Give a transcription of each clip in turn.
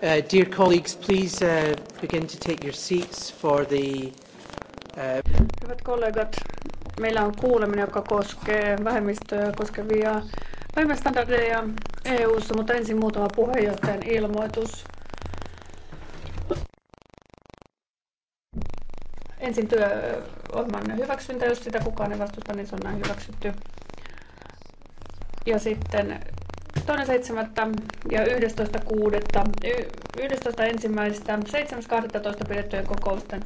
Uh, dear colleagues, please uh, begin to take your seats for the... Uh... Hyvät kollegat, meillä on kuuleminen, joka koskee vähemmistöä koskevia vähemmistöstandardeja EU-ssa, mutta ensin muutama puheenjohtajan ilmoitus. Ensin työohjelman hyväksyntä, jos sitä kukaan ei vastusta, niin se on näin hyväksytty. Ja sitten 2.7. ja 11.6. 11.1. 7.12. pidettyjen kokousten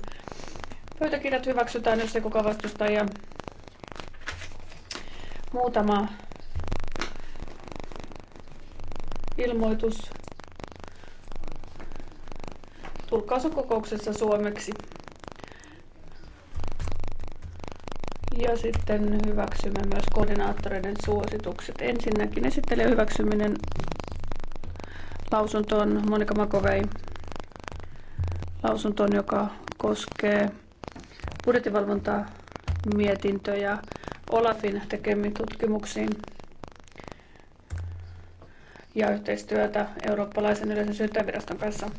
pöytäkirjat hyväksytään, jos ei kukaan vastusta. Ja muutama ilmoitus tulkkaus on kokouksessa suomeksi. ja sitten hyväksymme myös koordinaattoreiden suositukset. Ensinnäkin esittelijän hyväksyminen lausuntoon Monika Makovei lausuntoon, joka koskee budjettivalvontamietintöjä Olafin tekemiin tutkimuksiin ja yhteistyötä eurooppalaisen yleisen syyttäjäviraston kanssa.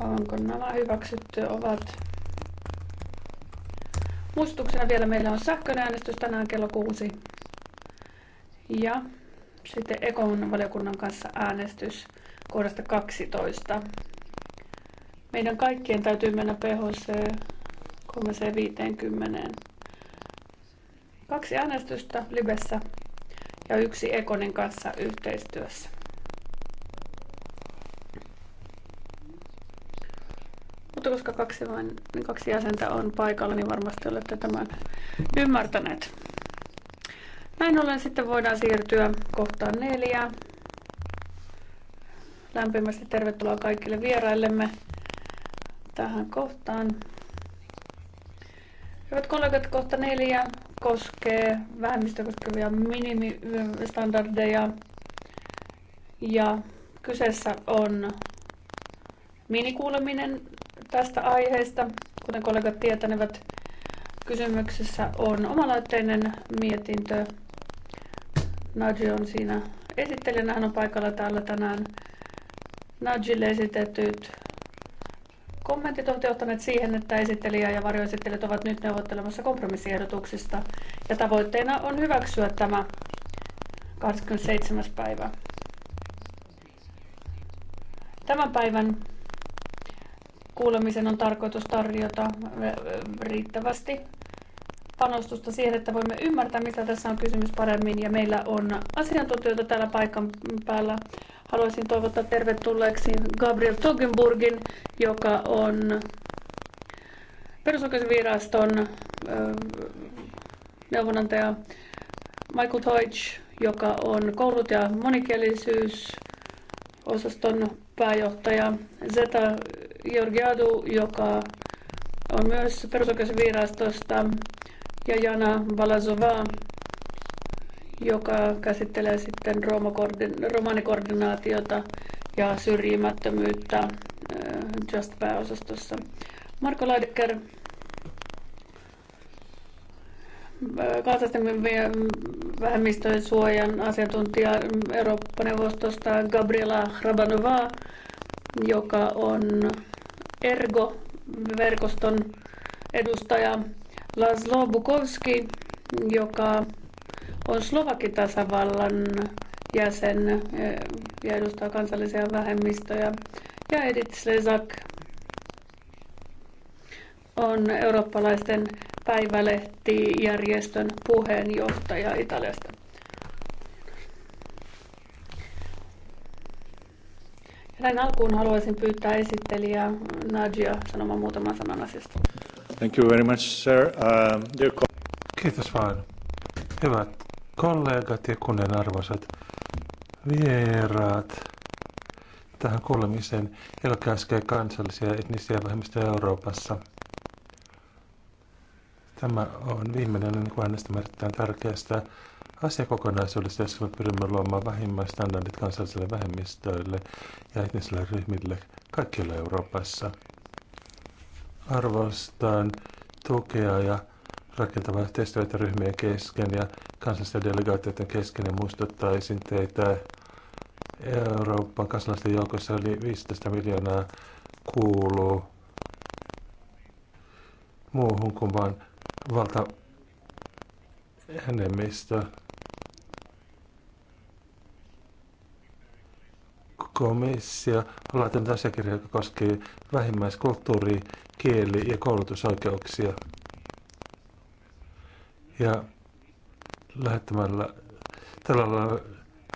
Onko nämä hyväksytty? Ovat Muistutuksena vielä meillä on sähköinen äänestys tänään kello kuusi. Ja sitten Ekon valiokunnan kanssa äänestys kohdasta 12. Meidän kaikkien täytyy mennä PHC 350. Kaksi äänestystä Libessä ja yksi Ekonin kanssa yhteistyössä. koska kaksi, vain, kaksi jäsentä on paikalla, niin varmasti olette tämän ymmärtäneet. Näin ollen sitten voidaan siirtyä kohtaan neljä. Lämpimästi tervetuloa kaikille vieraillemme tähän kohtaan. Hyvät kollegat, kohta neljä koskee vähemmistö koskevia minimistandardeja. Ja kyseessä on minikuuleminen tästä aiheesta. Kuten kollegat tietänevät, kysymyksessä on omalaitteinen mietintö. Nadji on siinä esittelijänä, hän on paikalla täällä tänään. Nadjille esitetyt kommentit ovat johtaneet siihen, että esittelijä ja varjoesittelijät ovat nyt neuvottelemassa kompromissiehdotuksista. Ja tavoitteena on hyväksyä tämä 27. päivä. Tämän päivän kuulemisen on tarkoitus tarjota riittävästi panostusta siihen, että voimme ymmärtää, mistä tässä on kysymys paremmin. Ja meillä on asiantuntijoita täällä paikan päällä. Haluaisin toivottaa tervetulleeksi Gabriel Togenburgin, joka on perusoikeusviraston neuvonantaja Michael Deutsch, joka on koulut- ja monikielisyysosaston pääjohtaja, Zeta Georgiadu, joka on myös perusoikeusvirastosta, ja Jana Balazova, joka käsittelee sitten romanikoordinaatiota ja syrjimättömyyttä äh, Just-pääosastossa. Marko Laidecker, äh, kansallisten vähemmistöjen suojan asiantuntija Eurooppa-neuvostosta Gabriela Hrabanova, joka on Ergo-verkoston edustaja Laszlo Bukowski, joka on Slovakian tasavallan jäsen eh, ja edustaa kansallisia vähemmistöjä. Ja Edith Slezak on eurooppalaisten päivälehtijärjestön puheenjohtaja Italiasta. Näin alkuun haluaisin pyytää esittelijä Nadia sanomaan muutaman sanan asiasta. Thank you very much, sir. Uh, dear Kiitos vaan. Hyvät kollegat ja arvoisat vieraat tähän kuulemiseen, joka käskee kansallisia etnisiä vähemmistöjä Euroopassa. Tämä on viimeinen, niin kuin äänestä tärkeästä asiakokonaisuudesta, jossa me pyrimme luomaan vähimmäistandardit kansallisille vähemmistöille ja etnisille ryhmille kaikkialla Euroopassa. Arvostan tukea ja rakentavaa yhteistyötä ryhmien kesken ja kansallisten delegaatioiden kesken ja muistuttaisin teitä Euroopan kansalaisten joukossa yli 15 miljoonaa kuuluu muuhun kuin vain valta enemmistö. komissio on laatinut asiakirja, joka koskee vähimmäiskulttuuri-, kieli- ja koulutusoikeuksia. Ja lähettämällä tällä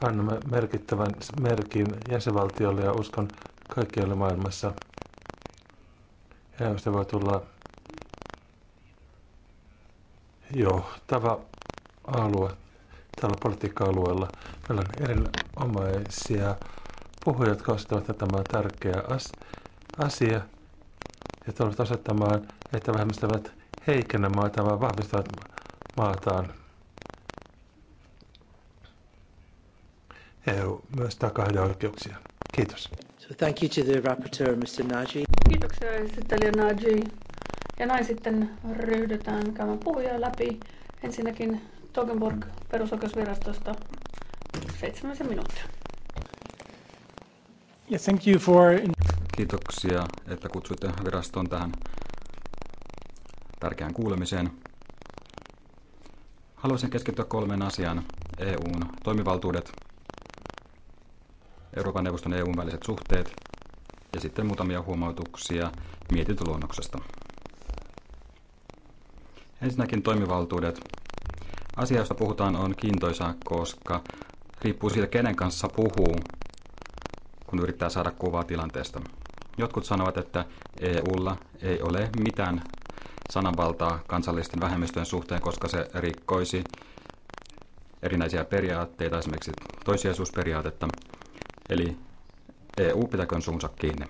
annamme merkittävän merkin jäsenvaltiolle ja uskon kaikkialle maailmassa. EUsta voi tulla johtava alue tällä politiikka-alueella. Meillä on erilaisia puhujat korostavat, että tämä on tärkeä as- asia ja tulevat osoittamaan, että vähemmistöt eivät heikennä maata, vaan vahvistavat maataan. EU myös takaa oikeuksia. Kiitos. So thank you to the rapporteur, Mr. Naji. Kiitoksia esittelijä Naji. Ja näin sitten ryhdytään käymään puhuja läpi. Ensinnäkin Togenborg perusoikeusvirastosta seitsemän minuuttia. Kiitoksia, että kutsuitte viraston tähän tärkeään kuulemiseen. Haluaisin keskittyä kolmeen asiaan. EUn toimivaltuudet, Euroopan neuvoston ja EUn väliset suhteet ja sitten muutamia huomautuksia mietintöluonnoksesta. Ensinnäkin toimivaltuudet. Asia, josta puhutaan, on kiintoisa, koska riippuu siitä, kenen kanssa puhuu, kun yrittää saada kuvaa tilanteesta. Jotkut sanovat, että EUlla ei ole mitään sananvaltaa kansallisten vähemmistöjen suhteen, koska se rikkoisi erinäisiä periaatteita, esimerkiksi toisiaisuusperiaatetta. Eli EU pitäköön suunsa kiinni.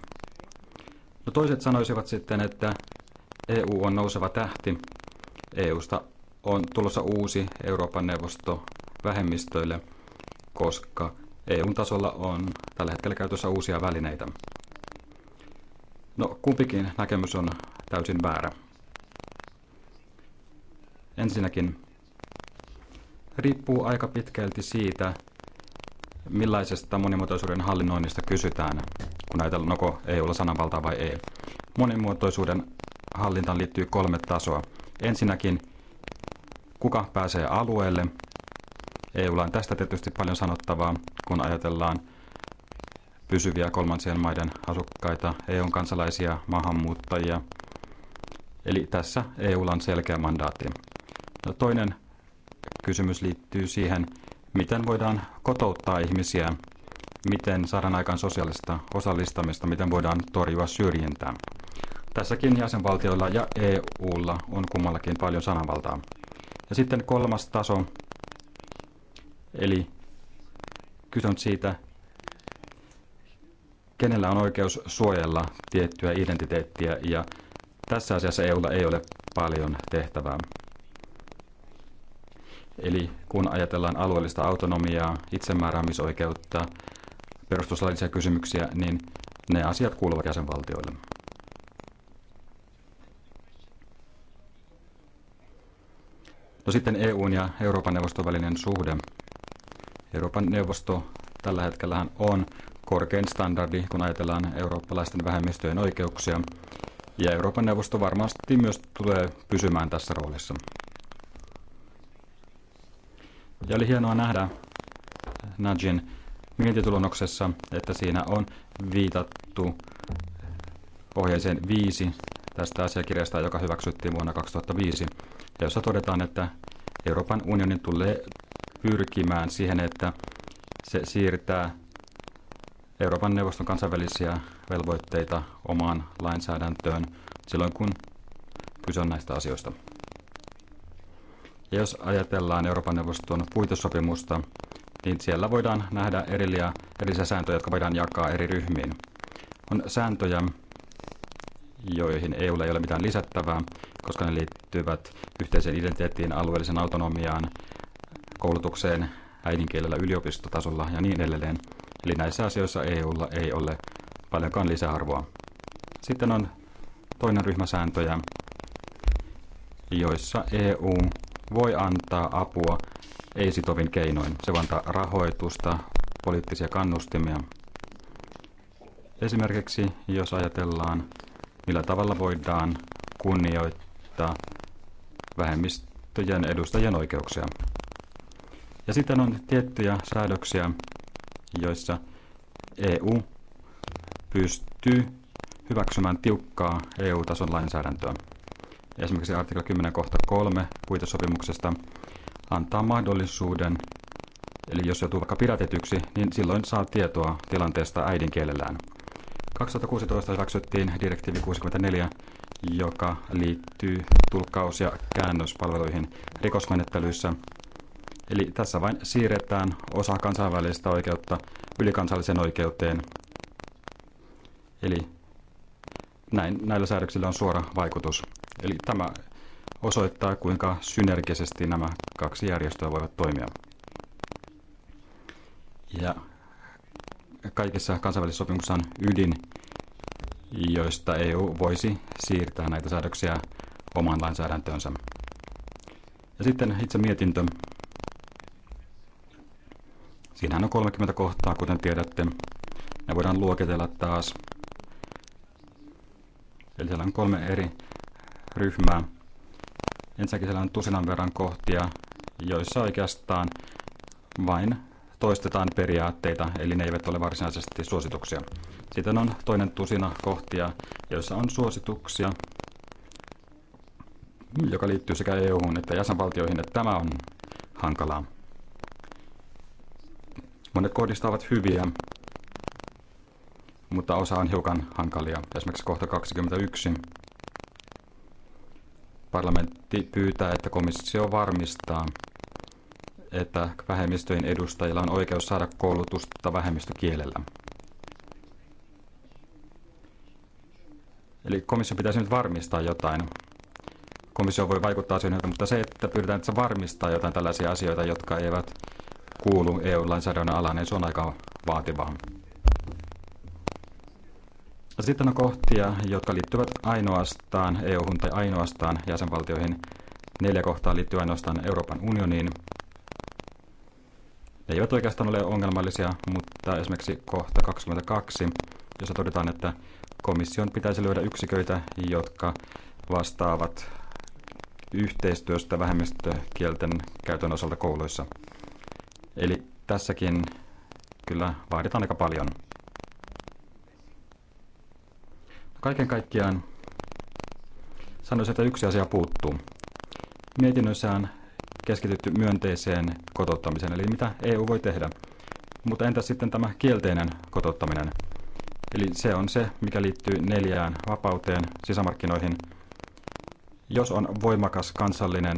No toiset sanoisivat sitten, että EU on nouseva tähti. EUsta on tulossa uusi Euroopan neuvosto vähemmistöille, koska EU-tasolla on tällä hetkellä käytössä uusia välineitä. No, kumpikin näkemys on täysin väärä. Ensinnäkin riippuu aika pitkälti siitä, millaisesta monimuotoisuuden hallinnoinnista kysytään, kun ajatellaan, onko EUlla sananvaltaa vai ei. Monimuotoisuuden hallintaan liittyy kolme tasoa. Ensinnäkin, kuka pääsee alueelle – EUlla on tästä tietysti paljon sanottavaa, kun ajatellaan pysyviä kolmansien maiden asukkaita, EUn kansalaisia, maahanmuuttajia. Eli tässä EUlla on selkeä mandaatti. No toinen kysymys liittyy siihen, miten voidaan kotouttaa ihmisiä, miten saadaan aikaan sosiaalista osallistamista, miten voidaan torjua syrjintää. Tässäkin jäsenvaltioilla ja EUlla on kummallakin paljon sananvaltaa. Ja sitten kolmas taso, Eli kyse on siitä, kenellä on oikeus suojella tiettyä identiteettiä ja tässä asiassa EUlla ei ole paljon tehtävää. Eli kun ajatellaan alueellista autonomiaa, itsemääräämisoikeutta, perustuslaillisia kysymyksiä, niin ne asiat kuuluvat jäsenvaltioille. No sitten EUn ja Euroopan neuvoston välinen suhde Euroopan neuvosto tällä hetkellä on korkein standardi, kun ajatellaan eurooppalaisten vähemmistöjen oikeuksia. Ja Euroopan neuvosto varmasti myös tulee pysymään tässä roolissa. Ja oli hienoa nähdä Najin mietintöluonnoksessa, että siinä on viitattu ohjeeseen 5 tästä asiakirjasta, joka hyväksyttiin vuonna 2005, ja jossa todetaan, että Euroopan unionin tulee pyrkimään siihen, että se siirtää Euroopan neuvoston kansainvälisiä velvoitteita omaan lainsäädäntöön silloin, kun kyse on näistä asioista. Ja jos ajatellaan Euroopan neuvoston puitesopimusta, niin siellä voidaan nähdä erillisiä, erillisiä sääntöjä, jotka voidaan jakaa eri ryhmiin. On sääntöjä, joihin EUlla ei ole mitään lisättävää, koska ne liittyvät yhteiseen identiteettiin, alueelliseen autonomiaan, koulutukseen äidinkielellä yliopistotasolla ja niin edelleen. Eli näissä asioissa EUlla ei ole paljonkaan lisäarvoa. Sitten on toinen ryhmä sääntöjä, joissa EU voi antaa apua ei-sitovin keinoin. Se voi antaa rahoitusta, poliittisia kannustimia. Esimerkiksi jos ajatellaan, millä tavalla voidaan kunnioittaa vähemmistöjen edustajien oikeuksia. Ja sitten on tiettyjä säädöksiä, joissa EU pystyy hyväksymään tiukkaa EU-tason lainsäädäntöä. Esimerkiksi artikla 10 kohta 3 puitesopimuksesta antaa mahdollisuuden, eli jos joutuu vaikka pidätetyksi, niin silloin saa tietoa tilanteesta äidinkielellään. 2016 hyväksyttiin direktiivi 64, joka liittyy tulkkaus- ja käännöspalveluihin rikosmenettelyissä Eli tässä vain siirretään osa kansainvälistä oikeutta ylikansalliseen oikeuteen. Eli näin, näillä säädöksillä on suora vaikutus. Eli tämä osoittaa, kuinka synergisesti nämä kaksi järjestöä voivat toimia. Ja kaikissa kansainvälisissä sopimuksissa on ydin, joista EU voisi siirtää näitä säädöksiä omaan lainsäädäntöönsä. Ja sitten itse mietintö. Siinähän on 30 kohtaa, kuten tiedätte. Ne voidaan luokitella taas. Eli siellä on kolme eri ryhmää. Ensinnäkin siellä on tusinan verran kohtia, joissa oikeastaan vain toistetaan periaatteita, eli ne eivät ole varsinaisesti suosituksia. Sitten on toinen tusina kohtia, joissa on suosituksia, joka liittyy sekä EU-hun että jäsenvaltioihin, että tämä on hankalaa. Monet kohdista ovat hyviä, mutta osa on hiukan hankalia. Esimerkiksi kohta 21. Parlamentti pyytää, että komissio varmistaa, että vähemmistöjen edustajilla on oikeus saada koulutusta vähemmistökielellä. Eli komissio pitäisi nyt varmistaa jotain. Komissio voi vaikuttaa asioihin, mutta se, että pyritään että se varmistaa jotain tällaisia asioita, jotka eivät kuulu EU-lainsäädännön alaan, niin se on aika vaativaa. Sitten on kohtia, jotka liittyvät ainoastaan eu tai ainoastaan jäsenvaltioihin. Neljä kohtaa liittyy ainoastaan Euroopan unioniin. Ne eivät oikeastaan ole ongelmallisia, mutta esimerkiksi kohta 22, jossa todetaan, että komission pitäisi löydä yksiköitä, jotka vastaavat yhteistyöstä vähemmistökielten käytön osalta kouluissa. Eli tässäkin kyllä vaaditaan aika paljon. Kaiken kaikkiaan sanoisin, että yksi asia puuttuu. Mietinnössä on keskitytty myönteiseen kotouttamiseen, eli mitä EU voi tehdä. Mutta entäs sitten tämä kielteinen kotouttaminen? Eli se on se, mikä liittyy neljään vapauteen sisämarkkinoihin. Jos on voimakas kansallinen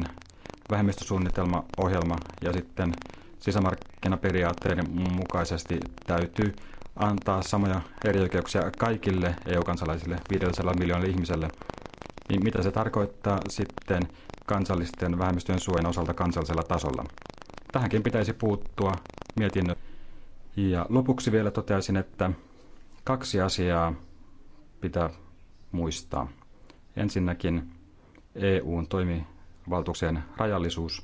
vähemmistösuunnitelma, ohjelma ja sitten sisämarkkinaperiaatteiden mukaisesti täytyy antaa samoja erioikeuksia kaikille EU-kansalaisille 500 miljoonalle ihmiselle, niin mitä se tarkoittaa sitten kansallisten vähemmistöjen suojan osalta kansallisella tasolla? Tähänkin pitäisi puuttua mietinnön. Ja lopuksi vielä toteaisin, että kaksi asiaa pitää muistaa. Ensinnäkin EUn toimivaltuuksien rajallisuus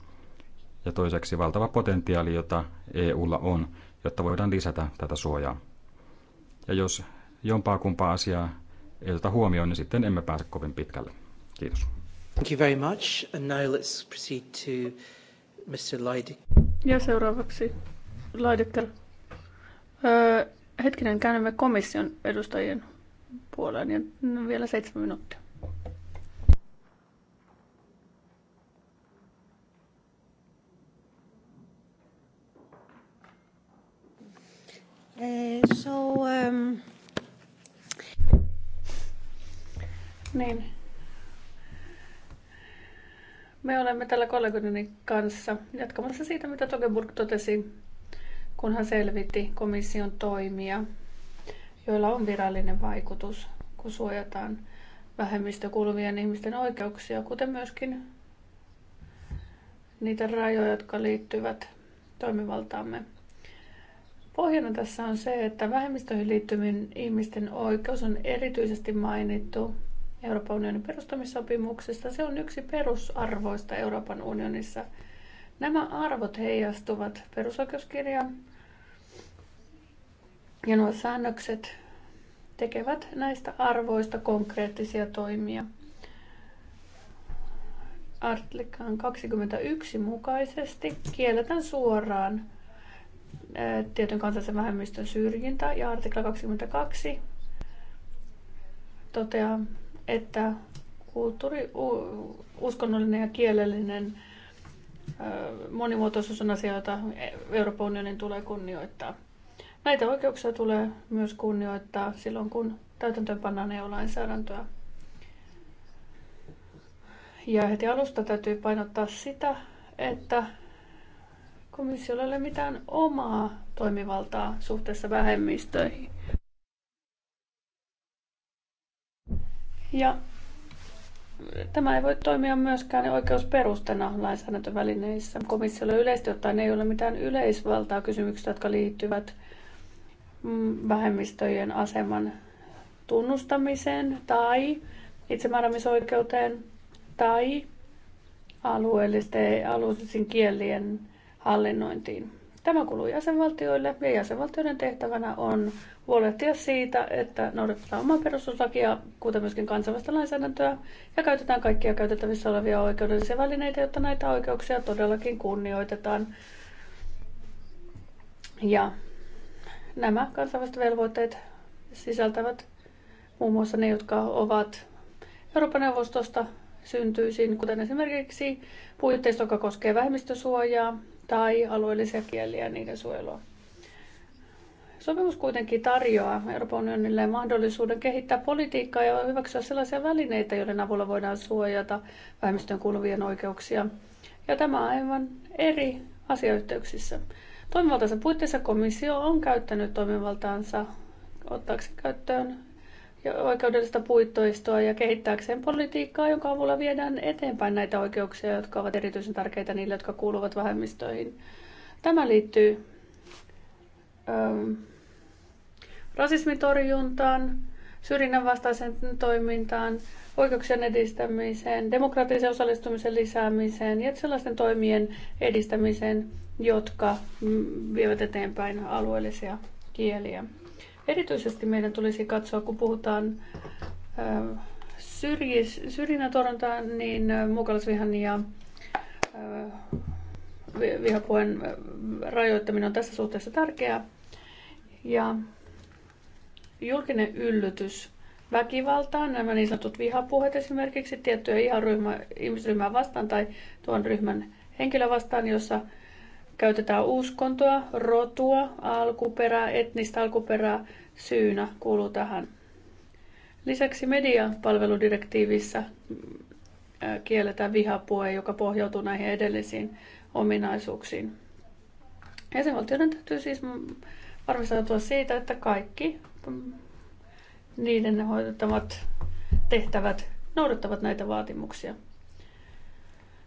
ja toiseksi valtava potentiaali, jota EUlla on, jotta voidaan lisätä tätä suojaa. Ja jos jompaa kumpaa asiaa ei oteta huomioon, niin sitten emme pääse kovin pitkälle. Kiitos. Thank you very much. And now let's proceed to Mr. Leidik. Ja seuraavaksi Leidikker. Öö, hetkinen, käännymme komission edustajien puoleen ja vielä seitsemän minuuttia. Eh, so, um... Ehm, niin. Me olemme tällä kollegoideni kanssa jatkamassa siitä, mitä Togeburg totesi, kun hän selvitti komission toimia, joilla on virallinen vaikutus, kun suojataan vähemmistökuuluvien ihmisten oikeuksia, kuten myöskin niitä rajoja, jotka liittyvät toimivaltaamme. Pohjana tässä on se, että vähemmistöihin liittyvien ihmisten oikeus on erityisesti mainittu Euroopan unionin perustamissopimuksesta. Se on yksi perusarvoista Euroopan unionissa. Nämä arvot heijastuvat perusoikeuskirjaan ja nuo säännökset tekevät näistä arvoista konkreettisia toimia. Artiklan 21 mukaisesti kielletään suoraan tietyn kansallisen vähemmistön syrjintä ja artikla 22 toteaa, että kulttuuri, uskonnollinen ja kielellinen monimuotoisuus on asia, jota Euroopan unionin tulee kunnioittaa. Näitä oikeuksia tulee myös kunnioittaa silloin, kun täytäntöön pannaan EU-lainsäädäntöä. Ja heti alusta täytyy painottaa sitä, että Komissiolla ei ole mitään omaa toimivaltaa suhteessa vähemmistöihin. Ja tämä ei voi toimia myöskään oikeusperustana lainsäädäntövälineissä. Komissiolla yleisesti ottaen ei ole mitään yleisvaltaa kysymyksistä, jotka liittyvät mm, vähemmistöjen aseman tunnustamiseen tai itsemääräämisoikeuteen tai alueellisten alueellisten kielien hallinnointiin. Tämä kuuluu jäsenvaltioille ja jäsenvaltioiden tehtävänä on huolehtia siitä, että noudatetaan omaa perustuslakia, kuten myöskin kansainvälistä lainsäädäntöä, ja käytetään kaikkia käytettävissä olevia oikeudellisia välineitä, jotta näitä oikeuksia todellakin kunnioitetaan. Ja nämä kansainväliset velvoitteet sisältävät muun muassa ne, jotka ovat Euroopan neuvostosta syntyisin, kuten esimerkiksi puitteisto, joka koskee vähemmistösuojaa, tai alueellisia kieliä ja niiden suojelua. Sopimus kuitenkin tarjoaa Euroopan unionille mahdollisuuden kehittää politiikkaa ja hyväksyä sellaisia välineitä, joiden avulla voidaan suojata vähemmistöön kuuluvien oikeuksia. Ja tämä on aivan eri asiayhteyksissä. Toimivaltansa puitteissa komissio on käyttänyt toimivaltaansa ottaakseen käyttöön ja oikeudellista puittoistoa ja kehittääkseen politiikkaa, jonka avulla viedään eteenpäin näitä oikeuksia, jotka ovat erityisen tärkeitä niille, jotka kuuluvat vähemmistöihin. Tämä liittyy ähm, rasismin torjuntaan, syrjinnän vastaiseen toimintaan, oikeuksien edistämiseen, demokraattisen osallistumisen lisäämiseen ja sellaisten toimien edistämiseen, jotka mm, vievät eteenpäin alueellisia kieliä. Erityisesti meidän tulisi katsoa, kun puhutaan syrjinnän torjuntaa, niin muukalaisvihan ja vihapuheen rajoittaminen on tässä suhteessa tärkeää. Ja julkinen yllytys väkivaltaan, nämä niin sanotut vihapuheet esimerkiksi tiettyä ihan ryhmä, ihmisryhmää vastaan tai tuon ryhmän henkilö vastaan, jossa käytetään uskontoa, rotua, alkuperää, etnistä alkuperää, syynä kuuluu tähän. Lisäksi mediapalveludirektiivissä mm, kielletään vihapuhe, joka pohjautuu näihin edellisiin ominaisuuksiin. Jäsenvaltioiden täytyy siis mm, varmistautua siitä, että kaikki mm, niiden hoidettavat tehtävät noudattavat näitä vaatimuksia.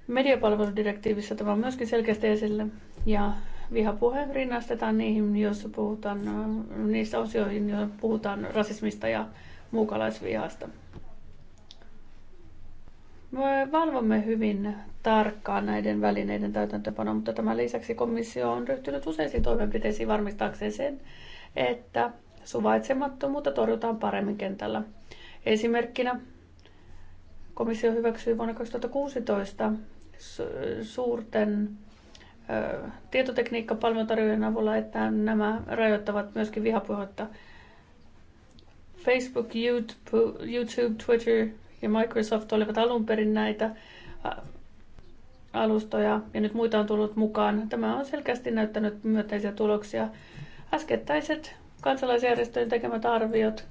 Mediapalveludirektiivissä tämä on myöskin selkeästi esille ja vihapuhe rinnastetaan niihin, joissa puhutaan, äh, niissä osioihin, joissa puhutaan rasismista ja muukalaisvihasta. Me valvomme hyvin tarkkaan näiden välineiden täytäntöpanoa, mutta tämän lisäksi komissio on ryhtynyt useisiin toimenpiteisiin varmistaakseen sen, että suvaitsemattomuutta torjutaan paremmin kentällä. Esimerkkinä komissio hyväksyi vuonna 2016 suurten tietotekniikkapalveluntarjoajien avulla, että nämä rajoittavat myöskin vihapuhetta. Facebook, YouTube, Twitter ja Microsoft olivat alun perin näitä alustoja ja nyt muita on tullut mukaan. Tämä on selkeästi näyttänyt myönteisiä tuloksia. Äskettäiset kansalaisjärjestöjen tekemät arviot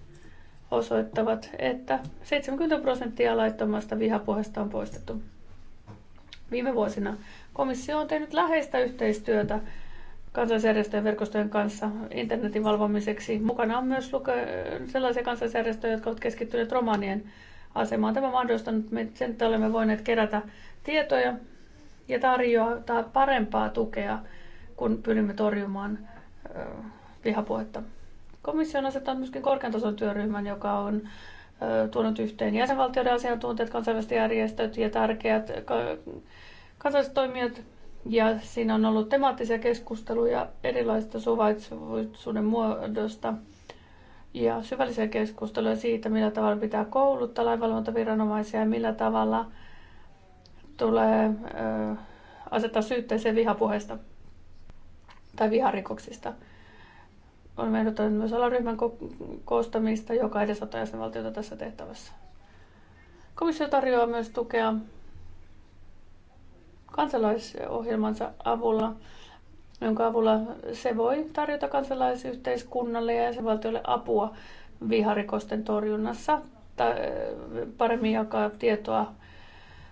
osoittavat, että 70 prosenttia laittomasta vihapuheesta on poistettu. Viime vuosina Komissio on tehnyt läheistä yhteistyötä kansalaisjärjestöjen verkostojen kanssa internetin valvomiseksi. Mukana on myös sellaisia kansalaisjärjestöjä, jotka ovat keskittyneet romanien asemaan. Tämä on mahdollistanut sen, että olemme voineet kerätä tietoja ja tarjota parempaa tukea, kun pyrimme torjumaan vihapuhetta. Komissio on asettanut myöskin korkean tason työryhmän, joka on tuonut yhteen jäsenvaltioiden asiantuntijat, kansainväliset järjestöt ja tärkeät kansalliset ja siinä on ollut temaattisia keskusteluja erilaisista suvaitsevuuden muodosta ja syvällisiä keskusteluja siitä, millä tavalla pitää kouluttaa lainvalvontaviranomaisia ja millä tavalla tulee ö, asettaa syytteeseen vihapuheesta tai viharikoksista. On ehdottanut myös alaryhmän ko- koostamista, joka edesauttaa jäsenvaltiota tässä tehtävässä. Komissio tarjoaa myös tukea kansalaisohjelmansa avulla, jonka avulla se voi tarjota kansalaisyhteiskunnalle ja jäsenvaltiolle apua viharikosten torjunnassa, tai eh, paremmin jakaa tietoa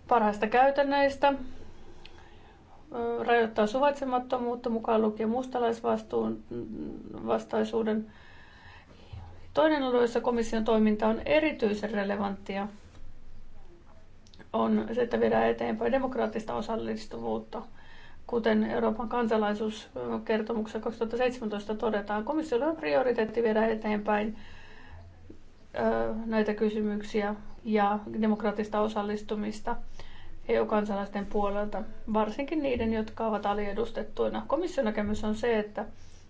parhaista käytännöistä, eh, rajoittaa suvaitsemattomuutta mukaan lukien mustalaisvastuun mm, vastaisuuden. Toinen alue, jossa komission toiminta on erityisen relevanttia, on se, että viedään eteenpäin demokraattista osallistuvuutta. Kuten Euroopan kansalaisuuskertomuksessa 2017 todetaan, komissiolla on prioriteetti viedä eteenpäin näitä kysymyksiä ja demokraattista osallistumista EU-kansalaisten puolelta, varsinkin niiden, jotka ovat aliedustettuina. Komission näkemys on se, että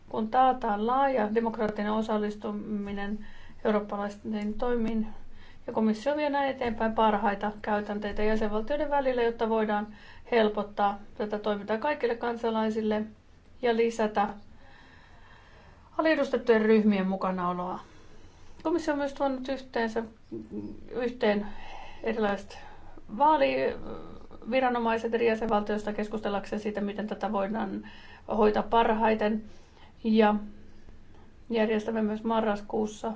kun taataan laaja demokraattinen osallistuminen eurooppalaisten toimiin, ja komissio vie näin eteenpäin parhaita käytänteitä jäsenvaltioiden välillä, jotta voidaan helpottaa tätä toimintaa kaikille kansalaisille ja lisätä aliedustettujen ryhmien mukanaoloa. Komissio on myös tuonut yhteensä, yhteen erilaiset vaaliviranomaiset eri jäsenvaltioista keskustellakseen siitä, miten tätä voidaan hoitaa parhaiten. Ja järjestämme myös marraskuussa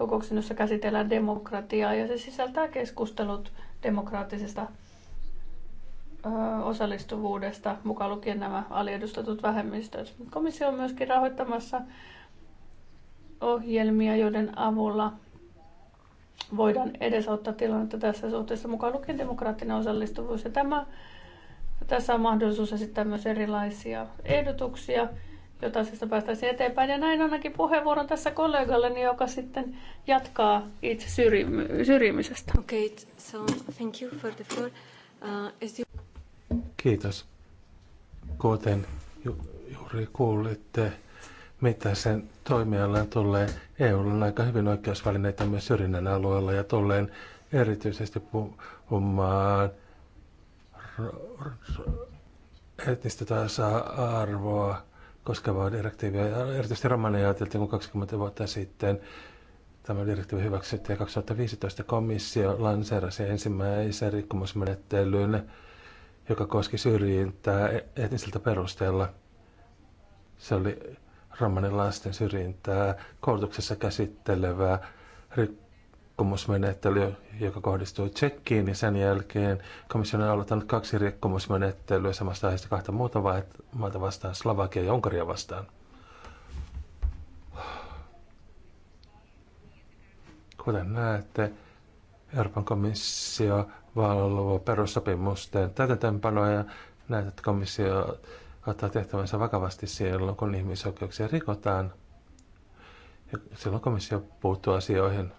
kokouksen, jossa käsitellään demokratiaa ja se sisältää keskustelut demokraattisesta osallistuvuudesta, mukaan lukien nämä aliedustetut vähemmistöt. Komissio on myöskin rahoittamassa ohjelmia, joiden avulla voidaan edesauttaa tilannetta tässä suhteessa, mukaan lukien demokraattinen osallistuvuus. Ja tämä, tässä on mahdollisuus esittää myös erilaisia ehdotuksia jotta asiasta päästäisiin eteenpäin. Ja näin ainakin puheenvuoron tässä kollegalleni, joka sitten jatkaa itse syrjim- syrjimisestä. Okay, so thank you for the floor. Uh, is you... Kiitos. Kuten ju- juuri kuulitte, mitä sen toimialan tulee, EUlla on aika hyvin oikeusvälineitä myös syrjinnän alueella ja tulleen erityisesti puhumaan etnistä tasa-arvoa koskevaa direktiiviä. Erityisesti romaneja ajateltiin, kun 20 vuotta sitten tämä direktiivi hyväksyttiin 2015 komissio lanseerasi ensimmäisen rikkomusmenettelyyn, joka koski syrjintää etniseltä perusteella. Se oli romanen lasten syrjintää koulutuksessa käsittelevää rikkomusmenettely, joka kohdistui Tsekkiin, ja sen jälkeen komissio on aloittanut kaksi rikkomusmenettelyä samasta aiheesta kahta muuta maata vastaan, Slovakia ja Unkaria vastaan. Kuten näette, Euroopan komissio valvoo perussopimusten täytäntöönpanoa ja näet, että komissio ottaa tehtävänsä vakavasti silloin, kun ihmisoikeuksia rikotaan. Ja silloin komissio puuttuu asioihin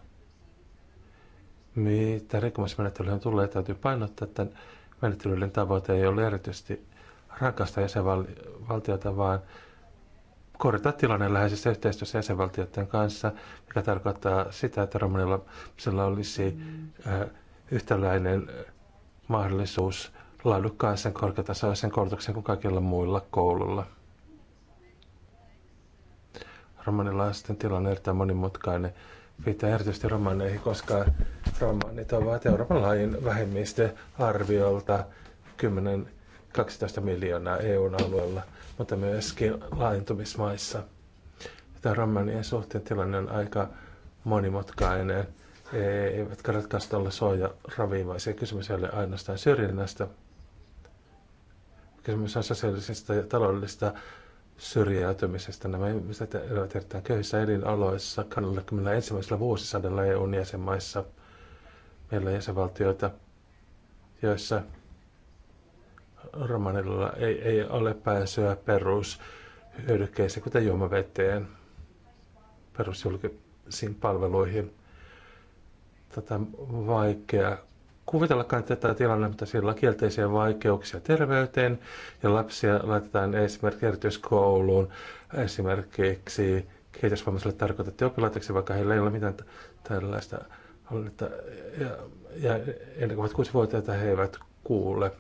mitä rikkomusmenettelyyn tulee, täytyy painottaa, että menettelyiden tavoite ei ole erityisesti rakasta jäsenvaltiota, vaan korjata tilanne läheisessä yhteistyössä jäsenvaltioiden kanssa, mikä tarkoittaa sitä, että sillä olisi äh, yhtäläinen äh, mahdollisuus sen korkeatasoisen koulutuksen kuin kaikilla muilla koululla. Romanilaisten tilanne on erittäin monimutkainen viittaa erityisesti romaneihin, koska romanit ovat Euroopan laajin vähemmistö arviolta 10-12 miljoonaa EUn alueella, mutta myöskin laajentumismaissa. Tämä romanien suhteen tilanne on aika monimutkainen. Eivätkä ratkaista olla suoja raviimaisia. Kysymys ei ole ainoastaan syrjinnästä. Kysymys on sosiaalisista ja taloudellisista syrjäytymisestä. Nämä ihmiset elävät erittäin köyhissä elinoloissa 21. vuosisadalla EUn jäsenmaissa. Meillä on jäsenvaltioita, joissa romanilla ei, ei ole pääsyä perushyödykkeisiin, kuten juomaveteen, perusjulkisiin palveluihin. Tätä vaikea kuvitellakaan tätä tilannetta, sillä on kielteisiä vaikeuksia terveyteen ja lapsia laitetaan esimerkiksi erityiskouluun, esimerkiksi kehitysvammaisille tarkoitettu oppilaitoksi, vaikka heillä ei ole mitään tällaista. Ja, ja ennen kuin ovat vuotta, he eivät kuule,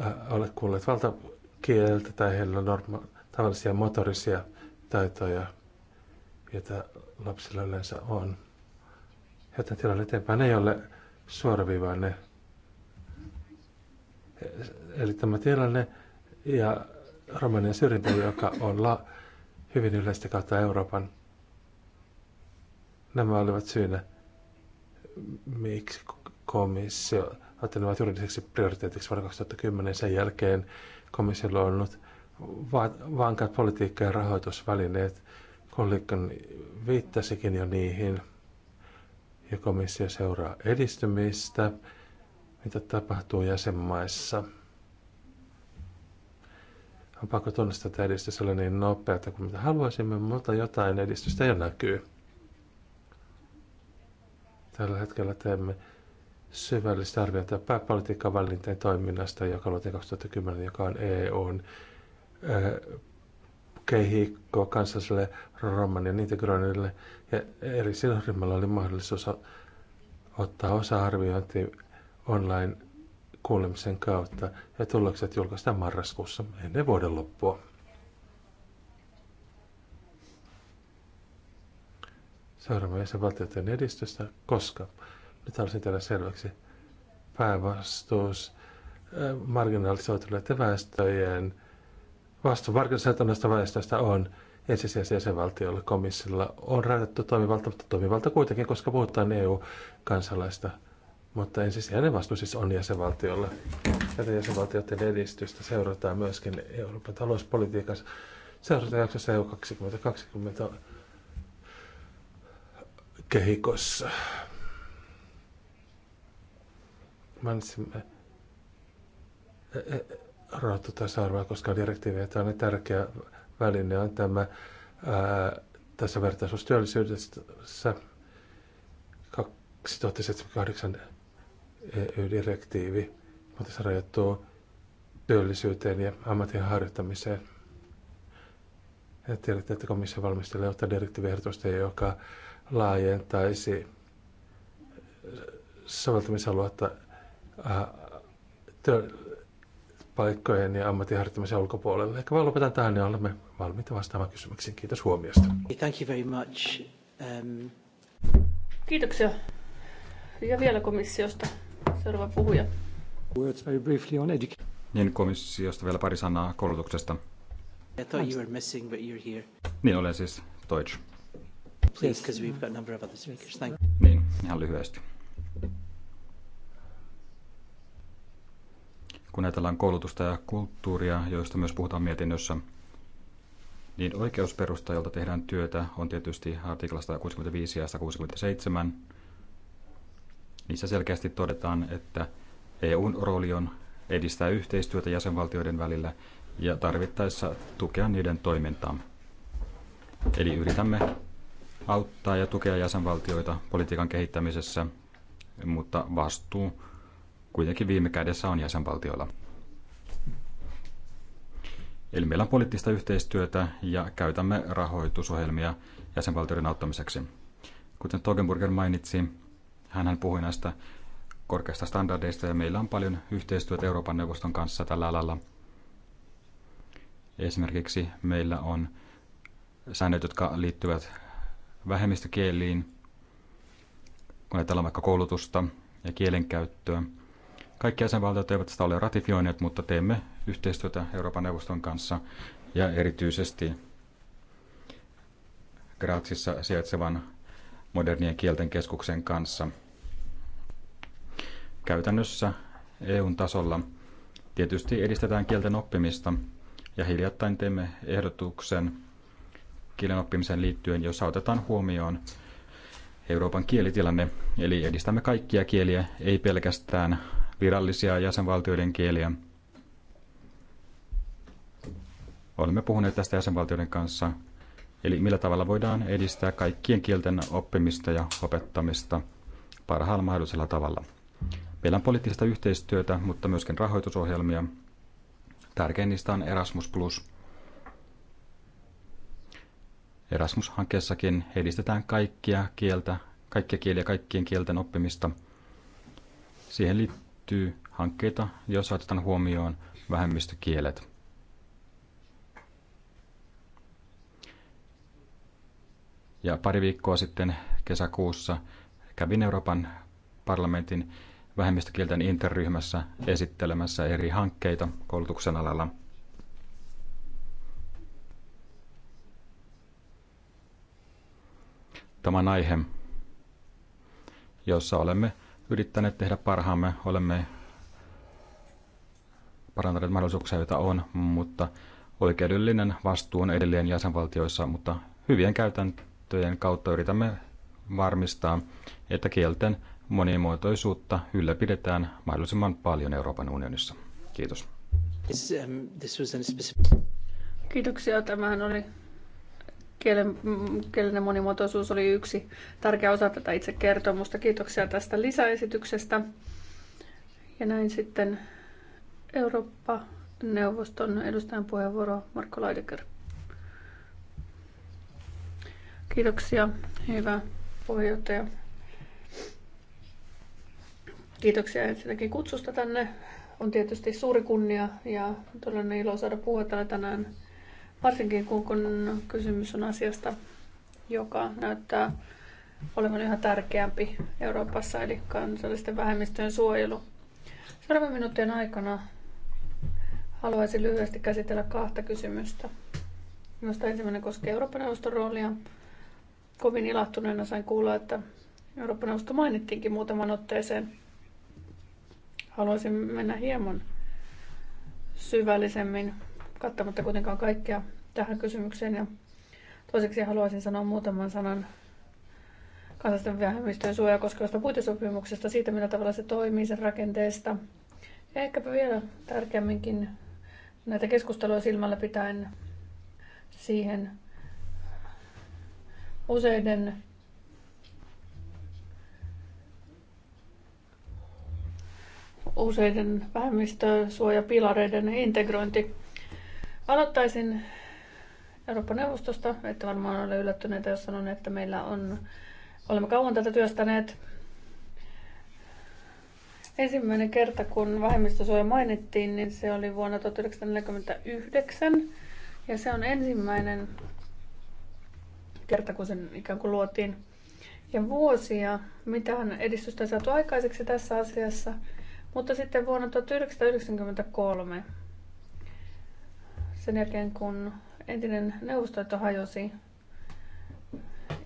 äh, ole kuulleet valtakieltä tai heillä on norma- tavallisia motorisia taitoja, joita lapsilla yleensä on joten tilanne eteenpäin ei ole suoraviivainen. Eli tämä tilanne ja romanian syrjintä, joka on la- hyvin yleistä kautta Euroopan, nämä olivat syynä, miksi komissio nämä juridiseksi prioriteetiksi vuonna 2010. Sen jälkeen komissio on ollut va- vankat politiikka- ja rahoitusvälineet. Kollikon viittasikin jo niihin ja komissio seuraa edistymistä, mitä tapahtuu jäsenmaissa. On pakko tunnustaa, että edistys oli niin nopeata kuin mitä haluaisimme, mutta jotain edistystä jo näkyy. Tällä hetkellä teemme syvällistä arviota pääpolitiikan valinteen toiminnasta, joka luotiin 2010, joka on EUn kehikko kansalliselle ja integroinnille ja eri sidosryhmällä oli mahdollisuus ottaa osa-arviointi online kuulemisen kautta ja tulokset julkaistaan marraskuussa ennen vuoden loppua. Seuraamme jäsenvaltioiden edistystä, koska nyt haluaisin tehdä selväksi päävastuus eh, marginalisoituneiden väestöjen Vastuu varkeusasetunnaista väestöstä on ensisijaisen jäsenvaltiolle komissiolla on rajattu toimivalta, mutta toimivalta kuitenkin, koska puhutaan EU-kansalaista. Mutta ensisijainen vastuu siis on jäsenvaltiolle. Tätä jäsenvaltioiden edistystä seurataan myöskin Euroopan talouspolitiikassa. jaksossa EU 2020 kehikossa. Mainitsimme e, e, rahoitutasa-arvoa koska direktiivi, on on niin tärkeä väline, on tämä ää, tässä vertaisuus työllisyydessä 2078 EU-direktiivi, mutta se rajoittuu työllisyyteen ja ammatin harjoittamiseen. Ja tiedätte, että komissio valmistelee ottaa direktiiviehdotusta, joka laajentaisi soveltamisaluetta työ, paikkojen ja ammattiharjoittamisen ulkopuolelle. Ehkä vaan lopetan tähän ja niin olemme valmiita vastaamaan kysymyksiin. Kiitos huomiosta. Thank you very much. Um... Kiitoksia. Ja vielä komissiosta. Seuraava puhuja. Words very briefly on education. Niin, komissiosta vielä pari sanaa koulutuksesta. I thought you were missing, but you're here. Niin, olen siis Deutsch. Please, because we've got a number of other speakers. Thank you. Niin, ihan lyhyesti. kun ajatellaan koulutusta ja kulttuuria, joista myös puhutaan mietinnössä, niin oikeusperusta, jolta tehdään työtä, on tietysti artikla 165 ja 167. Niissä selkeästi todetaan, että EUn rooli on edistää yhteistyötä jäsenvaltioiden välillä ja tarvittaessa tukea niiden toimintaa. Eli yritämme auttaa ja tukea jäsenvaltioita politiikan kehittämisessä, mutta vastuu kuitenkin viime kädessä on jäsenvaltioilla. Eli meillä on poliittista yhteistyötä ja käytämme rahoitusohjelmia jäsenvaltioiden auttamiseksi. Kuten Togenburger mainitsi, hän puhui näistä korkeista standardeista ja meillä on paljon yhteistyötä Euroopan neuvoston kanssa tällä alalla. Esimerkiksi meillä on säännöt, jotka liittyvät vähemmistökieliin, kun ajatellaan vaikka koulutusta ja kielenkäyttöä – kaikki jäsenvaltiot eivät sitä ole ratifioineet, mutta teemme yhteistyötä Euroopan neuvoston kanssa ja erityisesti Graatsissa sijaitsevan modernien kielten keskuksen kanssa. Käytännössä EUn tasolla tietysti edistetään kielten oppimista ja hiljattain teemme ehdotuksen kielen oppimiseen liittyen, jossa otetaan huomioon Euroopan kielitilanne, eli edistämme kaikkia kieliä, ei pelkästään virallisia jäsenvaltioiden kieliä. Olemme puhuneet tästä jäsenvaltioiden kanssa, eli millä tavalla voidaan edistää kaikkien kielten oppimista ja opettamista parhaalla mahdollisella tavalla. Meillä on poliittista yhteistyötä, mutta myöskin rahoitusohjelmia. Tärkein niistä on Erasmus+. Plus. Erasmus-hankkeessakin edistetään kaikkia kieltä, kaikkia kieliä, kaikkien kielten oppimista. Siihen liittyy liittyy hankkeita, joissa otetaan huomioon vähemmistökielet. Ja pari viikkoa sitten kesäkuussa kävin Euroopan parlamentin vähemmistökielten interryhmässä esittelemässä eri hankkeita koulutuksen alalla. Tämä on aihe, jossa olemme yrittäneet tehdä parhaamme. Olemme parantaneet mahdollisuuksia, joita on, mutta oikeudellinen vastuu on edelleen jäsenvaltioissa, mutta hyvien käytäntöjen kautta yritämme varmistaa, että kielten monimuotoisuutta ylläpidetään mahdollisimman paljon Euroopan unionissa. Kiitos. Um, Kiitoksia. Tämähän oli Kielen, kielinen monimuotoisuus oli yksi tärkeä osa tätä itse kertomusta. Kiitoksia tästä lisäesityksestä. Ja näin sitten Eurooppa-neuvoston edustajan puheenvuoro Marko Laideker. Kiitoksia, hyvä puheenjohtaja. Kiitoksia ensinnäkin kutsusta tänne. On tietysti suuri kunnia ja todellinen ilo saada puhua täällä tänään Varsinkin kun, kun kysymys on asiasta, joka näyttää olevan yhä tärkeämpi Euroopassa, eli kansallisten vähemmistöjen suojelu. Seuraavan minuutin aikana haluaisin lyhyesti käsitellä kahta kysymystä, Minusta ensimmäinen koskee Euroopan neuvoston roolia. Kovin ilahtuneena sain kuulla, että Euroopan neuvosto mainittiinkin muutaman otteeseen. Haluaisin mennä hieman syvällisemmin kattamatta kuitenkaan kaikkea tähän kysymykseen. Ja toiseksi haluaisin sanoa muutaman sanan kansallisten vähemmistöjen suojaa koskevasta puitesopimuksesta, siitä millä tavalla se toimii, sen rakenteesta. Ja ehkäpä vielä tärkeämminkin näitä keskusteluja silmällä pitäen siihen useiden useiden vähemmistösuojapilareiden integrointi Aloittaisin Euroopan neuvostosta, että varmaan ole yllättyneitä, jos sanon, että meillä on, olemme kauan tätä työstäneet. Ensimmäinen kerta, kun vähemmistösuoja mainittiin, niin se oli vuonna 1949. Ja se on ensimmäinen kerta, kun sen ikään kuin luotiin. Ja vuosia, mitään edistystä ei saatu aikaiseksi tässä asiassa. Mutta sitten vuonna 1993 sen jälkeen, kun entinen neuvostoitto hajosi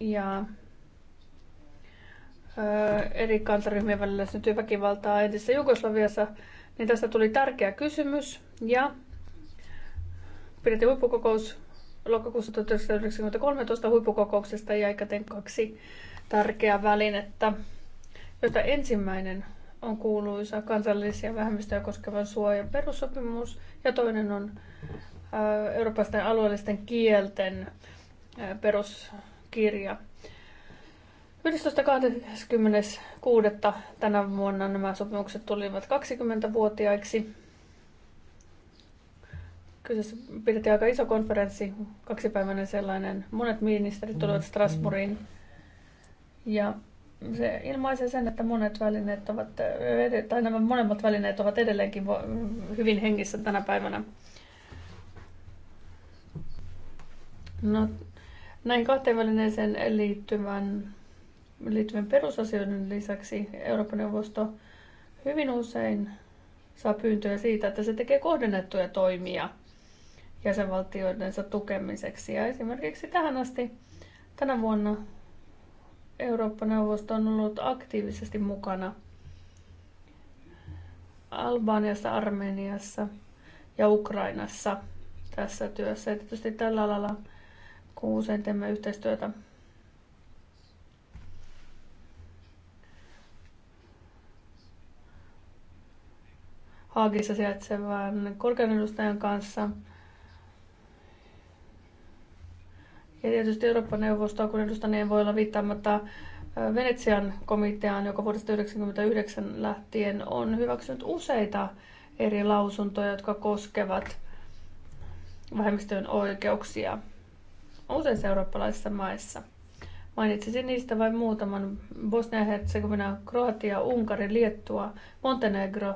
ja eri kansaryhmien välillä syntyi väkivaltaa entisessä Jugoslaviassa, niin tästä tuli tärkeä kysymys ja pidettiin huippukokous lokakuussa 1993 huippukokouksesta ja ikäten kaksi tärkeää välinettä, joita ensimmäinen on kuuluisa kansallisia vähemmistöjä koskevan suojan perussopimus ja toinen on Äh, eurooppalaisten alueellisten kielten äh, peruskirja. 11.26. tänä vuonna nämä sopimukset tulivat 20-vuotiaiksi. Kyseessä pidettiin aika iso konferenssi, kaksipäiväinen sellainen. Monet ministerit tulivat Strasbourgiin. Ja se ilmaisee sen, että monet välineet ovat, tai nämä molemmat välineet ovat edelleenkin hyvin hengissä tänä päivänä. No, näin kahteenväliseen liittyvän, liittyvän perusasioiden lisäksi Euroopan neuvosto hyvin usein saa pyyntöjä siitä, että se tekee kohdennettuja toimia jäsenvaltioidensa tukemiseksi. Ja esimerkiksi tähän asti tänä vuonna Eurooppa-neuvosto on ollut aktiivisesti mukana Albaniassa, Armeniassa ja Ukrainassa tässä työssä. Ja tietysti tällä alalla kun usein teemme yhteistyötä Haagissa sijaitsevan korkean edustajan kanssa. Ja tietysti Euroopan neuvostoa, kun edustan, niin ei voi olla viittaamatta Venetsian komiteaan, joka vuodesta 1999 lähtien on hyväksynyt useita eri lausuntoja, jotka koskevat vähemmistöjen oikeuksia useissa eurooppalaisissa maissa. Mainitsisin niistä vain muutaman. Bosnia-Herzegovina, Kroatia, Unkari, Liettua, Montenegro,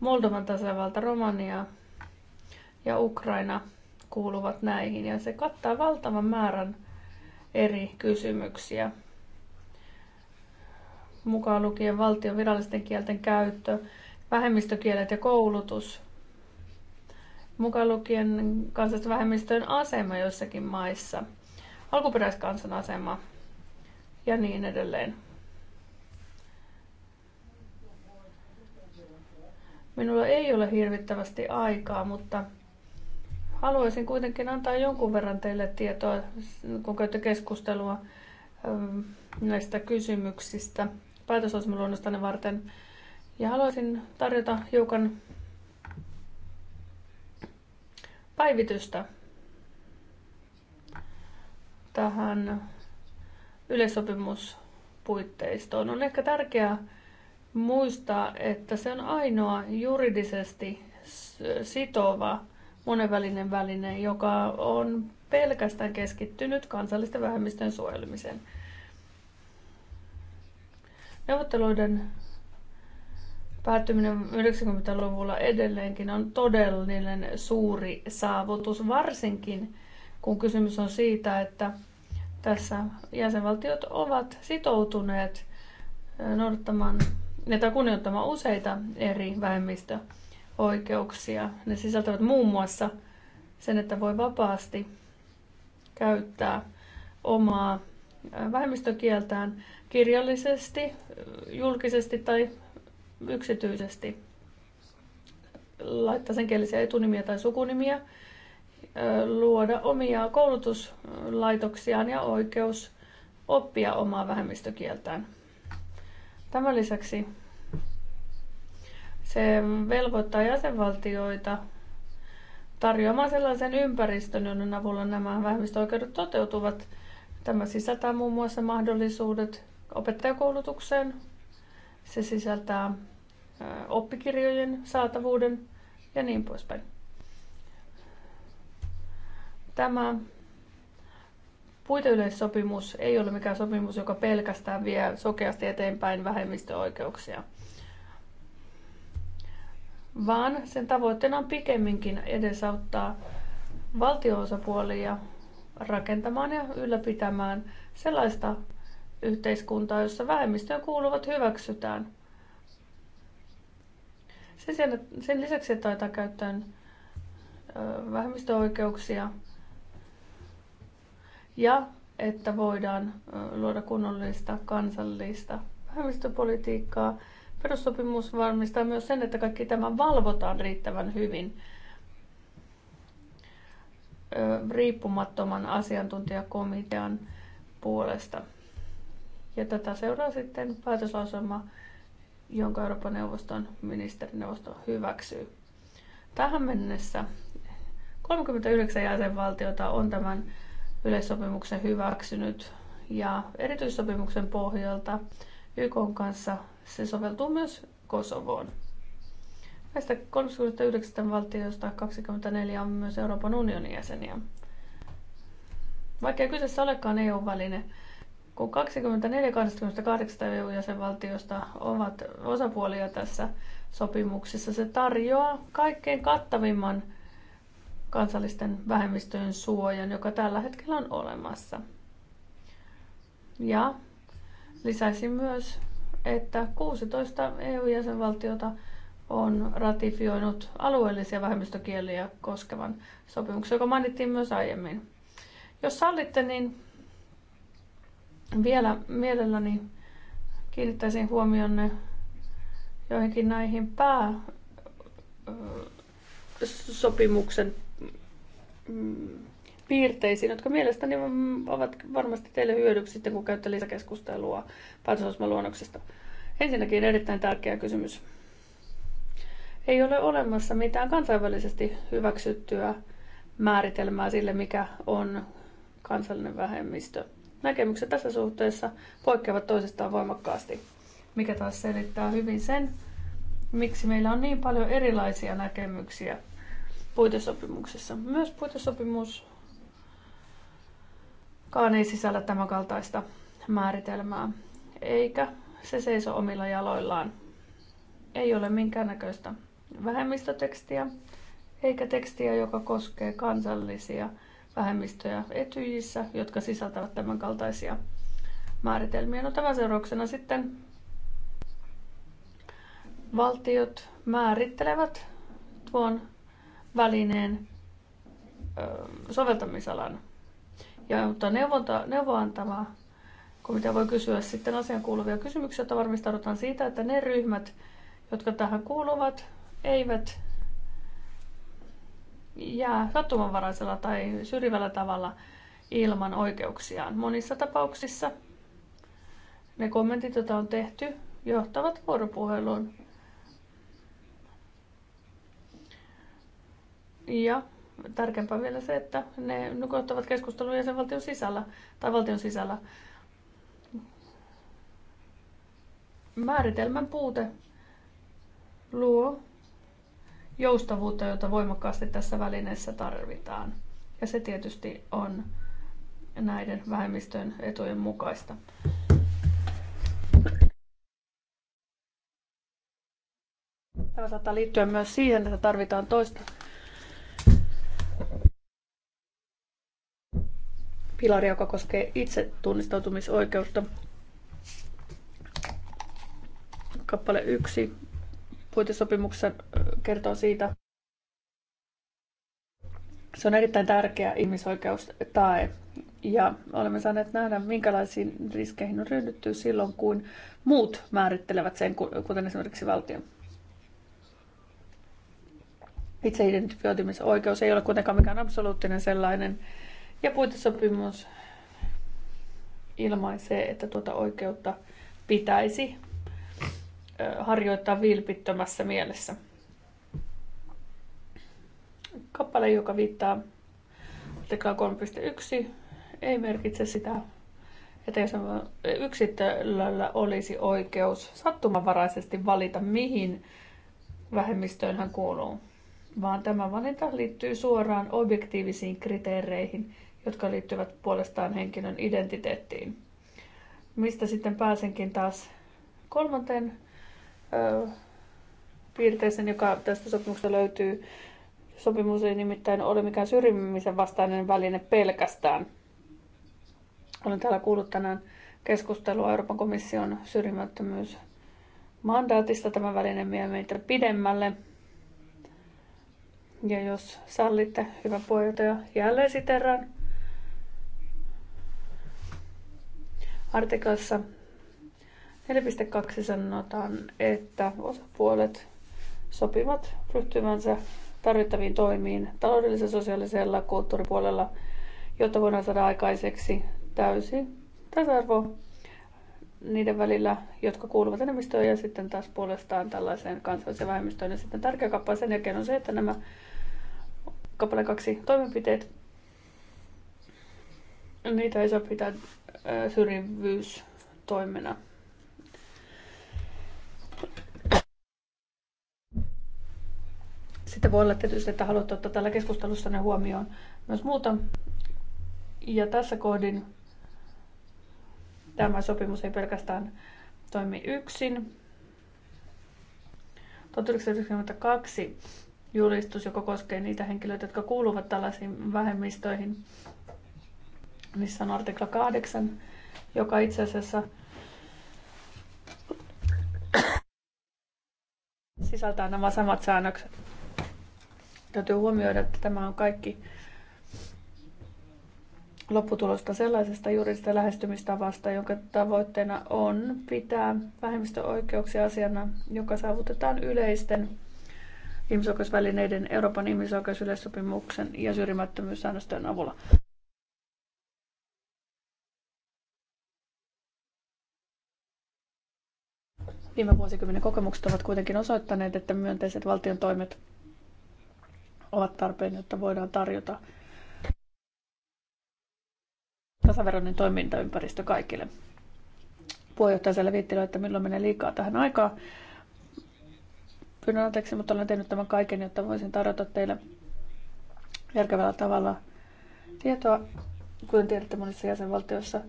Moldovan tasavalta, Romania ja Ukraina kuuluvat näihin. Ja se kattaa valtavan määrän eri kysymyksiä. Mukaan lukien valtion virallisten kielten käyttö, vähemmistökielet ja koulutus – mukaan lukien kansallisvähemmistöjen asema joissakin maissa, alkuperäiskansan asema ja niin edelleen. Minulla ei ole hirvittävästi aikaa, mutta haluaisin kuitenkin antaa jonkun verran teille tietoa, kun käytte keskustelua ähm, näistä kysymyksistä ne varten. Ja haluaisin tarjota hiukan päivitystä tähän yleissopimuspuitteistoon. On ehkä tärkeää muistaa, että se on ainoa juridisesti sitova monenvälinen väline, joka on pelkästään keskittynyt kansallisten vähemmistöjen suojelemiseen. Neuvotteluiden päättyminen 90-luvulla edelleenkin on todellinen suuri saavutus, varsinkin kun kysymys on siitä, että tässä jäsenvaltiot ovat sitoutuneet noudattamaan ja kunnioittamaan useita eri vähemmistöoikeuksia. Ne sisältävät muun muassa sen, että voi vapaasti käyttää omaa vähemmistökieltään kirjallisesti, julkisesti tai yksityisesti laittaa sen kielisiä etunimiä tai sukunimiä, luoda omia koulutuslaitoksiaan ja oikeus oppia omaa vähemmistökieltään. Tämän lisäksi se velvoittaa jäsenvaltioita tarjoamaan sellaisen ympäristön, jonne avulla nämä vähemmistöoikeudet toteutuvat. Tämä sisältää muun muassa mahdollisuudet opettajakoulutukseen. Se sisältää oppikirjojen saatavuuden ja niin poispäin. Tämä puiteyleissopimus ei ole mikään sopimus, joka pelkästään vie sokeasti eteenpäin vähemmistöoikeuksia, vaan sen tavoitteena on pikemminkin edesauttaa valtioosapuolia rakentamaan ja ylläpitämään sellaista yhteiskuntaa, jossa vähemmistöön kuuluvat hyväksytään – se siellä, sen lisäksi, se taitaa käyttää vähemmistöoikeuksia ja että voidaan luoda kunnollista kansallista vähemmistöpolitiikkaa. Perussopimus varmistaa myös sen, että kaikki tämä valvotaan riittävän hyvin riippumattoman asiantuntijakomitean puolesta. Ja tätä seuraa sitten päätöslauselma jonka Euroopan neuvoston ministerineuvosto hyväksyy. Tähän mennessä 39 jäsenvaltiota on tämän yleissopimuksen hyväksynyt ja erityissopimuksen pohjalta YK kanssa se soveltuu myös Kosovoon. Näistä 39 valtiosta 24 on myös Euroopan unionin jäseniä. Vaikka kyseessä olekaan EU-väline, kun 24 28 EU-jäsenvaltiosta ovat osapuolia tässä sopimuksessa, se tarjoaa kaikkein kattavimman kansallisten vähemmistöjen suojan, joka tällä hetkellä on olemassa. Ja lisäisin myös, että 16 EU-jäsenvaltiota on ratifioinut alueellisia vähemmistökieliä koskevan sopimuksen, joka mainittiin myös aiemmin. Jos sallitte, niin vielä mielelläni kiinnittäisin huomionne joihinkin näihin pääsopimuksen mm, piirteisiin, jotka mielestäni ovat varmasti teille hyödyksi sitten, kun käytte lisäkeskustelua luonnoksesta. Ensinnäkin erittäin tärkeä kysymys. Ei ole olemassa mitään kansainvälisesti hyväksyttyä määritelmää sille, mikä on kansallinen vähemmistö näkemykset tässä suhteessa poikkeavat toisistaan voimakkaasti, mikä taas selittää hyvin sen, miksi meillä on niin paljon erilaisia näkemyksiä puitesopimuksessa. Myös puitesopimus ei sisällä kaltaista määritelmää, eikä se seiso omilla jaloillaan. Ei ole minkäännäköistä vähemmistötekstiä, eikä tekstiä, joka koskee kansallisia vähemmistöjä etyjissä, jotka sisältävät tämän kaltaisia määritelmiä. No tämän seurauksena sitten valtiot määrittelevät tuon välineen soveltamisalan. Ja mutta neuvonta, neuvoantava komitea voi kysyä sitten asian kuuluvia kysymyksiä, että varmistaudutaan siitä, että ne ryhmät, jotka tähän kuuluvat, eivät jää sattumanvaraisella tai syrjivällä tavalla ilman oikeuksiaan. Monissa tapauksissa ne kommentit, joita on tehty, johtavat vuoropuheluun. Ja tärkeämpää vielä se, että ne nukottavat keskustelun jäsenvaltion sisällä tai valtion sisällä. Määritelmän puute luo joustavuutta, jota voimakkaasti tässä välineessä tarvitaan. Ja se tietysti on näiden vähemmistöjen etujen mukaista. Tämä saattaa liittyä myös siihen, että tarvitaan toista pilaria, joka koskee itse tunnistautumisoikeutta. Kappale 1 puitesopimuksen kertoo siitä. Se on erittäin tärkeä ihmisoikeus tae. ja olemme saaneet nähdä, minkälaisiin riskeihin on ryhdytty silloin, kun muut määrittelevät sen, kuten esimerkiksi valtio. Itseidentifioitumisoikeus ei ole kuitenkaan mikään absoluuttinen sellainen, ja puitesopimus ilmaisee, että tuota oikeutta pitäisi harjoittaa vilpittömässä mielessä. Kappale, joka viittaa artikla 3.1, ei merkitse sitä, että jos yksilöllä olisi oikeus sattumanvaraisesti valita, mihin vähemmistöön hän kuuluu, vaan tämä valinta liittyy suoraan objektiivisiin kriteereihin, jotka liittyvät puolestaan henkilön identiteettiin. Mistä sitten pääsenkin taas kolmanteen piirteisen joka tästä sopimuksesta löytyy. Sopimus ei nimittäin ole mikään syrjimisen vastainen väline pelkästään. Olen täällä kuullut tänään keskustelua Euroopan komission syrjimättömyys mandaatista. Tämä väline vie meitä pidemmälle. Ja jos sallitte, hyvä puheenjohtaja, jälleen siteraan. Artiklassa 4.2 sanotaan, että osapuolet sopivat ryhtymänsä tarvittaviin toimiin taloudellisella, sosiaalisella ja kulttuuripuolella, jotta voidaan saada aikaiseksi täysi tasa-arvo niiden välillä, jotka kuuluvat enemmistöön ja sitten taas puolestaan tällaiseen kansalliseen vähemmistöön. Ja sitten tärkeä kappale sen jälkeen on se, että nämä kappale kaksi toimenpiteet, niitä ei saa pitää syrjivyystoimena Sitten voi olla tietysti, että haluatte ottaa tällä keskustelussa ne huomioon myös muuta. Ja tässä kohdin tämä sopimus ei pelkästään toimi yksin. 1992 julistus, joka koskee niitä henkilöitä, jotka kuuluvat tällaisiin vähemmistöihin, missä on artikla 8, joka itse asiassa sisältää nämä samat säännökset. Täytyy huomioida, että tämä on kaikki lopputulosta sellaisesta juridista lähestymistavasta, jonka tavoitteena on pitää vähemmistöoikeuksia asiana, joka saavutetaan yleisten ihmisoikeusvälineiden Euroopan ihmisoikeusyleissopimuksen ja syrjimättömyyssäännöstön avulla. Viime vuosikymmenen kokemukset ovat kuitenkin osoittaneet, että myönteiset valtion toimet ovat tarpeen, jotta voidaan tarjota tasaveroinen toimintaympäristö kaikille. Puheenjohtaja selvittelee, että milloin menee liikaa tähän aikaan. Pyydän anteeksi, mutta olen tehnyt tämän kaiken, jotta voisin tarjota teille järkevällä tavalla tietoa, kuten tiedätte monissa jäsenvaltioissa.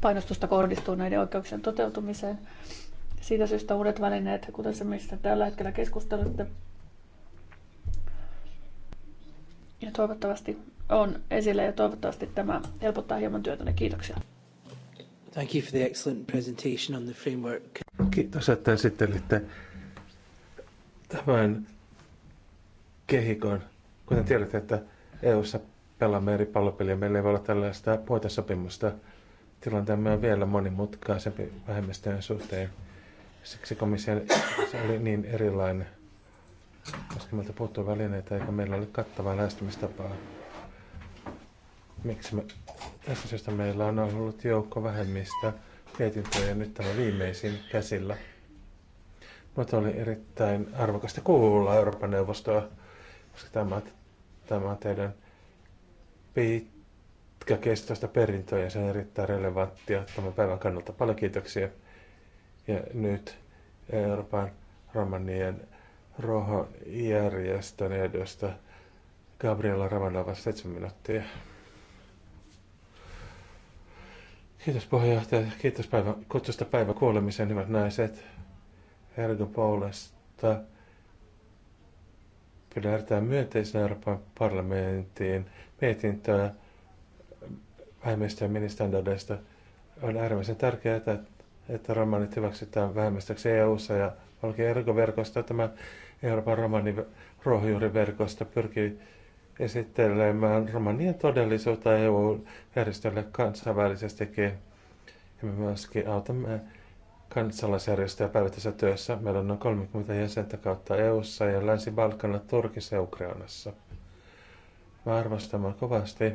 Painostusta kohdistuu näiden oikeuksien toteutumiseen. Siitä syystä uudet välineet, kuten se, mistä tällä hetkellä keskustelette, ja toivottavasti on esillä ja toivottavasti tämä helpottaa hieman työtänne. Kiitoksia. Thank you for the excellent presentation on the framework. Kiitos, että esittelitte tämän kehikon. Kuten tiedätte, että EU-ssa pelaamme eri pallopeliä. Meillä ei voi olla tällaista puitesopimusta. Tilanteemme on vielä monimutkaisempi vähemmistöjen suhteen. Siksi se oli niin erilainen, koska meiltä puuttuu välineitä eikä meillä ole kattavaa lähestymistapaa. Miksi me, tästä syystä meillä on ollut joukko vähemmistä mietintöjä nyt tämä viimeisin käsillä. Mutta oli erittäin arvokasta kuulla Euroopan neuvostoa, koska tämä, tämä on teidän pitkäkestoista perintöä ja se on erittäin relevanttia tämän päivän kannalta. Paljon kiitoksia. Ja nyt Euroopan romanien rohojärjestön edusta Gabriela Ramanova, seitsemän minuuttia. Kiitos puheenjohtaja, kiitos päivä, kutsusta päivä kuolemiseen, hyvät naiset. Ergo Paulasta pidetään myönteisenä Euroopan parlamenttiin mietintöä vähemmistöjen ministandardeista. On äärimmäisen tärkeää, että että romanit hyväksytään vähemmistöksi EU-ssa ja Valkea erkoverkosto, tämä Euroopan romanin ruohonjuuriverkosto pyrkii esittelemään romanien todellisuutta EU-järjestölle kansainvälisestikin. Ja me myöskin autamme kansalaisjärjestöjä päivittäisessä työssä. Meillä on noin 30 jäsentä kautta EU:ssa ja Länsi-Balkanilla, Turkissa ja Ukrainassa. Me arvostamme kovasti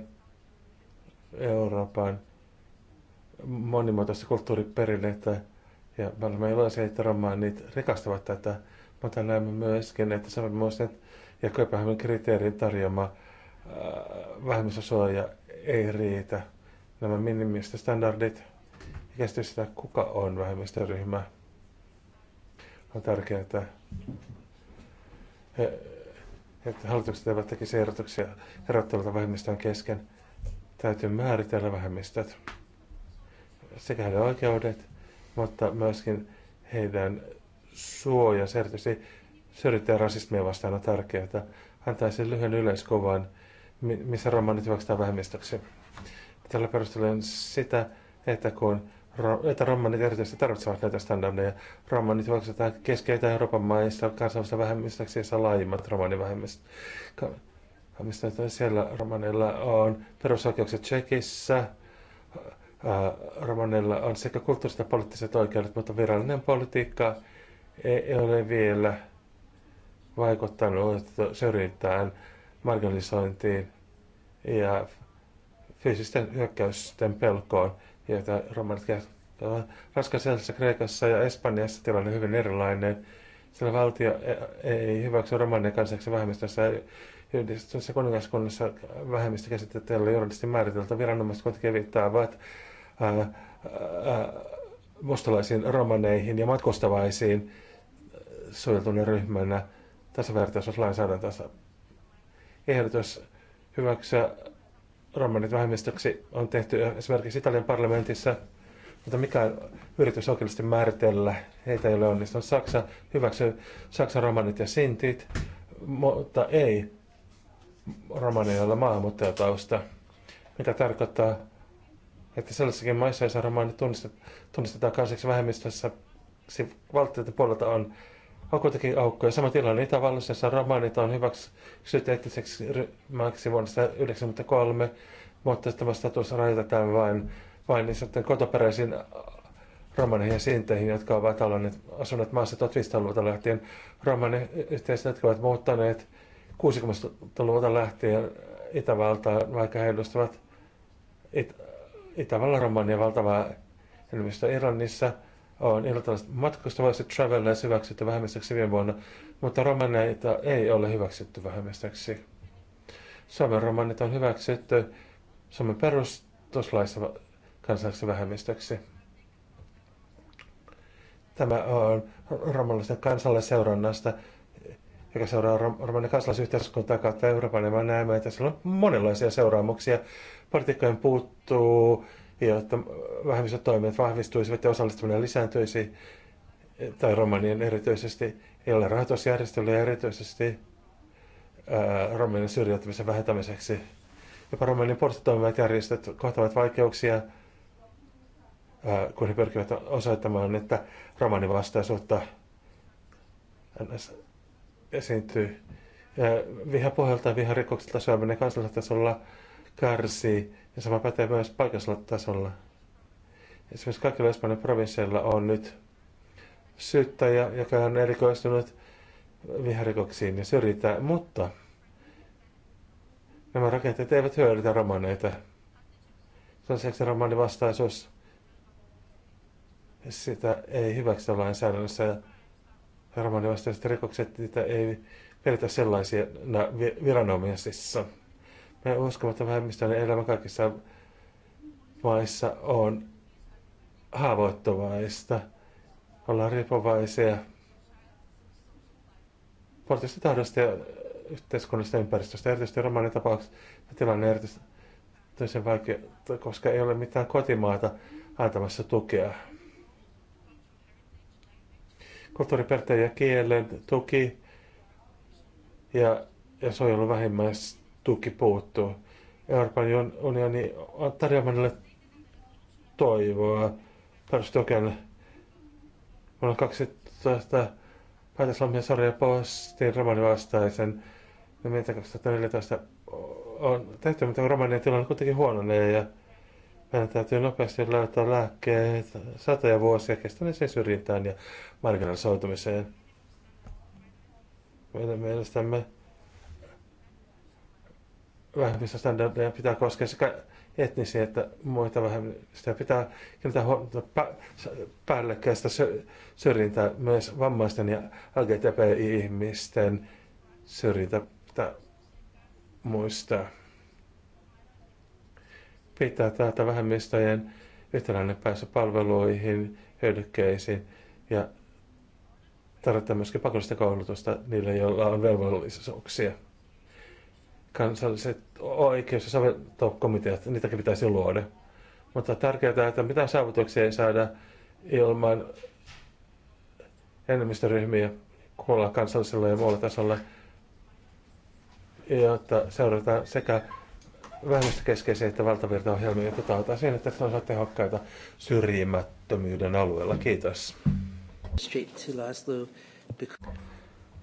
Euroopan monimuotoista kulttuuriperinnettä. Ja me olemme iloisia, että romaanit rikastavat tätä, mutta näemme myöskin, että samanmoiset ja Kööpenhaminan kriteerin tarjoama äh, vähemmistösuoja ei riitä. Nämä minimistä standardit ja käsitys sitä, kuka on vähemmistöryhmä, on tärkeää, että, että hallitukset eivät tekisi erotuksia erottelulta vähemmistön kesken. Täytyy määritellä vähemmistöt sekä heidän oikeudet, mutta myöskin heidän suojansa, erityisesti syrjintää rasismia vastaan on tärkeää. Antaisin lyhyen yleiskuvan, missä romanit hyväksytään vähemmistöksi. Tällä perustelen sitä, että kun että romanit erityisesti tarvitsevat näitä standardeja. Romanit hyväksytään keski- ja Euroopan maissa kansallisista vähemmistöksi, jossa laajimmat romanivähemmistöt. Siellä romaneilla on perusoikeukset Tsekissä, Äh, romanilla on sekä kulttuuriset että poliittiset oikeudet, mutta virallinen politiikka ei ole vielä vaikuttanut syrjintään, marginalisointiin ja fyysisten hyökkäysten pelkoon, joita romanit käyttävät. Ranskassa, Kreikassa ja Espanjassa tilanne on hyvin erilainen, sillä valtio e-, ei hyväksy romanien kansaksi vähemmistössä yhdistyneessä kuningaskunnassa vähemmistö käsitteellä juridisesti määriteltä viranomaiset kuitenkin viittaavat ää, ää, mustalaisiin romaneihin ja matkustavaisiin suojeltuna ryhmänä tasavertaisuuslainsäädäntössä. Ehdotus hyväksyä romanit vähemmistöksi on tehty esimerkiksi Italian parlamentissa, mutta mikä yritys oikeasti määritellä, heitä ei ole onnistunut. Saksa hyväksyy Saksan romanit ja sintit, mutta ei romaneilla maahanmuuttajatausta, mitä tarkoittaa että sellaisissakin maissa, joissa romaanit tunnistetaan kansalliseksi vähemmistössä, valtioiden puolelta on akuutakin aukkoja. Sama tilanne Itävallassa, jossa romaanit on hyväksytty etniseksi ryhmäksi vuonna 1993, mutta tämä status rajoitetaan vain, vain niin kotoperäisiin romaneihin ja sinteihin, jotka ovat alanneet, asuneet maassa 1500-luvulta lähtien. Romaniyhteisöt, jotka ovat muuttaneet 60-luvulta lähtien Itävaltaan, vaikka he edustavat It- Itävallan ja valtavaa elämistä Irlannissa on irlantilaiset matkustavaksi travelers hyväksytty vähemmistöksi viime vuonna, mutta romaneita ei ole hyväksytty vähemmistöksi. Suomen romanit on hyväksytty Suomen perustuslaissa kansalliseksi vähemmistöksi. Tämä on kansalle seurannasta joka seuraa Romanian kansalaisyhteiskuntaa kautta Euroopan, niin me näemme, että siellä on monenlaisia seuraamuksia. Politiikkojen puuttuu, jotta vähemmistötoimet vahvistuisivat ja osallistuminen lisääntyisi, tai romanien erityisesti, ei ole rahoitusjärjestelyjä erityisesti romanien syrjäytymisen vähentämiseksi. Jopa romanien puolustotoimijat järjestöt kohtavat vaikeuksia, ää, kun he pyrkivät osoittamaan, että romanivastaisuutta esiintyy. Vihapuheelta, viharikoksilta syöminen kansallisella tasolla kärsii ja sama pätee myös paikallisella tasolla. Esimerkiksi kaikilla Espanjan provinsseilla on nyt syyttäjä, joka on erikoistunut viharikoksiin ja syrjitään, mutta nämä rakenteet eivät hyödytä romaneita. Se on seksi romanivastaisuus. Sitä ei hyväksytä lainsäädännössä harmonia vastaiset rikokset, niitä ei pidetä sellaisia viranomaisissa. Me uskomme, että vähemmistöinen elämä kaikissa maissa on haavoittuvaista. Ollaan riippuvaisia poliittisesta tahdosta ja yhteiskunnallisesta ympäristöstä. Erityisesti romanin tapauksessa tilanne erityisesti vaikea, koska ei ole mitään kotimaata antamassa tukea kulttuuriperinteen ja kielen tuki ja, ja suojelun vähimmäistuki puuttuu. Euroopan unioni on tarjoamalla toivoa perustukelle. Vuonna 2000 päätöslammien sarja postiin vastaisen. ja meitä 2014 on tehty, mutta romanien tilanne kuitenkin huononee ja meidän täytyy nopeasti löytää lääkkeet satoja vuosia kestäneeseen syrjintään ja marginalisoitumiseen. Meidän mielestämme vähemmistä standardeja pitää koskea sekä etnisiä että muita vähemmistöjä. Pitää kiinnittää huomiota päällekkäistä syrjintää myös vammaisten ja LGTBI-ihmisten syrjintä muista pitää taata vähemmistöjen yhtäläinen pääsy palveluihin, hyödykkeisiin ja tarvitaan myöskin pakollista koulutusta niille, joilla on velvollisuuksia. Kansalliset oikeus- ja sovintokomiteat, niitäkin pitäisi luoda. Mutta tärkeää, että mitään saavutuksia ei saada ilman enemmistöryhmiä kuolla kansallisella ja muulla tasolla, jotta seurataan sekä vähemmistökeskeisiä että valtavirtaohjelmia, jotta taataan että ne olisivat tehokkaita syrjimättömyyden alueella. Kiitos. Straight to Laszlo.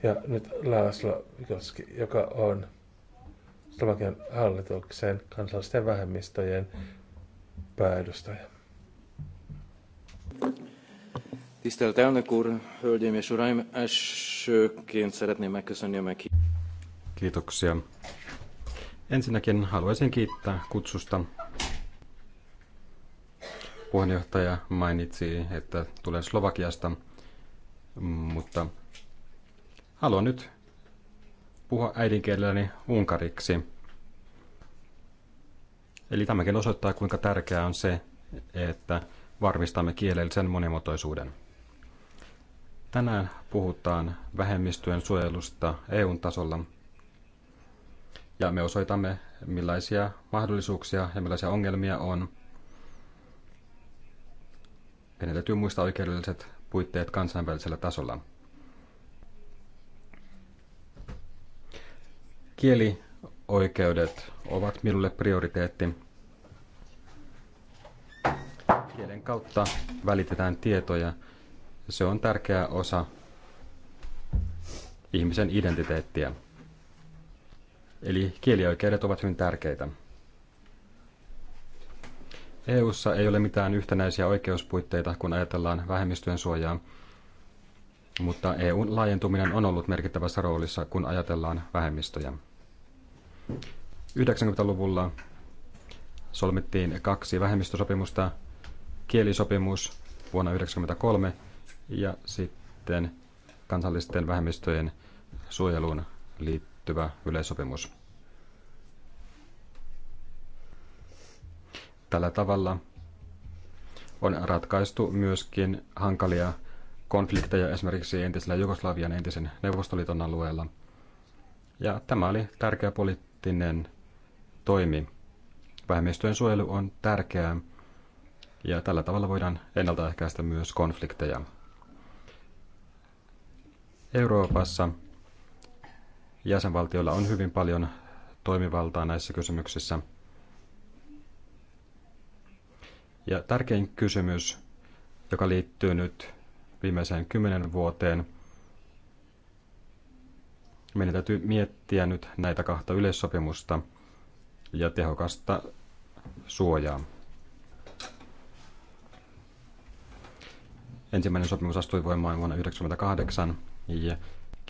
Ja nyt Laszlo Vikoski, joka on Slovakian hallituksen kansallisten vähemmistöjen pääedustaja. Tisztelt elnök úr, hölgyeim és uraim, elsőként szeretném megköszönni a meghívást. Kiitoksia Ensinnäkin haluaisin kiittää kutsusta. Puheenjohtaja mainitsi, että tulee Slovakiasta, mutta haluan nyt puhua äidinkielelläni unkariksi. Eli tämäkin osoittaa, kuinka tärkeää on se, että varmistamme kielellisen monimuotoisuuden. Tänään puhutaan vähemmistöjen suojelusta eu tasolla – ja me osoitamme, millaisia mahdollisuuksia ja millaisia ongelmia on. Meidän täytyy muistaa oikeudelliset puitteet kansainvälisellä tasolla. Kielioikeudet ovat minulle prioriteetti. Kielen kautta välitetään tietoja. Se on tärkeä osa ihmisen identiteettiä. Eli kielioikeudet ovat hyvin tärkeitä. EU:ssa ei ole mitään yhtenäisiä oikeuspuitteita, kun ajatellaan vähemmistöjen suojaa, mutta EUn laajentuminen on ollut merkittävässä roolissa, kun ajatellaan vähemmistöjä. 90-luvulla solmittiin kaksi vähemmistösopimusta, kielisopimus vuonna 1993 ja sitten kansallisten vähemmistöjen suojeluun liittyen liittyvä yleissopimus. Tällä tavalla on ratkaistu myöskin hankalia konflikteja esimerkiksi entisellä Jugoslavian entisen Neuvostoliiton alueella. Ja tämä oli tärkeä poliittinen toimi. Vähemmistöjen suojelu on tärkeää ja tällä tavalla voidaan ennaltaehkäistä myös konflikteja. Euroopassa jäsenvaltioilla on hyvin paljon toimivaltaa näissä kysymyksissä. Ja tärkein kysymys, joka liittyy nyt viimeiseen kymmenen vuoteen, meidän täytyy miettiä nyt näitä kahta yleissopimusta ja tehokasta suojaa. Ensimmäinen sopimus astui voimaan vuonna 1998 ja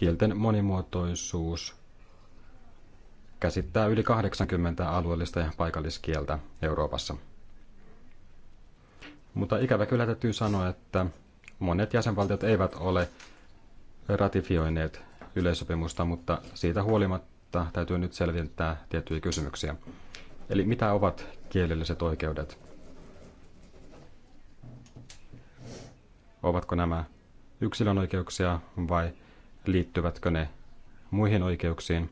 Kielten monimuotoisuus käsittää yli 80 alueellista ja paikalliskieltä Euroopassa. Mutta ikävä kyllä täytyy sanoa, että monet jäsenvaltiot eivät ole ratifioineet yleissopimusta, mutta siitä huolimatta täytyy nyt selventää tiettyjä kysymyksiä. Eli mitä ovat kielelliset oikeudet? Ovatko nämä yksilön oikeuksia vai liittyvätkö ne muihin oikeuksiin.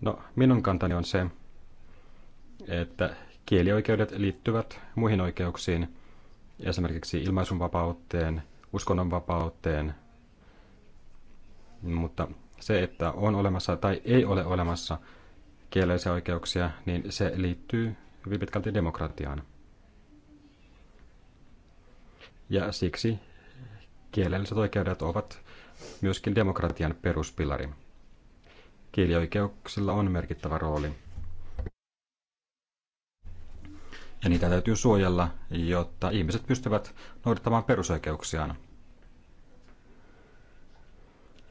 No, minun kantani on se, että kielioikeudet liittyvät muihin oikeuksiin, esimerkiksi ilmaisunvapauteen, uskonnonvapauteen, mutta se, että on olemassa tai ei ole olemassa kielellisiä oikeuksia, niin se liittyy hyvin pitkälti demokratiaan. Ja siksi kielelliset oikeudet ovat myöskin demokratian peruspilari. Kielioikeuksilla on merkittävä rooli. Ja niitä täytyy suojella, jotta ihmiset pystyvät noudattamaan perusoikeuksiaan.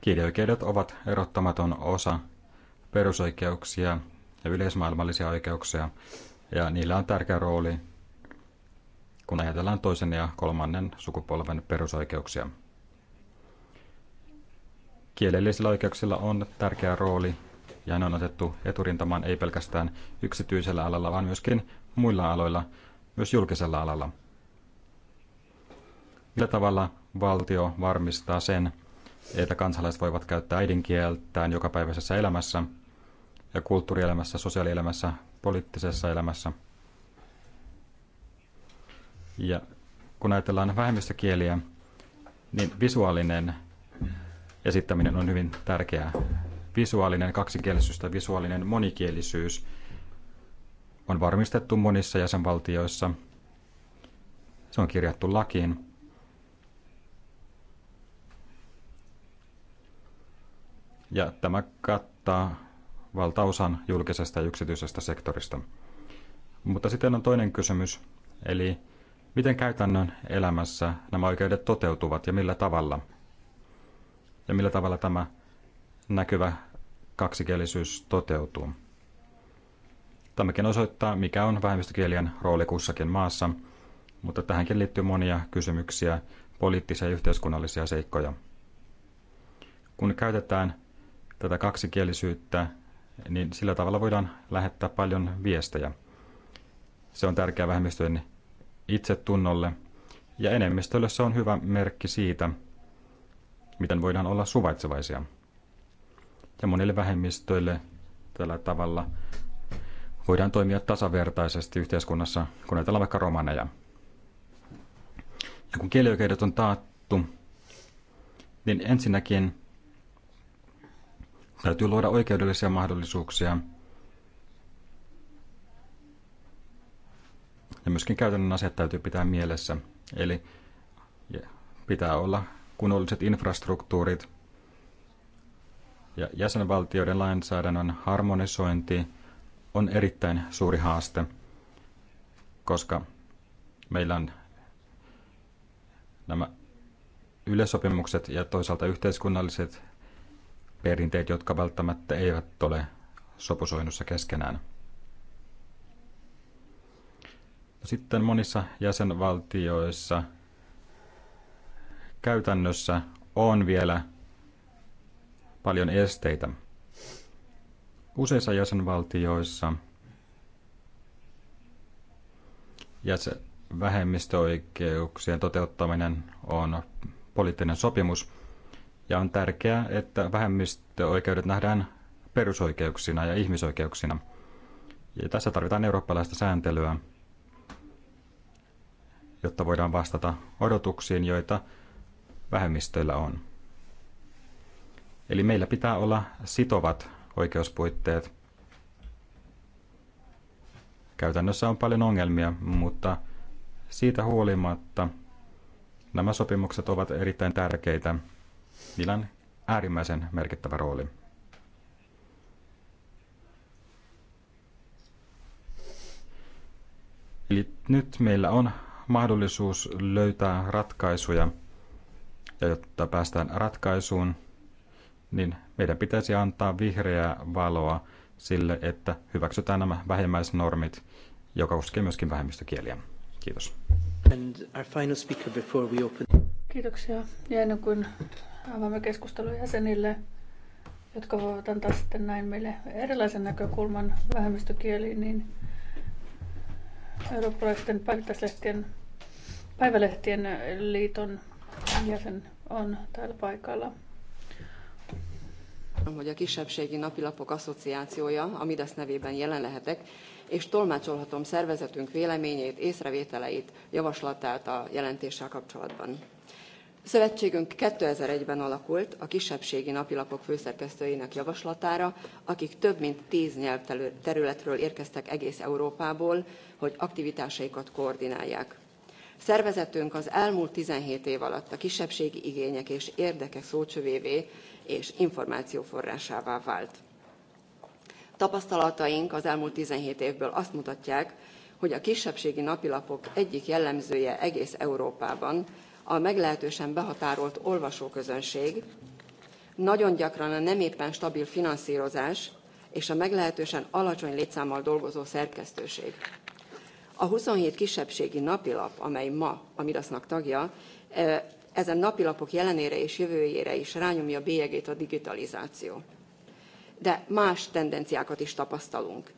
Kielioikeudet ovat erottamaton osa perusoikeuksia ja yleismaailmallisia oikeuksia, ja niillä on tärkeä rooli kun ajatellaan toisen ja kolmannen sukupolven perusoikeuksia. Kielellisillä oikeuksilla on tärkeä rooli ja ne on otettu eturintamaan ei pelkästään yksityisellä alalla, vaan myöskin muilla aloilla, myös julkisella alalla. Millä tavalla valtio varmistaa sen, että kansalaiset voivat käyttää äidinkieltään jokapäiväisessä elämässä ja kulttuurielämässä, sosiaalielämässä, poliittisessa elämässä – ja kun ajatellaan vähemmistökieliä, niin visuaalinen esittäminen on hyvin tärkeää. Visuaalinen kaksikielisyys tai visuaalinen monikielisyys on varmistettu monissa jäsenvaltioissa. Se on kirjattu lakiin. Ja tämä kattaa valtaosan julkisesta ja yksityisestä sektorista. Mutta sitten on toinen kysymys, eli Miten käytännön elämässä nämä oikeudet toteutuvat ja millä tavalla? Ja millä tavalla tämä näkyvä kaksikielisyys toteutuu? Tämäkin osoittaa, mikä on vähemmistökielien rooli kussakin maassa, mutta tähänkin liittyy monia kysymyksiä, poliittisia ja yhteiskunnallisia seikkoja. Kun käytetään tätä kaksikielisyyttä, niin sillä tavalla voidaan lähettää paljon viestejä. Se on tärkeää vähemmistöjen itsetunnolle, ja enemmistölle se on hyvä merkki siitä, miten voidaan olla suvaitsevaisia. Ja monille vähemmistöille tällä tavalla voidaan toimia tasavertaisesti yhteiskunnassa, kun ajatellaan vaikka romaneja. Ja kun kielioikeudet on taattu, niin ensinnäkin täytyy luoda oikeudellisia mahdollisuuksia – Ja myöskin käytännön asiat täytyy pitää mielessä. Eli pitää olla kunnolliset infrastruktuurit ja jäsenvaltioiden lainsäädännön harmonisointi on erittäin suuri haaste, koska meillä on nämä yleissopimukset ja toisaalta yhteiskunnalliset perinteet, jotka välttämättä eivät ole sopusoinnussa keskenään. Sitten monissa jäsenvaltioissa käytännössä on vielä paljon esteitä. Useissa jäsenvaltioissa jäsen, vähemmistöoikeuksien toteuttaminen on poliittinen sopimus ja on tärkeää, että vähemmistöoikeudet nähdään perusoikeuksina ja ihmisoikeuksina. Ja tässä tarvitaan eurooppalaista sääntelyä jotta voidaan vastata odotuksiin, joita vähemmistöillä on. Eli meillä pitää olla sitovat oikeuspuitteet. Käytännössä on paljon ongelmia, mutta siitä huolimatta nämä sopimukset ovat erittäin tärkeitä. Niillä on äärimmäisen merkittävä rooli. Eli nyt meillä on mahdollisuus löytää ratkaisuja. Ja jotta päästään ratkaisuun, niin meidän pitäisi antaa vihreää valoa sille, että hyväksytään nämä vähimmäisnormit, joka koskee myöskin vähemmistökieliä. Kiitos. Kiitoksia. Ja ennen kuin avaamme keskustelun jäsenille, jotka voivat antaa sitten näin meille erilaisen näkökulman vähemmistökieliin, niin eurooppalaisten päivittäislehtien Päivälehtien liiton jäsen on täällä paikalla. hogy a Kisebbségi Napilapok Asszociációja, a Midesz nevében jelen lehetek, és tolmácsolhatom szervezetünk véleményét, észrevételeit, javaslatát a jelentéssel kapcsolatban. Szövetségünk 2001-ben alakult a kisebbségi napilapok főszerkesztőinek javaslatára, akik több mint tíz nyelvterületről érkeztek egész Európából, hogy aktivitásaikat koordinálják. Szervezetünk az elmúlt 17 év alatt a kisebbségi igények és érdekek szócsövévé és információforrásává vált. Tapasztalataink az elmúlt 17 évből azt mutatják, hogy a kisebbségi napilapok egyik jellemzője egész Európában a meglehetősen behatárolt olvasóközönség, nagyon gyakran a nem éppen stabil finanszírozás és a meglehetősen alacsony létszámmal dolgozó szerkesztőség. A 27 kisebbségi napilap, amely ma a Midasznak tagja, ezen napilapok jelenére és jövőjére is rányomja bélyegét a digitalizáció. De más tendenciákat is tapasztalunk.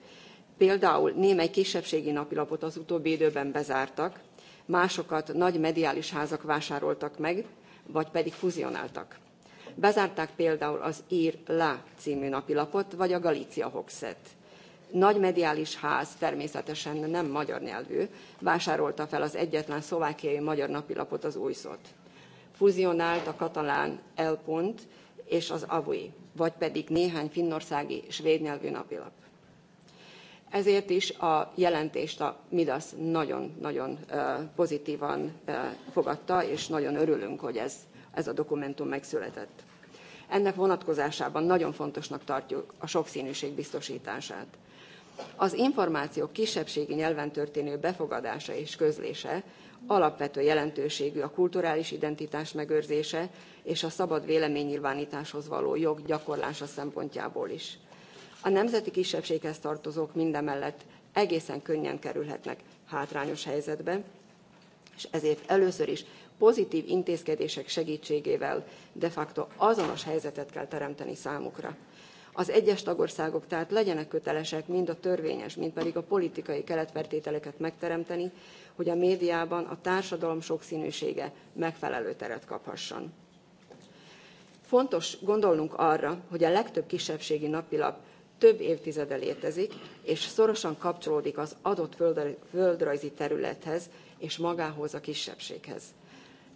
Például némely kisebbségi napilapot az utóbbi időben bezártak, másokat nagy mediális házak vásároltak meg, vagy pedig fuzionáltak. Bezárták például az Ír Lá című napilapot, vagy a Galícia Hoxet nagy mediális ház természetesen nem magyar nyelvű, vásárolta fel az egyetlen szlovákiai magyar napilapot, az Újszot. Fuzionált a katalán El és az Avui, vagy pedig néhány finnországi, svéd nyelvű napilap. Ezért is a jelentést a Midas nagyon-nagyon pozitívan fogadta, és nagyon örülünk, hogy ez, ez a dokumentum megszületett. Ennek vonatkozásában nagyon fontosnak tartjuk a sokszínűség biztosítását. Az információk kisebbségi nyelven történő befogadása és közlése alapvető jelentőségű a kulturális identitás megőrzése és a szabad véleménynyilvánításhoz való jog gyakorlása szempontjából is. A nemzeti kisebbséghez tartozók mindemellett egészen könnyen kerülhetnek hátrányos helyzetbe, és ezért először is pozitív intézkedések segítségével de facto azonos helyzetet kell teremteni számukra az egyes tagországok tehát legyenek kötelesek mind a törvényes, mind pedig a politikai keretfeltételeket megteremteni, hogy a médiában a társadalom sokszínűsége megfelelő teret kaphasson. Fontos gondolnunk arra, hogy a legtöbb kisebbségi napilap több évtizede létezik, és szorosan kapcsolódik az adott földrajzi területhez és magához a kisebbséghez.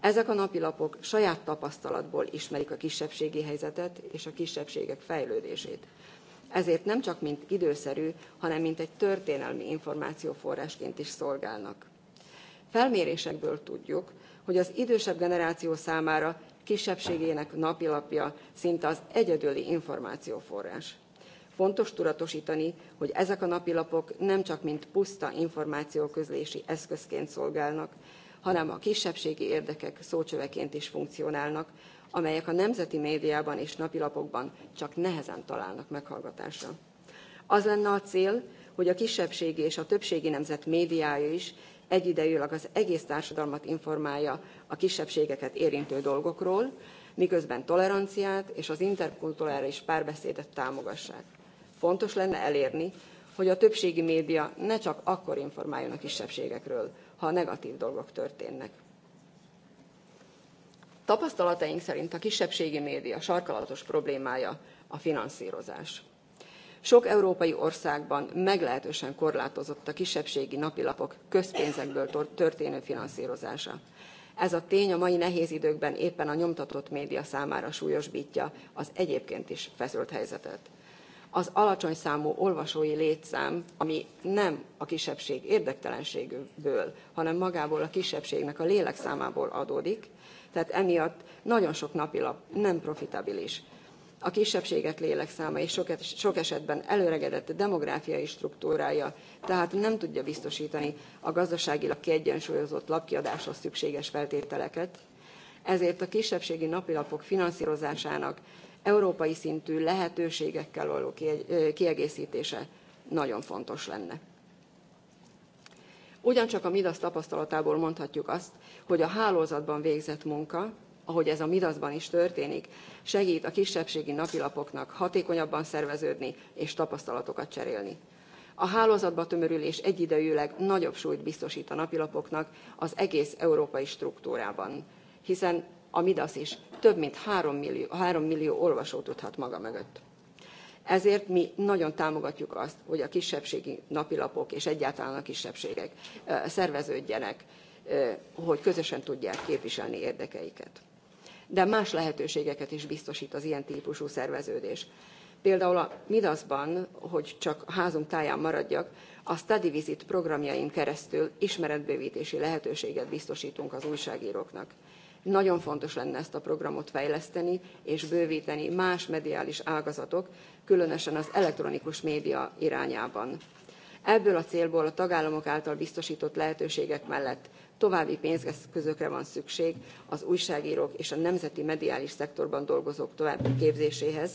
Ezek a napilapok saját tapasztalatból ismerik a kisebbségi helyzetet és a kisebbségek fejlődését. Ezért nem csak mint időszerű, hanem mint egy történelmi információforrásként is szolgálnak. Felmérésekből tudjuk, hogy az idősebb generáció számára kisebbségének napilapja szinte az egyedüli információforrás. Fontos tudatosítani, hogy ezek a napilapok nem csak mint puszta információközlési eszközként szolgálnak, hanem a kisebbségi érdekek szócsöveként is funkcionálnak, amelyek a nemzeti médiában és napilapokban csak nehezen találnak meghallgatásra. Az lenne a cél, hogy a kisebbségi és a többségi nemzet médiája is egyidejűleg az egész társadalmat informálja a kisebbségeket érintő dolgokról, miközben toleranciát és az interkulturális párbeszédet támogassák. Fontos lenne elérni, hogy a többségi média ne csak akkor informáljon a kisebbségekről, ha a negatív dolgok történnek. Tapasztalataink szerint a kisebbségi média sarkalatos problémája a finanszírozás. Sok európai országban meglehetősen korlátozott a kisebbségi napilapok közpénzekből történő finanszírozása. Ez a tény a mai nehéz időkben éppen a nyomtatott média számára súlyosbítja az egyébként is feszült helyzetet az alacsony számú olvasói létszám, ami nem a kisebbség érdektelenségből, hanem magából a kisebbségnek a lélekszámából adódik, tehát emiatt nagyon sok napilap nem profitabilis. A kisebbségek lélekszáma és sok, sok esetben előregedett demográfiai struktúrája, tehát nem tudja biztosítani a gazdaságilag kiegyensúlyozott lapkiadáshoz szükséges feltételeket, ezért a kisebbségi napilapok finanszírozásának európai szintű lehetőségekkel való kiegészítése nagyon fontos lenne. Ugyancsak a MIDASZ tapasztalatából mondhatjuk azt, hogy a hálózatban végzett munka, ahogy ez a MIDASZban is történik, segít a kisebbségi napilapoknak hatékonyabban szerveződni és tapasztalatokat cserélni. A hálózatba tömörülés egyidejűleg nagyobb súlyt biztosít a napilapoknak az egész európai struktúrában, hiszen a Midas is több mint 3 millió, 3 millió olvasót tudhat maga mögött. Ezért mi nagyon támogatjuk azt, hogy a kisebbségi napilapok és egyáltalán a kisebbségek szerveződjenek, hogy közösen tudják képviselni érdekeiket. De más lehetőségeket is biztosít az ilyen típusú szerveződés. Például a Midasban, hogy csak házunk táján maradjak, a Study Visit programjaim keresztül ismeretbővítési lehetőséget biztosítunk az újságíróknak. Nagyon fontos lenne ezt a programot fejleszteni és bővíteni más mediális ágazatok, különösen az elektronikus média irányában. Ebből a célból a tagállamok által biztosított lehetőségek mellett további pénzeszközökre van szükség az újságírók és a nemzeti mediális szektorban dolgozók további képzéséhez,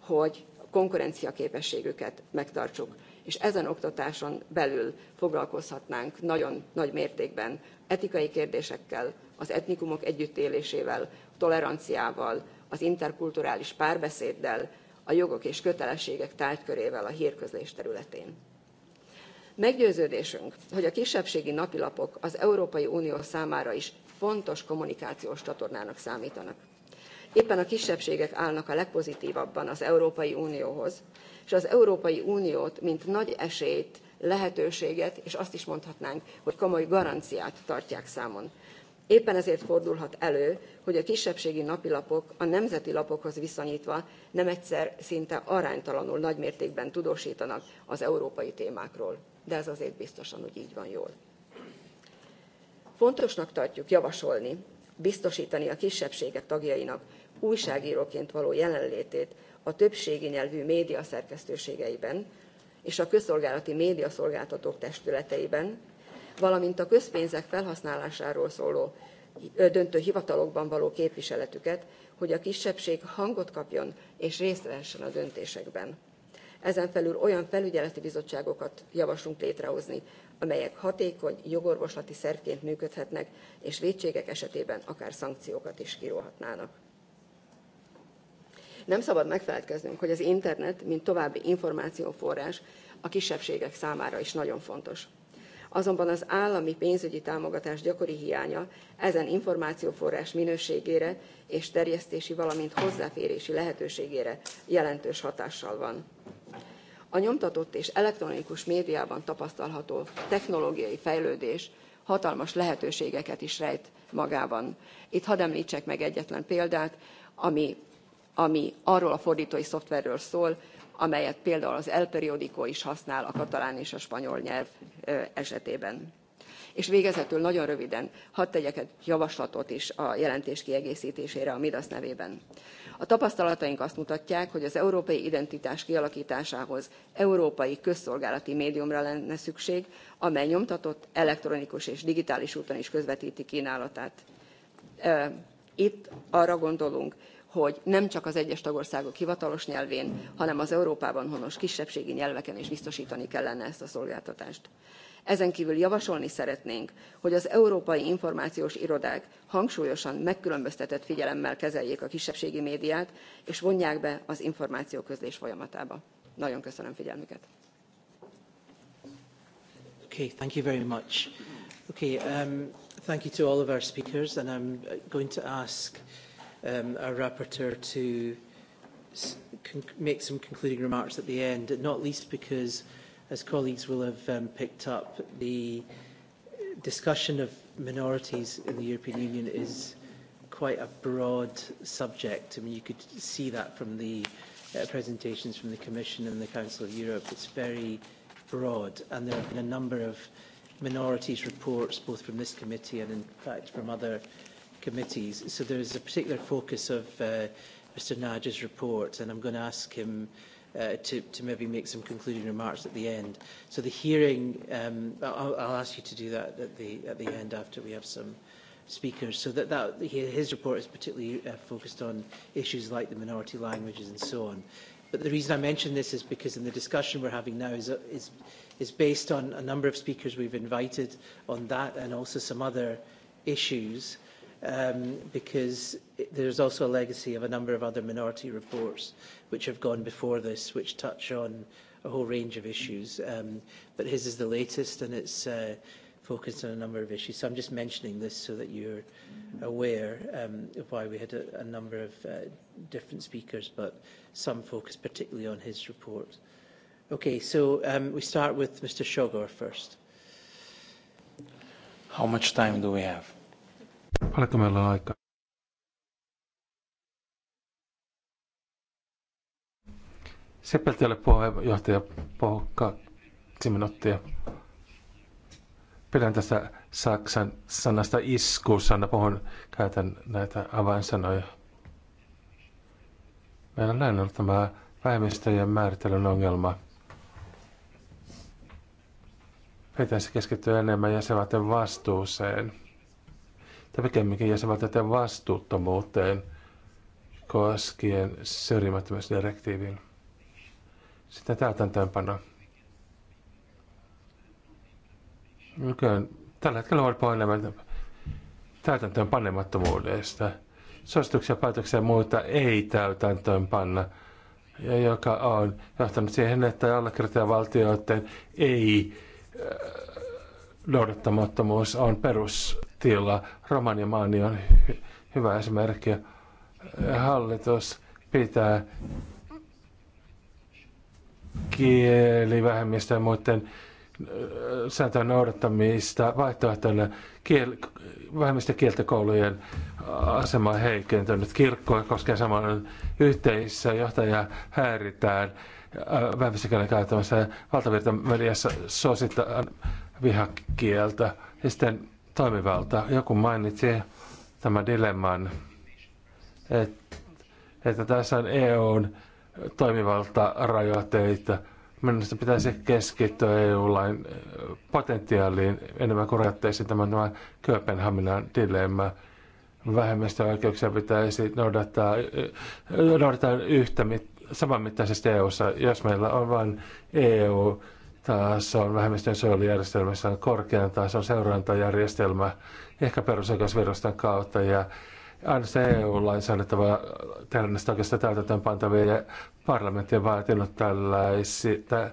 hogy konkurenciaképességüket megtartsuk és ezen oktatáson belül foglalkozhatnánk nagyon nagy mértékben etikai kérdésekkel, az etnikumok együttélésével, toleranciával, az interkulturális párbeszéddel, a jogok és kötelességek tárgykörével a hírközlés területén. Meggyőződésünk, hogy a kisebbségi napilapok az Európai Unió számára is fontos kommunikációs csatornának számítanak éppen a kisebbségek állnak a legpozitívabban az Európai Unióhoz, és az Európai Uniót, mint nagy esélyt, lehetőséget, és azt is mondhatnánk, hogy komoly garanciát tartják számon. Éppen ezért fordulhat elő, hogy a kisebbségi napilapok a nemzeti lapokhoz viszonyítva nem egyszer szinte aránytalanul nagymértékben tudósítanak az európai témákról. De ez azért biztosan hogy így van jól. Fontosnak tartjuk javasolni, biztosítani a kisebbségek tagjainak újságíróként való jelenlétét a többségi nyelvű média szerkesztőségeiben és a közszolgálati médiaszolgáltatók testületeiben, valamint a közpénzek felhasználásáról szóló döntő hivatalokban való képviseletüket, hogy a kisebbség hangot kapjon és részt vehessen a döntésekben. Ezen felül olyan felügyeleti bizottságokat javaslunk létrehozni, amelyek hatékony jogorvoslati szervként működhetnek, és vétségek esetében akár szankciókat is kiróhatnának. Nem szabad megfelelkeznünk, hogy az internet, mint további információforrás a kisebbségek számára is nagyon fontos. Azonban az állami pénzügyi támogatás gyakori hiánya ezen információforrás minőségére és terjesztési, valamint hozzáférési lehetőségére jelentős hatással van. A nyomtatott és elektronikus médiában tapasztalható technológiai fejlődés hatalmas lehetőségeket is rejt magában. Itt hadd említsek meg egyetlen példát, ami ami arról a fordítói szoftverről szól, amelyet például az El Periodico is használ a katalán és a spanyol nyelv esetében. És végezetül nagyon röviden hadd tegyek egy javaslatot is a jelentés kiegészítésére a Midas nevében. A tapasztalataink azt mutatják, hogy az európai identitás kialakításához európai közszolgálati médiumra lenne szükség, amely nyomtatott, elektronikus és digitális úton is közvetíti kínálatát. Itt arra gondolunk, hogy nem csak az egyes tagországok hivatalos nyelvén, hanem az Európában honos kisebbségi nyelveken is biztosítani kellene ezt a szolgáltatást. Ezen kívül javasolni szeretnénk, hogy az európai információs irodák hangsúlyosan megkülönböztetett figyelemmel kezeljék a kisebbségi médiát, és vonják be az információközlés folyamatába. Nagyon köszönöm figyelmüket. Okay, thank you very much. Okay, um, thank you to all of our speakers, and I'm going to ask um, our rapporteur to make some concluding remarks at the end, not least because, as colleagues will have um, picked up, the discussion of minorities in the European Union is quite a broad subject. I mean, you could see that from the uh, presentations from the Commission and the Council of Europe. It's very broad, and there have been a number of minorities reports, both from this committee and, in fact, from other committees. So there is a particular focus of uh, Mr Nadja's report, and I'm going to ask him uh, to, to maybe make some concluding remarks at the end. So the hearing, um, I'll, I'll ask you to do that at the, at the end after we have some speakers. So that, that his report is particularly uh, focused on issues like the minority languages and so on. But the reason I mention this is because in the discussion we're having now is, is, is based on a number of speakers we've invited on that and also some other issues um, because there's also a legacy of a number of other minority reports which have gone before this, which touch on a whole range of issues. Um, but his is the latest, and it's uh, focused on a number of issues. So I'm just mentioning this so that you're aware um, of why we had a, a number of uh, different speakers, but some focus particularly on his report. Okay, so um, we start with Mr. Shogor first. How much time do we have? Paljonko meillä on aikaa? Seppeltiölle puheenjohtaja Pohukka, kaksi minuuttia. Pidän tässä Saksan sanasta isku, sana puhun, käytän näitä avainsanoja. Meillä on näin ollut tämä vähemmistöjen määritelyn ongelma. Pitäisi keskittyä enemmän jäsenvaltion vastuuseen tai pikemminkin jäsenvaltioiden vastuuttomuuteen koskien syrjimättömyysdirektiivin. Sitten täytäntöönpano. Nykyään tällä hetkellä voi painaa täytäntöön panemattomuudesta. Suosituksia, päätöksiä ja muita ei täytäntöön panna, ja joka on johtanut siihen, että allekirjoittajavaltioiden ei äh, noudattamattomuus on perus tila. Romaniamaani on hy- hyvä esimerkki. Hallitus pitää kielivähemmistö ja muiden sääntöjen noudattamista vaihtoehtoina kiel, vähemmistökieltokoulujen asema on heikentynyt. Kirkkoa koskee samoin yhteisössä johtajaa häiritään vähemmistökielen valtavirta mediassa suositaan vihakieltä. Ja sitten toimivalta. Joku mainitsi tämän dilemman, että, että tässä on EUn rajoitteita. Minusta pitäisi keskittyä EU-lain potentiaaliin enemmän kuin rajoitteisiin tämän, tämän Kööpenhaminan dilemma. Vähemmistöoikeuksia pitäisi noudattaa, noudattaa yhtä mit, samanmittaisesti eu -ssa. Jos meillä on vain EU, on vähemmistön suojelujärjestelmässä on korkean tason seurantajärjestelmä ehkä perusoikeusviraston kautta ja ainoastaan EU-lainsäädäntö voi tehdä näistä oikeastaan täytäntöönpantavia ja parlamentti on vaatinut tällaisista äh,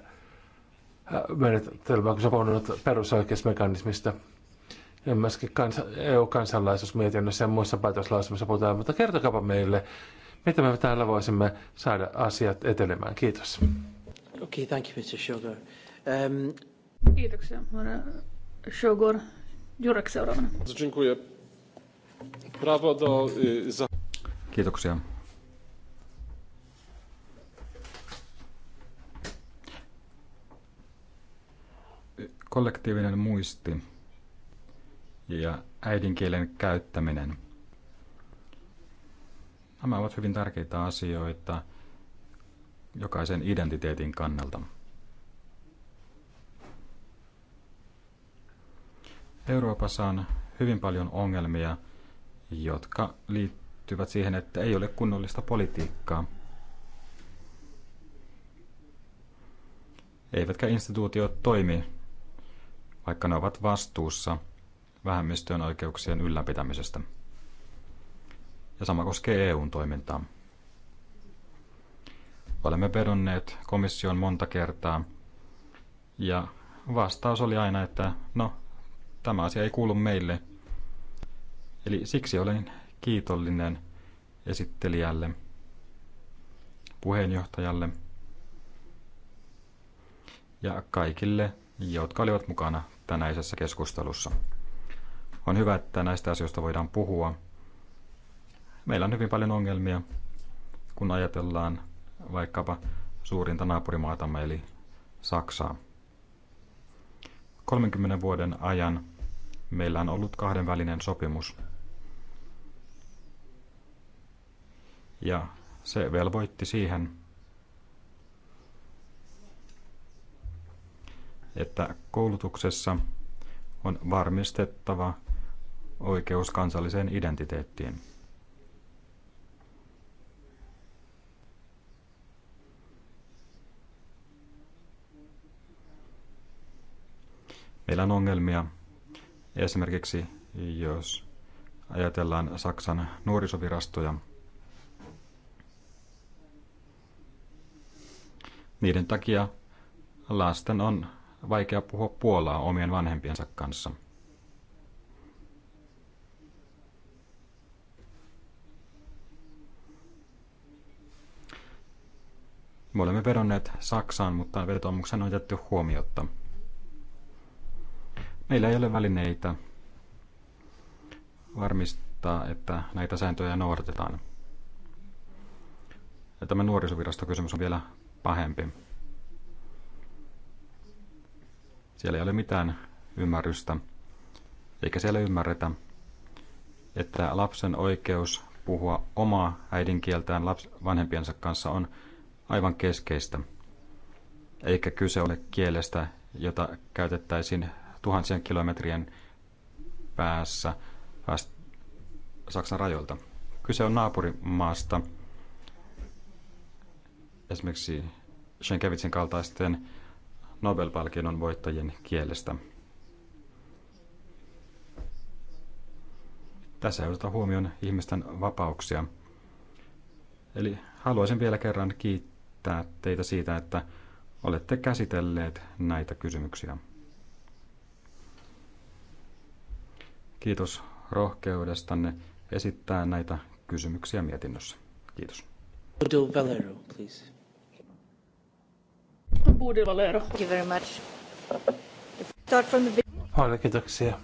menetelmää, kun se on puhunut perusoikeusmekanismista. Ja myöskin kans, EU-kansalaisuusmietinnössä ja muissa päätöslausumissa puhutaan, mutta kertokaa meille, mitä me täällä voisimme saada asiat etenemään. Kiitos. Okay, thank you, Mr. Sugar. Kiitoksia, Mara Shogor. Jurek seuraavana. Dziękuję. Prawo do... Kiitoksia. kollektiivinen muisti ja äidinkielen käyttäminen. Nämä ovat hyvin tärkeitä asioita jokaisen identiteetin kannalta. Euroopassa on hyvin paljon ongelmia, jotka liittyvät siihen, että ei ole kunnollista politiikkaa. Eivätkä instituutiot toimi, vaikka ne ovat vastuussa vähemmistöjen oikeuksien ylläpitämisestä. Ja sama koskee EUn toimintaa. Olemme vedonneet komission monta kertaa, ja vastaus oli aina, että no, tämä asia ei kuulu meille. Eli siksi olen kiitollinen esittelijälle, puheenjohtajalle ja kaikille, jotka olivat mukana tänäisessä keskustelussa. On hyvä, että näistä asioista voidaan puhua. Meillä on hyvin paljon ongelmia, kun ajatellaan vaikkapa suurinta naapurimaatamme eli Saksaa. 30 vuoden ajan Meillä on ollut kahdenvälinen sopimus. Ja se velvoitti siihen, että koulutuksessa on varmistettava oikeus kansalliseen identiteettiin. Meillä on ongelmia Esimerkiksi jos ajatellaan Saksan nuorisovirastoja, niiden takia lasten on vaikea puhua puolaa omien vanhempiensa kanssa. Me olemme vedonneet Saksaan, mutta vetomuksen on jätetty huomiotta. Meillä ei ole välineitä varmistaa, että näitä sääntöjä noudatetaan. Ja tämä nuorisovirastokysymys on vielä pahempi. Siellä ei ole mitään ymmärrystä, eikä siellä ymmärretä, että lapsen oikeus puhua omaa äidinkieltään laps- vanhempiensa kanssa on aivan keskeistä. Eikä kyse ole kielestä, jota käytettäisiin tuhansien kilometrien päässä Saksan rajoilta. Kyse on naapurimaasta, esimerkiksi Schenkevitsin kaltaisten Nobel-palkinnon voittajien kielestä. Tässä ei oteta huomioon ihmisten vapauksia. Eli haluaisin vielä kerran kiittää teitä siitä, että olette käsitelleet näitä kysymyksiä. Kiitos rohkeudestanne esittää näitä kysymyksiä mietinnössä. Kiitos. Budil Valero, please. Budil Valero. Thank you very much. Start from the... Paljon kiitoksia.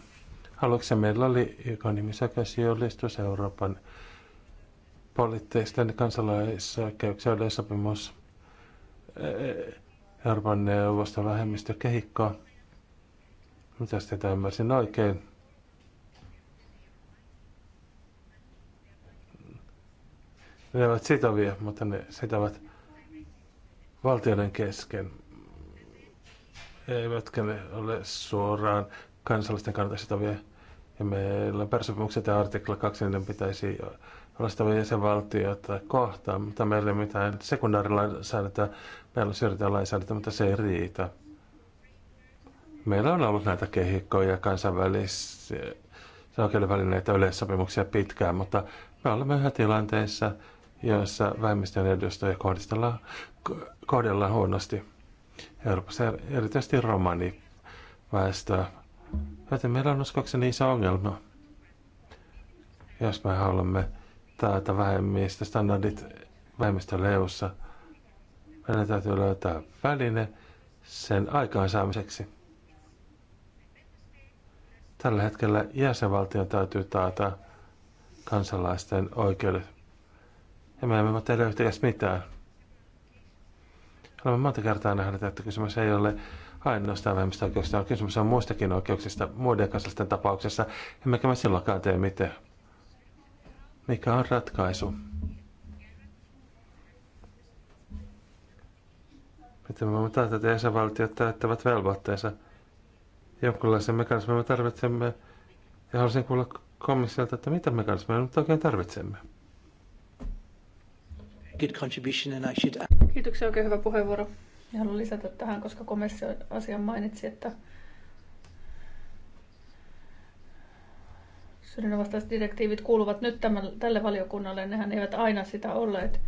Aluksi meillä oli YK-nimi Säkäsijoillistus Euroopan poliitteisten kansalaisoikeuksien yleissopimus Euroopan neuvoston vähemmistökehikkoa. Mitä sitten tämmöisin oikein? Ne ovat sitovia, mutta ne sitovat valtioiden kesken. Eivätkä ne ole suoraan kansallisten kannalta sitovia. Ja meillä persopimukset ja artikla 2 niin pitäisi olla sitovia jäsenvaltioita kohtaan, mutta meillä ei ole mitään sekundaarilainsäädäntöä. Meillä on syrjintälainsäädäntöä, mutta se ei riitä. Meillä on ollut näitä kehikkoja kansainvälisiä oikeudenvälineitä yleissopimuksia pitkään, mutta me olemme yhä tilanteessa, joissa vähemmistön edustajia kohdistellaan, kohdellaan huonosti. Euroopassa er-, erityisesti romani väestöä. Joten meillä on uskoakseni iso ongelma, jos me haluamme taata vähemmistö standardit vähemmistölle EUssa. Meidän täytyy löytää väline sen aikaansaamiseksi. Tällä hetkellä jäsenvaltion täytyy taata kansalaisten oikeudet ja me emme voi tehdä yhtäkäs mitään. Olemme monta kertaa nähneet, että kysymys ei ole ainoastaan vähemmistä oikeuksista, vaan kysymys on muistakin oikeuksista muiden kansallisten tapauksessa. Emmekä me silloinkaan tee mitään. Mikä on ratkaisu? Miten me voimme taata, että jäsenvaltiot täyttävät velvoitteensa? Jonkinlaisen mekanismin me tarvitsemme. Ja haluaisin kuulla komissiolta, että mitä mekanismeja nyt oikein tarvitsemme good contribution and I should... Kiitoksia, oikein hyvä puheenvuoro. Ja haluan lisätä tähän, koska komissio asian mainitsi, että syrjinnänvastaiset direktiivit kuuluvat nyt tämän, tälle valiokunnalle, nehän eivät aina sitä olleet.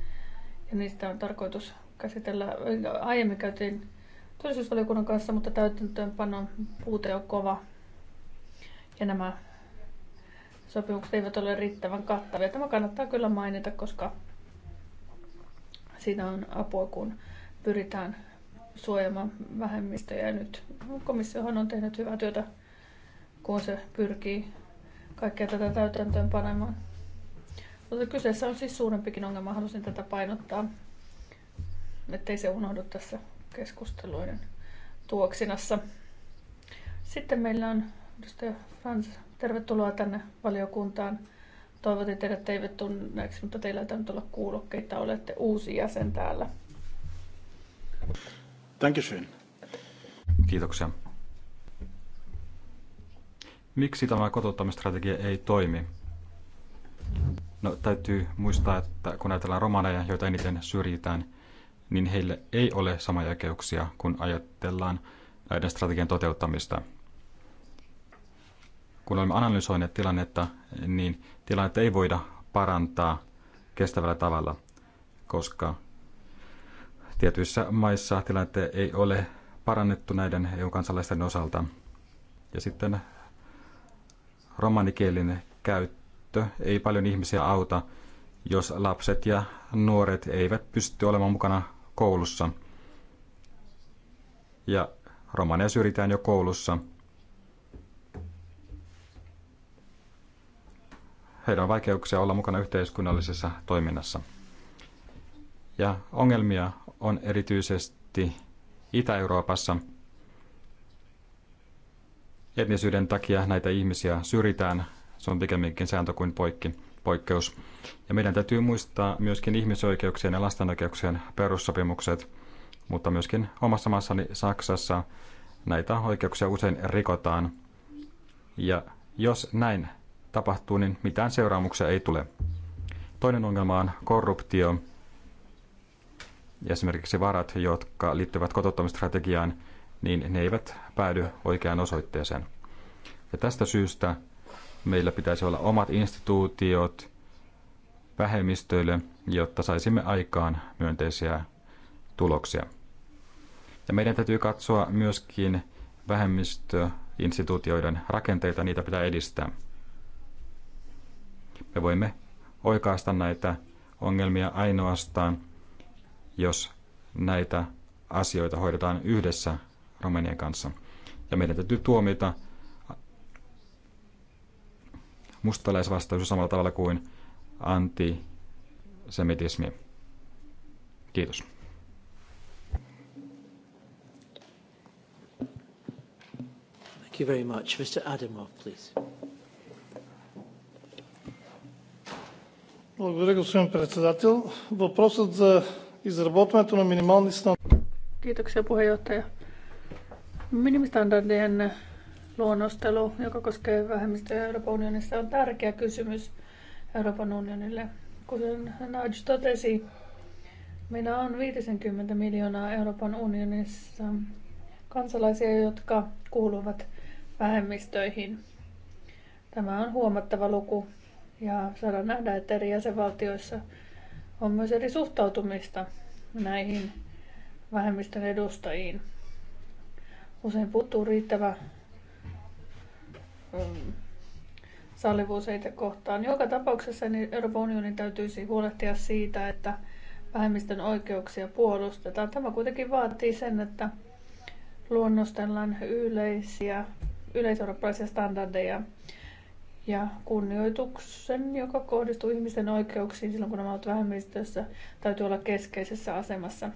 Ja niistä on tarkoitus käsitellä. Aiemmin käytiin työllisyysvaliokunnan kanssa, mutta täytäntöönpanon puute on kova. Ja nämä sopimukset eivät ole riittävän kattavia. Tämä kannattaa kyllä mainita, koska Siinä on apua, kun pyritään suojamaan vähemmistöjä. Nyt komissiohan on tehnyt hyvää työtä, kun se pyrkii kaikkea tätä täytäntöön panemaan. Mutta kyseessä on siis suurempikin ongelma, halusin tätä painottaa, ettei se unohdu tässä keskusteluiden tuoksinassa. Sitten meillä on edustaja Frans, tervetuloa tänne valiokuntaan. Toivotin teidät teivät tunneeksi, mutta teillä ei tainnut olla kuulokkeita. Olette uusi jäsen täällä. Dankeschön. Kiitoksia. Miksi tämä kotouttamistrategia ei toimi? No, täytyy muistaa, että kun ajatellaan romaneja, joita eniten syrjitään, niin heille ei ole samoja oikeuksia, kun ajatellaan näiden strategian toteuttamista – kun olemme analysoineet tilannetta, niin tilannetta ei voida parantaa kestävällä tavalla, koska tietyissä maissa tilannetta ei ole parannettu näiden EU-kansalaisten osalta. Ja sitten romanikielinen käyttö ei paljon ihmisiä auta, jos lapset ja nuoret eivät pysty olemaan mukana koulussa. Ja romaneja syrjitään jo koulussa – heillä on vaikeuksia olla mukana yhteiskunnallisessa toiminnassa. Ja ongelmia on erityisesti Itä-Euroopassa. Etnisyyden takia näitä ihmisiä syrjitään. Se on pikemminkin sääntö kuin poikki, poikkeus. Ja meidän täytyy muistaa myöskin ihmisoikeuksien ja lasten oikeuksien perussopimukset, mutta myöskin omassa maassani Saksassa näitä oikeuksia usein rikotaan. Ja jos näin tapahtuu, niin mitään seuraamuksia ei tule. Toinen ongelma on korruptio. Esimerkiksi varat, jotka liittyvät kotouttamistrategiaan, niin ne eivät päädy oikeaan osoitteeseen. Ja tästä syystä meillä pitäisi olla omat instituutiot vähemmistöille, jotta saisimme aikaan myönteisiä tuloksia. Ja meidän täytyy katsoa myöskin vähemmistöinstituutioiden rakenteita, niitä pitää edistää. Me voimme oikaista näitä ongelmia ainoastaan, jos näitä asioita hoidetaan yhdessä Romanian kanssa. Ja meidän täytyy tuomita mustalaisvastaisuus samalla tavalla kuin antisemitismi. Kiitos. Thank you very much. Mr. Adamov, please. Благодаря, господин председател. Въпросът за изработването на минимални стандарти. Kiitoksia puheenjohtaja. Minimistandardien luonnostelu, joka koskee vähemmistöjä Euroopan unionissa, on tärkeä kysymys Euroopan unionille. Kuten Nudge totesi, meillä on 50 miljoonaa Euroopan unionissa kansalaisia, jotka kuuluvat vähemmistöihin. Tämä on huomattava luku ja saadaan nähdä, että eri jäsenvaltioissa on myös eri suhtautumista näihin vähemmistön edustajiin. Usein puuttuu riittävä mm, sallivuus heitä kohtaan. Joka tapauksessa niin Euroopan unionin täytyisi huolehtia siitä, että vähemmistön oikeuksia puolustetaan. Tämä kuitenkin vaatii sen, että luonnostellaan yleisiä, yleiseurooppalaisia standardeja ja kunnioituksen, joka kohdistuu ihmisten oikeuksiin silloin, kun nämä ovat vähemmistössä, täytyy olla keskeisessä asemassa.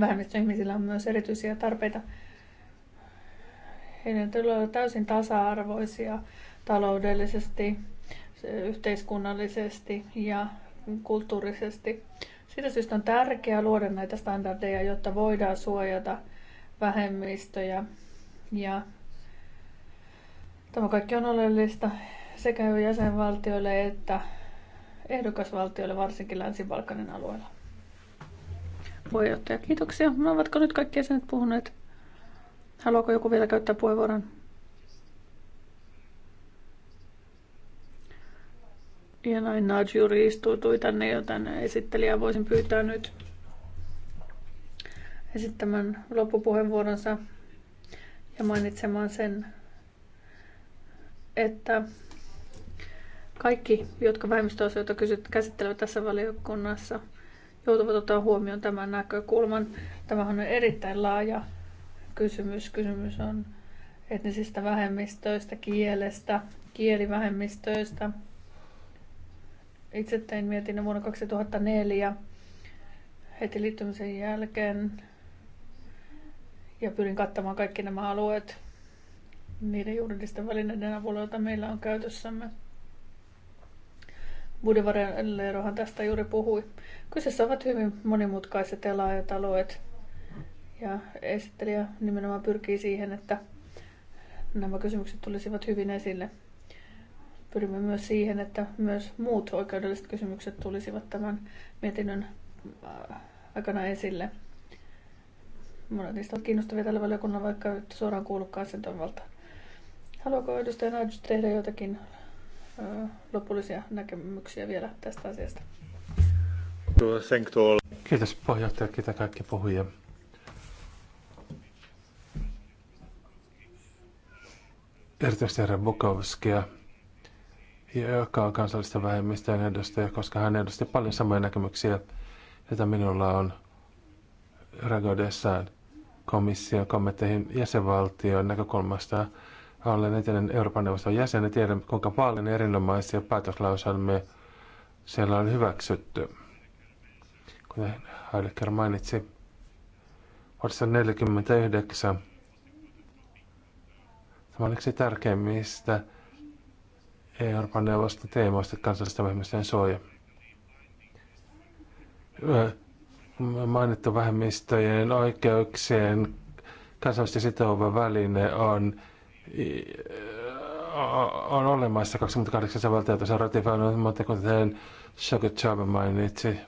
Vähemmistöihmisillä on myös erityisiä tarpeita. Heidän tulee olla täysin tasa-arvoisia taloudellisesti, yhteiskunnallisesti ja kulttuurisesti. Siitä syystä on tärkeää luoda näitä standardeja, jotta voidaan suojata vähemmistöjä ja Tämä kaikki on oleellista sekä jäsenvaltioille että ehdokasvaltioille, varsinkin Länsi-Balkanin alueella. Puheenjohtaja, kiitoksia. No, ovatko nyt kaikki jäsenet puhuneet? Haluaako joku vielä käyttää puheenvuoron? Ja näin Najuri istuutui tänne, joten esittelijä voisin pyytää nyt esittämään loppupuheenvuoronsa ja mainitsemaan sen, että kaikki, jotka vähemmistöasioita käsittelevät tässä valiokunnassa, joutuvat ottaa huomioon tämän näkökulman. Tämähän on erittäin laaja kysymys. Kysymys on etnisistä vähemmistöistä, kielestä, kielivähemmistöistä. Itse tein mietinnän vuonna 2004 heti liittymisen jälkeen ja pyrin kattamaan kaikki nämä alueet niiden juridisten välineiden avulla, joita meillä on käytössämme. Leerohan tästä juuri puhui. Kyseessä ovat hyvin monimutkaiset elaajatalouet. Ja esittelijä nimenomaan pyrkii siihen, että nämä kysymykset tulisivat hyvin esille. Pyrimme myös siihen, että myös muut oikeudelliset kysymykset tulisivat tämän mietinnön äh, aikana esille. Monet niistä ovat kiinnostavia tällä valiokunnalla, vaikka suoraan kuulukaan sen toimivaltaan. Haluaako edustaja Najdus tehdä jotakin ö, lopullisia näkemyksiä vielä tästä asiasta? No, Kiitos puheenjohtaja, kiitä kaikki puhujia. Erityisesti herra Bukovskia, joka on kansallista vähemmistöjen edustaja, koska hän edusti paljon samoja näkemyksiä, joita minulla on Ragodessaan komission kommentteihin jäsenvaltion näkökulmasta olen etelän Euroopan neuvoston jäsen ja tiedän, kuinka paljon erinomaisia päätöslauselmia siellä on hyväksytty. Kuten Heidegger mainitsi, vuodessa 1949 Tämä on yksi tärkeimmistä Euroopan neuvoston teemoista kansallisten vähemmistöjen suoja. Mainittu vähemmistöjen oikeuksien kansallisesti sitova väline on on olemassa 28 valtiota, se on ratifioinut, mutta kuten Shogun Chaba mainitsi,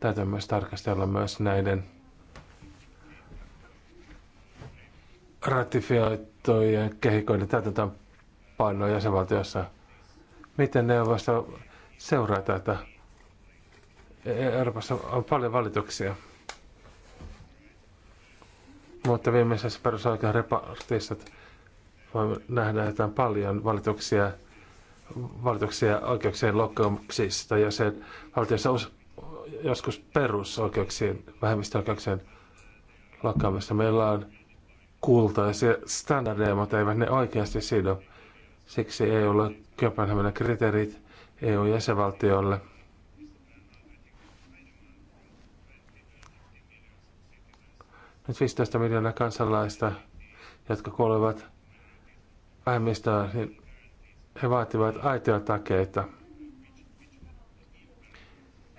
täytyy myös tarkastella myös näiden ratifioittujen kehikoiden painoa jäsenvaltiossa. Miten neuvosto seuraa tätä? Euroopassa on paljon valituksia. Mutta viimeisessä että vaan nähdään, että on paljon valituksia, valituksia oikeuksien loukkauksista ja sen valtiossa joskus perusoikeuksien, vähemmistöoikeuksien loukkaamista. Meillä on kultaisia standardeja, mutta eivät ne oikeasti sido. Siksi ei ole Kööpenhaminan kriteerit eu jäsenvaltiolle Nyt 15 miljoonaa kansalaista, jotka kuolevat vähemmistöön, niin he vaativat aitoja takeita,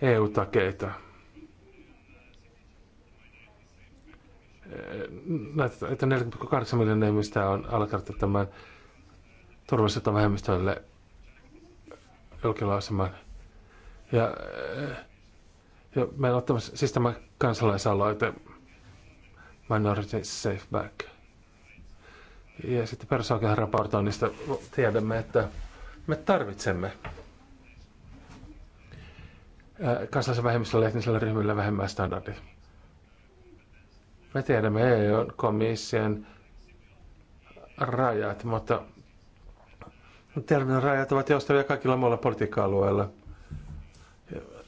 EU-takeita. Näitä, että 4,8 miljoonaa ihmistä on alkanut tämän turvallisuutta vähemmistölle julkilausemaan. Ja, ja meillä on ottamassa, siis tämä kansalaisaloite Minority Safe Back. Ja sitten raportoinnista tiedämme, että me tarvitsemme kansallisen vähemmistöllä ja etnisellä ryhmillä vähemmän standardit. Me tiedämme EU-komission rajat, mutta termin rajat ovat joustavia kaikilla muilla politiikka-alueilla.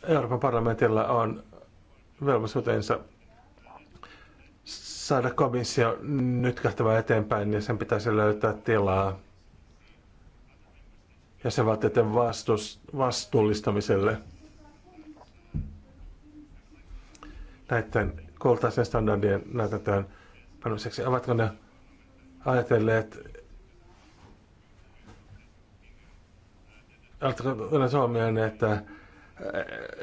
Euroopan parlamentilla on velvollisuutensa saada komissio nyt kähtävä eteenpäin, niin sen pitäisi löytää tilaa jäsenvaltioiden vastus, vastuullistamiselle. Näiden kultaisen standardien näytäntöön panemiseksi. Ovatko ne ajatelleet, Oletko Suomeen, että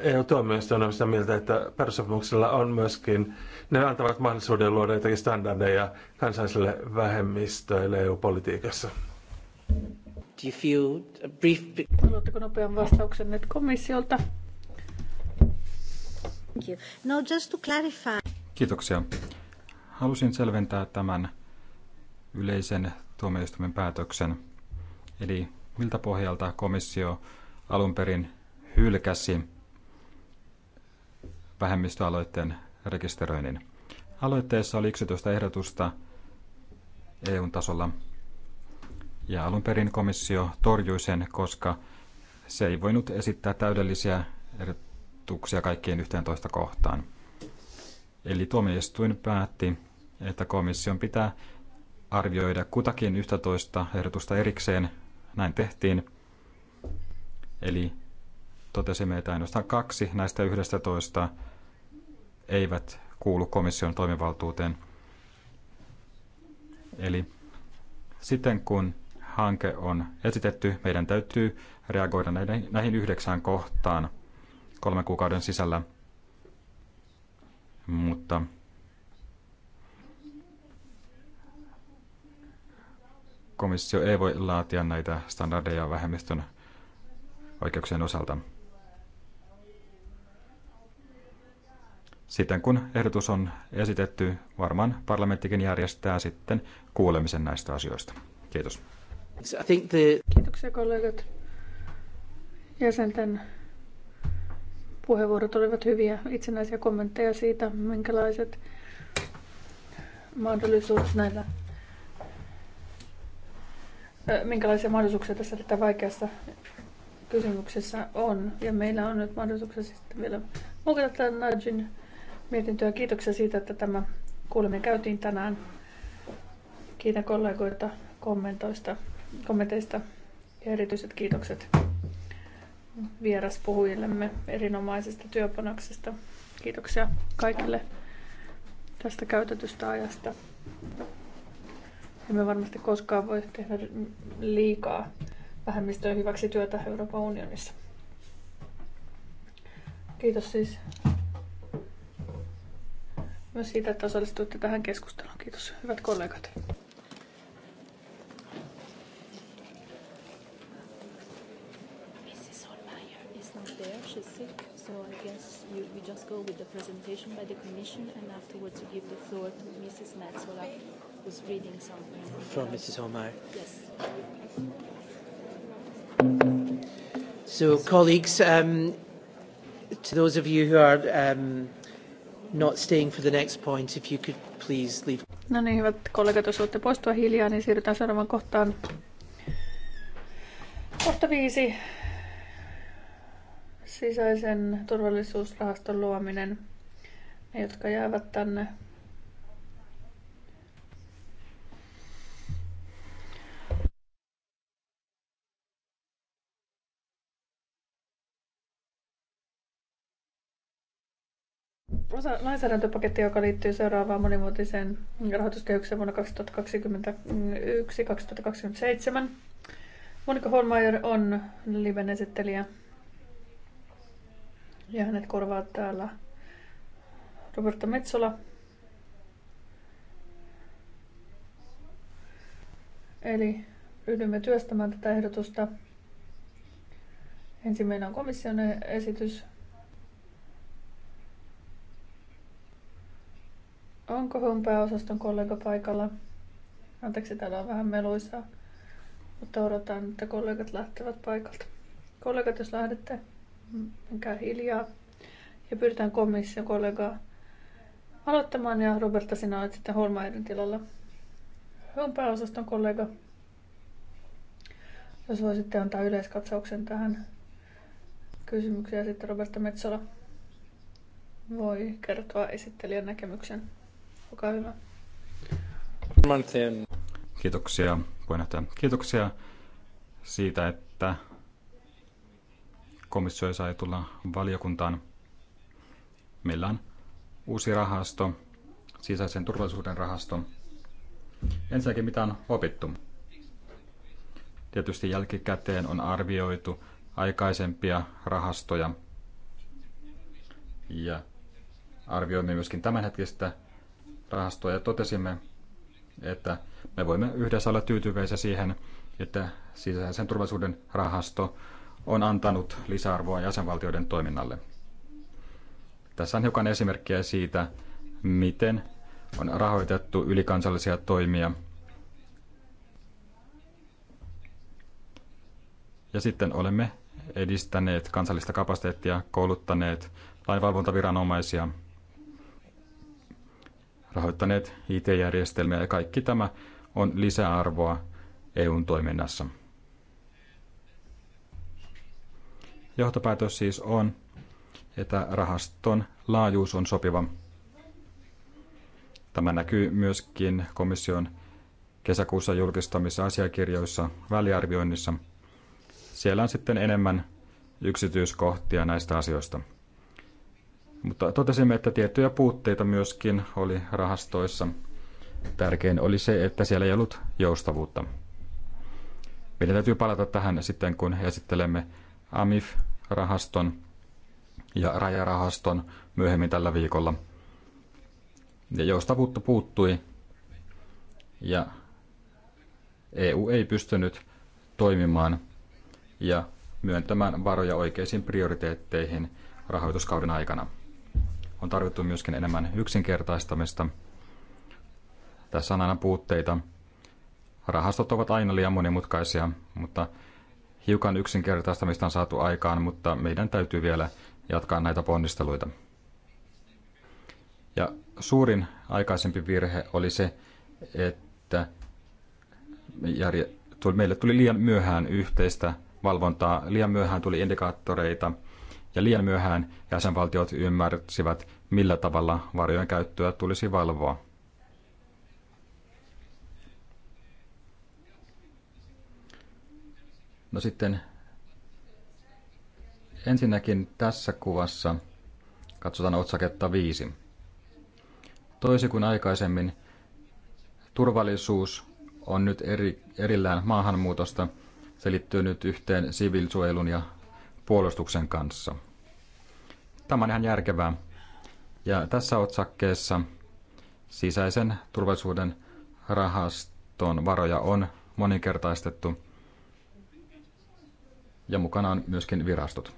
EU-tuomioistuin on sitä mieltä, että perussopimuksella on myöskin, ne antavat mahdollisuuden luoda jotakin standardeja kansallisille vähemmistöille EU-politiikassa. Do you feel a brief... Haluatteko nopean vastauksen nyt komissiolta? Thank you. No, just to clarify. Kiitoksia. Halusin selventää tämän yleisen tuomioistuimen päätöksen. Eli miltä pohjalta komissio alun perin hylkäsi vähemmistöaloitteen rekisteröinnin. Aloitteessa oli 11 ehdotusta eu tasolla ja alun perin komissio torjui sen, koska se ei voinut esittää täydellisiä ehdotuksia kaikkien 11 kohtaan. Eli tuomioistuin päätti, että komission pitää arvioida kutakin 11 ehdotusta erikseen. Näin tehtiin. Eli totesimme, että ainoastaan kaksi näistä 11 eivät kuulu komission toimivaltuuteen. Eli sitten kun hanke on esitetty, meidän täytyy reagoida näihin, näihin yhdeksään kohtaan kolmen kuukauden sisällä. Mutta komissio ei voi laatia näitä standardeja vähemmistön oikeuksien osalta. Sitten kun ehdotus on esitetty, varmaan parlamenttikin järjestää sitten kuulemisen näistä asioista. Kiitos. Kiitoksia kollegat. Jäsenten puheenvuorot olivat hyviä itsenäisiä kommentteja siitä, minkälaiset mahdollisuudet näillä minkälaisia mahdollisuuksia tässä tätä vaikeassa kysymyksessä on. Ja meillä on nyt mahdollisuuksia sitten vielä muokata tämän nudgin mietintöä. Kiitoksia siitä, että tämä kuulemme käytiin tänään. Kiitän kollegoita kommentoista, kommenteista ja erityiset kiitokset vieraspuhujillemme erinomaisesta työpanoksesta. Kiitoksia kaikille tästä käytetystä ajasta. Emme varmasti koskaan voi tehdä liikaa vähemmistöön hyväksi työtä Euroopan unionissa. Kiitos siis myös no, siitä, että osallistuitte tähän keskusteluun. Kiitos, hyvät kollegat. So I guess you, we just go with the presentation by the Commission and afterwards you give the floor to Mrs. Metzola, who's reading something. From Mrs. Omar. Yes. So colleagues, um, to those of you who are um, not staying for the next point, if you could please leave. No niin, hyvät kollegat, jos olette poistua hiljaa, niin siirrytään seuraavaan kohtaan. Kohta viisi. Sisäisen turvallisuusrahaston luominen. Ne, jotka jäävät tänne osa lainsäädäntöpakettia, joka liittyy seuraavaan monimuotoiseen rahoituskehykseen vuonna 2021-2027. Monika Holmeier on liven esittelijä ja hänet korvaa täällä Roberta Metsola. Eli ryhdymme työstämään tätä ehdotusta. Ensimmäinen on komission esitys Onko hmp pääosaston kollega paikalla? Anteeksi, täällä on vähän meluisaa, mutta odotan, että kollegat lähtevät paikalta. Kollegat, jos lähdette, menkää mm, hiljaa ja pyydetään komission kollegaa aloittamaan ja Roberta, sinä olet sitten Holmaiden tilalla. hmp pääosaston kollega, jos voisitte antaa yleiskatsauksen tähän kysymykseen ja sitten Roberta Metsola voi kertoa esittelijän näkemyksen. Olkaa hyvä. Kiitoksia puheenjohtaja. Kiitoksia siitä, että komissio sai tulla valiokuntaan. Meillä on uusi rahasto, sisäisen turvallisuuden rahasto. Ensinnäkin mitä on opittu? Tietysti jälkikäteen on arvioitu aikaisempia rahastoja ja arvioimme myöskin tämänhetkistä rahastoa ja totesimme, että me voimme yhdessä olla tyytyväisiä siihen, että sisäisen turvallisuuden rahasto on antanut lisäarvoa jäsenvaltioiden toiminnalle. Tässä on hiukan esimerkkiä siitä, miten on rahoitettu ylikansallisia toimia. Ja sitten olemme edistäneet kansallista kapasiteettia, kouluttaneet lainvalvontaviranomaisia – rahoittaneet IT-järjestelmiä ja kaikki tämä on lisäarvoa EUn toiminnassa. Johtopäätös siis on, että rahaston laajuus on sopiva. Tämä näkyy myöskin komission kesäkuussa julkistamissa asiakirjoissa väliarvioinnissa. Siellä on sitten enemmän yksityiskohtia näistä asioista. Mutta totesimme, että tiettyjä puutteita myöskin oli rahastoissa. Tärkein oli se, että siellä ei ollut joustavuutta. Meidän täytyy palata tähän sitten, kun esittelemme AMIF-rahaston ja rajarahaston myöhemmin tällä viikolla. Ja joustavuutta puuttui ja EU ei pystynyt toimimaan ja myöntämään varoja oikeisiin prioriteetteihin rahoituskauden aikana. On tarvittu myöskin enemmän yksinkertaistamista. Tässä on aina puutteita. Rahastot ovat aina liian monimutkaisia, mutta hiukan yksinkertaistamista on saatu aikaan, mutta meidän täytyy vielä jatkaa näitä ponnisteluita. Ja suurin aikaisempi virhe oli se, että meille tuli liian myöhään yhteistä valvontaa, liian myöhään tuli indikaattoreita – ja liian myöhään jäsenvaltiot ymmärsivät, millä tavalla varjojen käyttöä tulisi valvoa. No sitten ensinnäkin tässä kuvassa katsotaan otsaketta 5. Toisin kuin aikaisemmin, turvallisuus on nyt eri, erillään maahanmuutosta. Se liittyy nyt yhteen sivilsuojelun ja puolustuksen kanssa. Tämä on ihan järkevää. Ja tässä otsakkeessa sisäisen turvallisuuden rahaston varoja on moninkertaistettu ja mukana on myöskin virastot.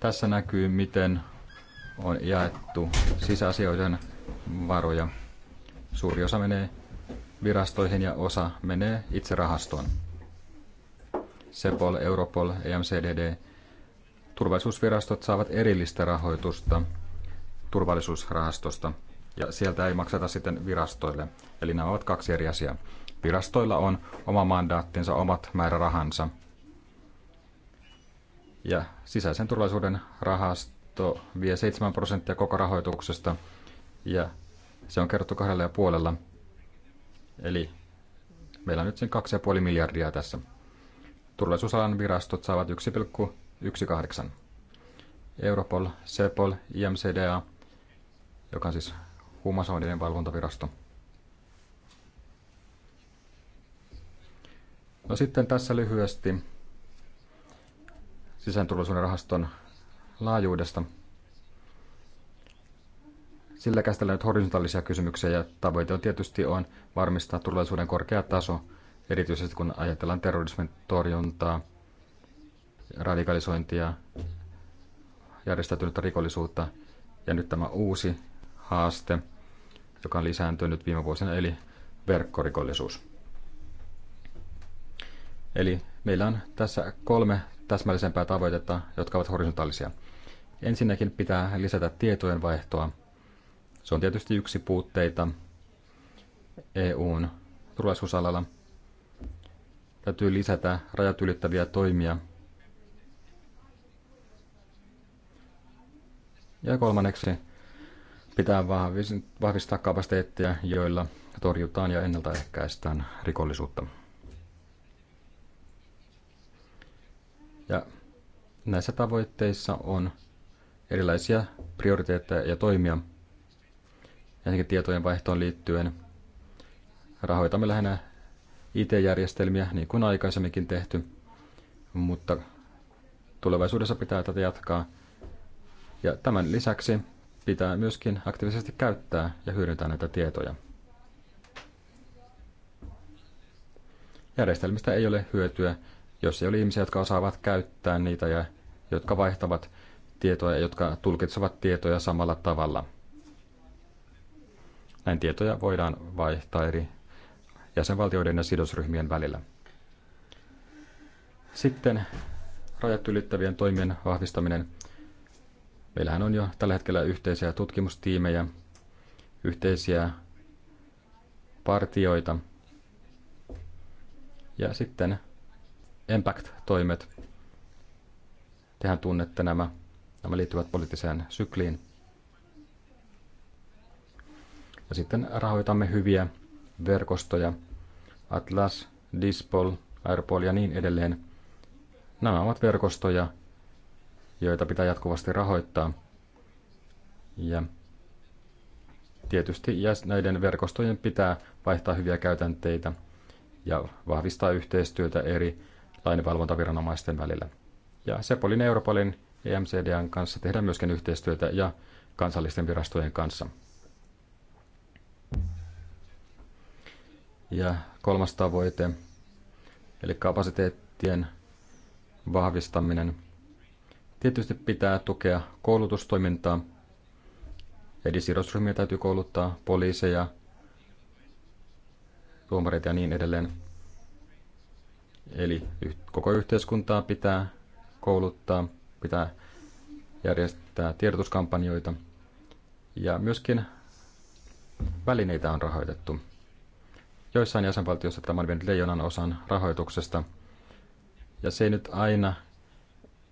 Tässä näkyy, miten on jaettu sisäasioiden varoja. Suuri osa menee virastoihin ja osa menee itse rahastoon. CEPOL, Europol, EMCDD. Turvallisuusvirastot saavat erillistä rahoitusta turvallisuusrahastosta ja sieltä ei makseta sitten virastoille. Eli nämä ovat kaksi eri asiaa. Virastoilla on oma mandaattinsa, omat määrärahansa. Ja sisäisen turvallisuuden rahasto vie 7 prosenttia koko rahoituksesta ja se on kerrottu kahdella ja puolella. Eli meillä on nyt sen 2,5 miljardia tässä. Turvallisuusalan virastot saavat 1,18. Europol, CEPOL, IMCDA, joka on siis huumausaineiden valvontavirasto. No sitten tässä lyhyesti sisäänturvallisuuden rahaston laajuudesta. Sillä käsitellään nyt horisontaalisia kysymyksiä ja tavoite on tietysti on varmistaa turvallisuuden korkea taso – erityisesti kun ajatellaan terrorismin torjuntaa, radikalisointia, järjestäytynyttä rikollisuutta ja nyt tämä uusi haaste, joka on lisääntynyt viime vuosina, eli verkkorikollisuus. Eli meillä on tässä kolme täsmällisempää tavoitetta, jotka ovat horisontaalisia. Ensinnäkin pitää lisätä tietojen vaihtoa. Se on tietysti yksi puutteita EUn turvallisuusalalla – täytyy lisätä rajat ylittäviä toimia. Ja kolmanneksi pitää vahvistaa kapasiteettia, joilla torjutaan ja ennaltaehkäistään rikollisuutta. Ja näissä tavoitteissa on erilaisia prioriteetteja ja toimia, ensinnäkin tietojen vaihtoon liittyen. Rahoitamme lähinnä IT-järjestelmiä, niin kuin aikaisemminkin tehty, mutta tulevaisuudessa pitää tätä jatkaa. Ja tämän lisäksi pitää myöskin aktiivisesti käyttää ja hyödyntää näitä tietoja. Järjestelmistä ei ole hyötyä, jos ei ole ihmisiä, jotka osaavat käyttää niitä ja jotka vaihtavat tietoja ja jotka tulkitsevat tietoja samalla tavalla. Näin tietoja voidaan vaihtaa eri jäsenvaltioiden ja sidosryhmien välillä. Sitten rajat ylittävien toimien vahvistaminen. Meillähän on jo tällä hetkellä yhteisiä tutkimustiimejä, yhteisiä partioita ja sitten impact-toimet. Tehän tunnette nämä. Nämä liittyvät poliittiseen sykliin. Ja sitten rahoitamme hyviä verkostoja, Atlas, Dispol, Airpol ja niin edelleen. Nämä ovat verkostoja, joita pitää jatkuvasti rahoittaa. Ja tietysti näiden verkostojen pitää vaihtaa hyviä käytänteitä ja vahvistaa yhteistyötä eri lainvalvontaviranomaisten välillä. Ja Sepolin, Europolin, e MCDN kanssa tehdään myöskin yhteistyötä ja kansallisten virastojen kanssa. Ja kolmas tavoite, eli kapasiteettien vahvistaminen. Tietysti pitää tukea koulutustoimintaa. Eli sidosryhmiä täytyy kouluttaa, poliiseja, tuomareita ja niin edelleen. Eli koko yhteiskuntaa pitää kouluttaa, pitää järjestää tiedotuskampanjoita ja myöskin välineitä on rahoitettu. Joissain jäsenvaltioissa tämä on vienyt leijonan osan rahoituksesta. Ja se ei nyt aina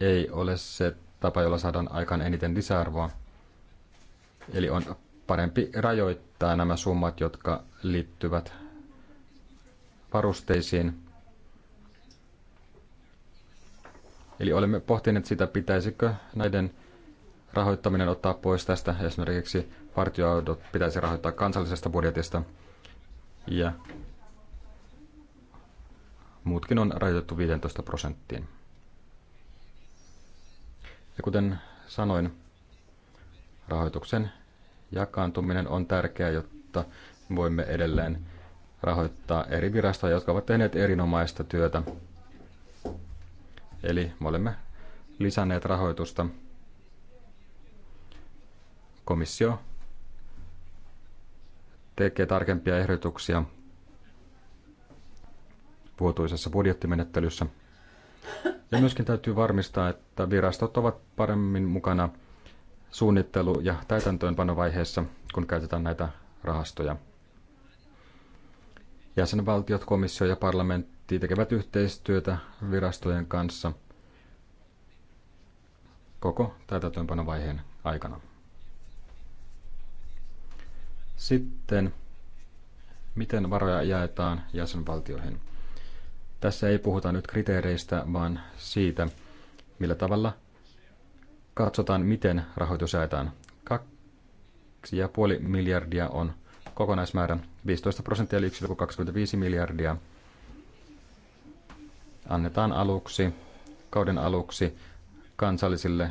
ei ole se tapa, jolla saadaan aikaan eniten lisäarvoa. Eli on parempi rajoittaa nämä summat, jotka liittyvät varusteisiin. Eli olemme pohtineet sitä, pitäisikö näiden rahoittaminen ottaa pois tästä. Esimerkiksi partioaudot pitäisi rahoittaa kansallisesta budjetista – ja muutkin on rajoitettu 15 prosenttiin. Ja kuten sanoin, rahoituksen jakaantuminen on tärkeää, jotta voimme edelleen rahoittaa eri virastoja, jotka ovat tehneet erinomaista työtä. Eli me olemme lisänneet rahoitusta. Komissio tekee tarkempia ehdotuksia vuotuisessa budjettimenettelyssä. Ja myöskin täytyy varmistaa, että virastot ovat paremmin mukana suunnittelu- ja täytäntöönpanovaiheessa, kun käytetään näitä rahastoja. Jäsenvaltiot, komissio ja parlamentti tekevät yhteistyötä virastojen kanssa koko täytäntöönpanovaiheen aikana. Sitten, miten varoja jaetaan jäsenvaltioihin? Tässä ei puhuta nyt kriteereistä, vaan siitä, millä tavalla katsotaan, miten rahoitus jaetaan. 2,5 miljardia on kokonaismäärä, 15 prosenttia eli 1,25 miljardia annetaan aluksi, kauden aluksi kansallisille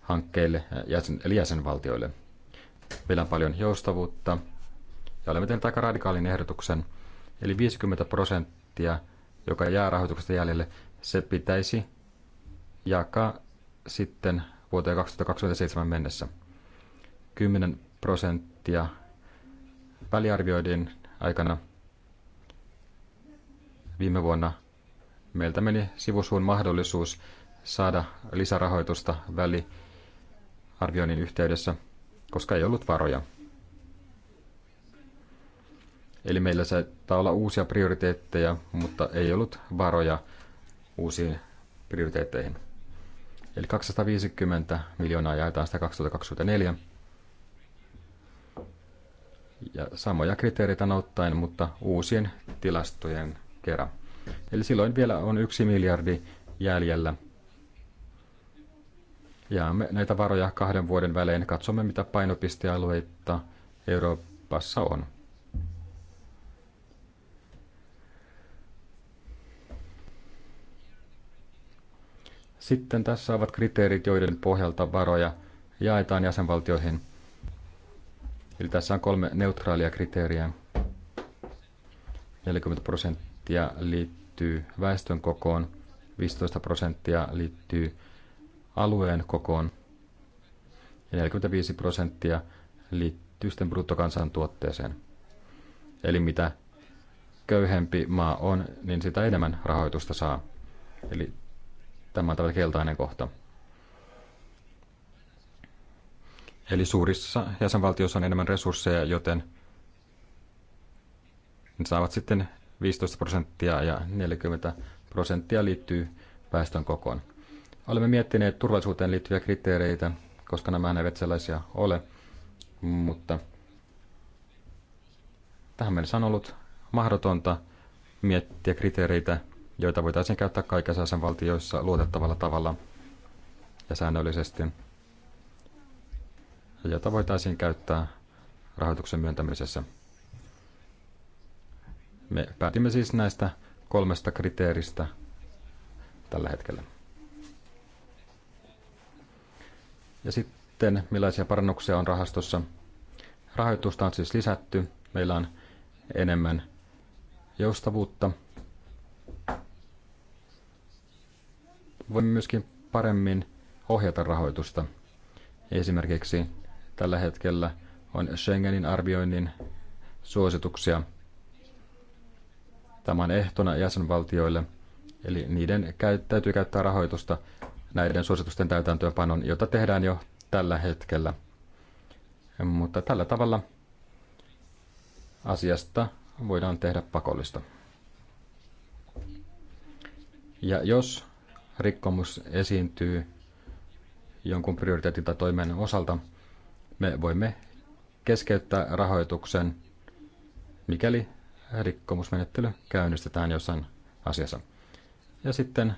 hankkeille eli jäsenvaltioille. Meillä on paljon joustavuutta ja olemme tehneet aika radikaalin ehdotuksen. Eli 50 prosenttia, joka jää rahoituksesta jäljelle, se pitäisi jakaa sitten vuoteen 2027 mennessä. 10 prosenttia väliarvioidin aikana viime vuonna meiltä meni sivusuun mahdollisuus saada lisärahoitusta väliarvioinnin yhteydessä – koska ei ollut varoja. Eli meillä saattaa olla uusia prioriteetteja, mutta ei ollut varoja uusiin prioriteetteihin. Eli 250 miljoonaa jaetaan sitä 2024. Ja samoja kriteereitä ottaen, mutta uusien tilastojen kerran. Eli silloin vielä on yksi miljardi jäljellä – jaamme näitä varoja kahden vuoden välein. Katsomme, mitä painopistealueita Euroopassa on. Sitten tässä ovat kriteerit, joiden pohjalta varoja jaetaan jäsenvaltioihin. Eli tässä on kolme neutraalia kriteeriä. 40 prosenttia liittyy väestön kokoon, 15 prosenttia liittyy alueen kokoon. Ja 45 prosenttia liittyy sitten bruttokansantuotteeseen. Eli mitä köyhempi maa on, niin sitä enemmän rahoitusta saa. Eli tämä on tämä keltainen kohta. Eli suurissa jäsenvaltioissa on enemmän resursseja, joten ne saavat sitten 15 prosenttia ja 40 prosenttia liittyy päästön kokoon. Olemme miettineet turvallisuuteen liittyviä kriteereitä, koska nämä eivät sellaisia ole, mutta tähän mennessä on ollut mahdotonta miettiä kriteereitä, joita voitaisiin käyttää kaikissa jäsenvaltioissa luotettavalla tavalla ja säännöllisesti, ja joita voitaisiin käyttää rahoituksen myöntämisessä. Me päätimme siis näistä kolmesta kriteeristä tällä hetkellä. Ja sitten millaisia parannuksia on rahastossa? Rahoitusta on siis lisätty, meillä on enemmän joustavuutta. Voimme myöskin paremmin ohjata rahoitusta. Esimerkiksi tällä hetkellä on Schengenin arvioinnin suosituksia. Tämä on ehtona jäsenvaltioille, eli niiden käy, täytyy käyttää rahoitusta näiden suositusten täytäntöönpanon, jota tehdään jo tällä hetkellä. Mutta tällä tavalla asiasta voidaan tehdä pakollista. Ja jos rikkomus esiintyy jonkun prioriteetin tai toimen osalta, me voimme keskeyttää rahoituksen, mikäli rikkomusmenettely käynnistetään jossain asiassa. Ja sitten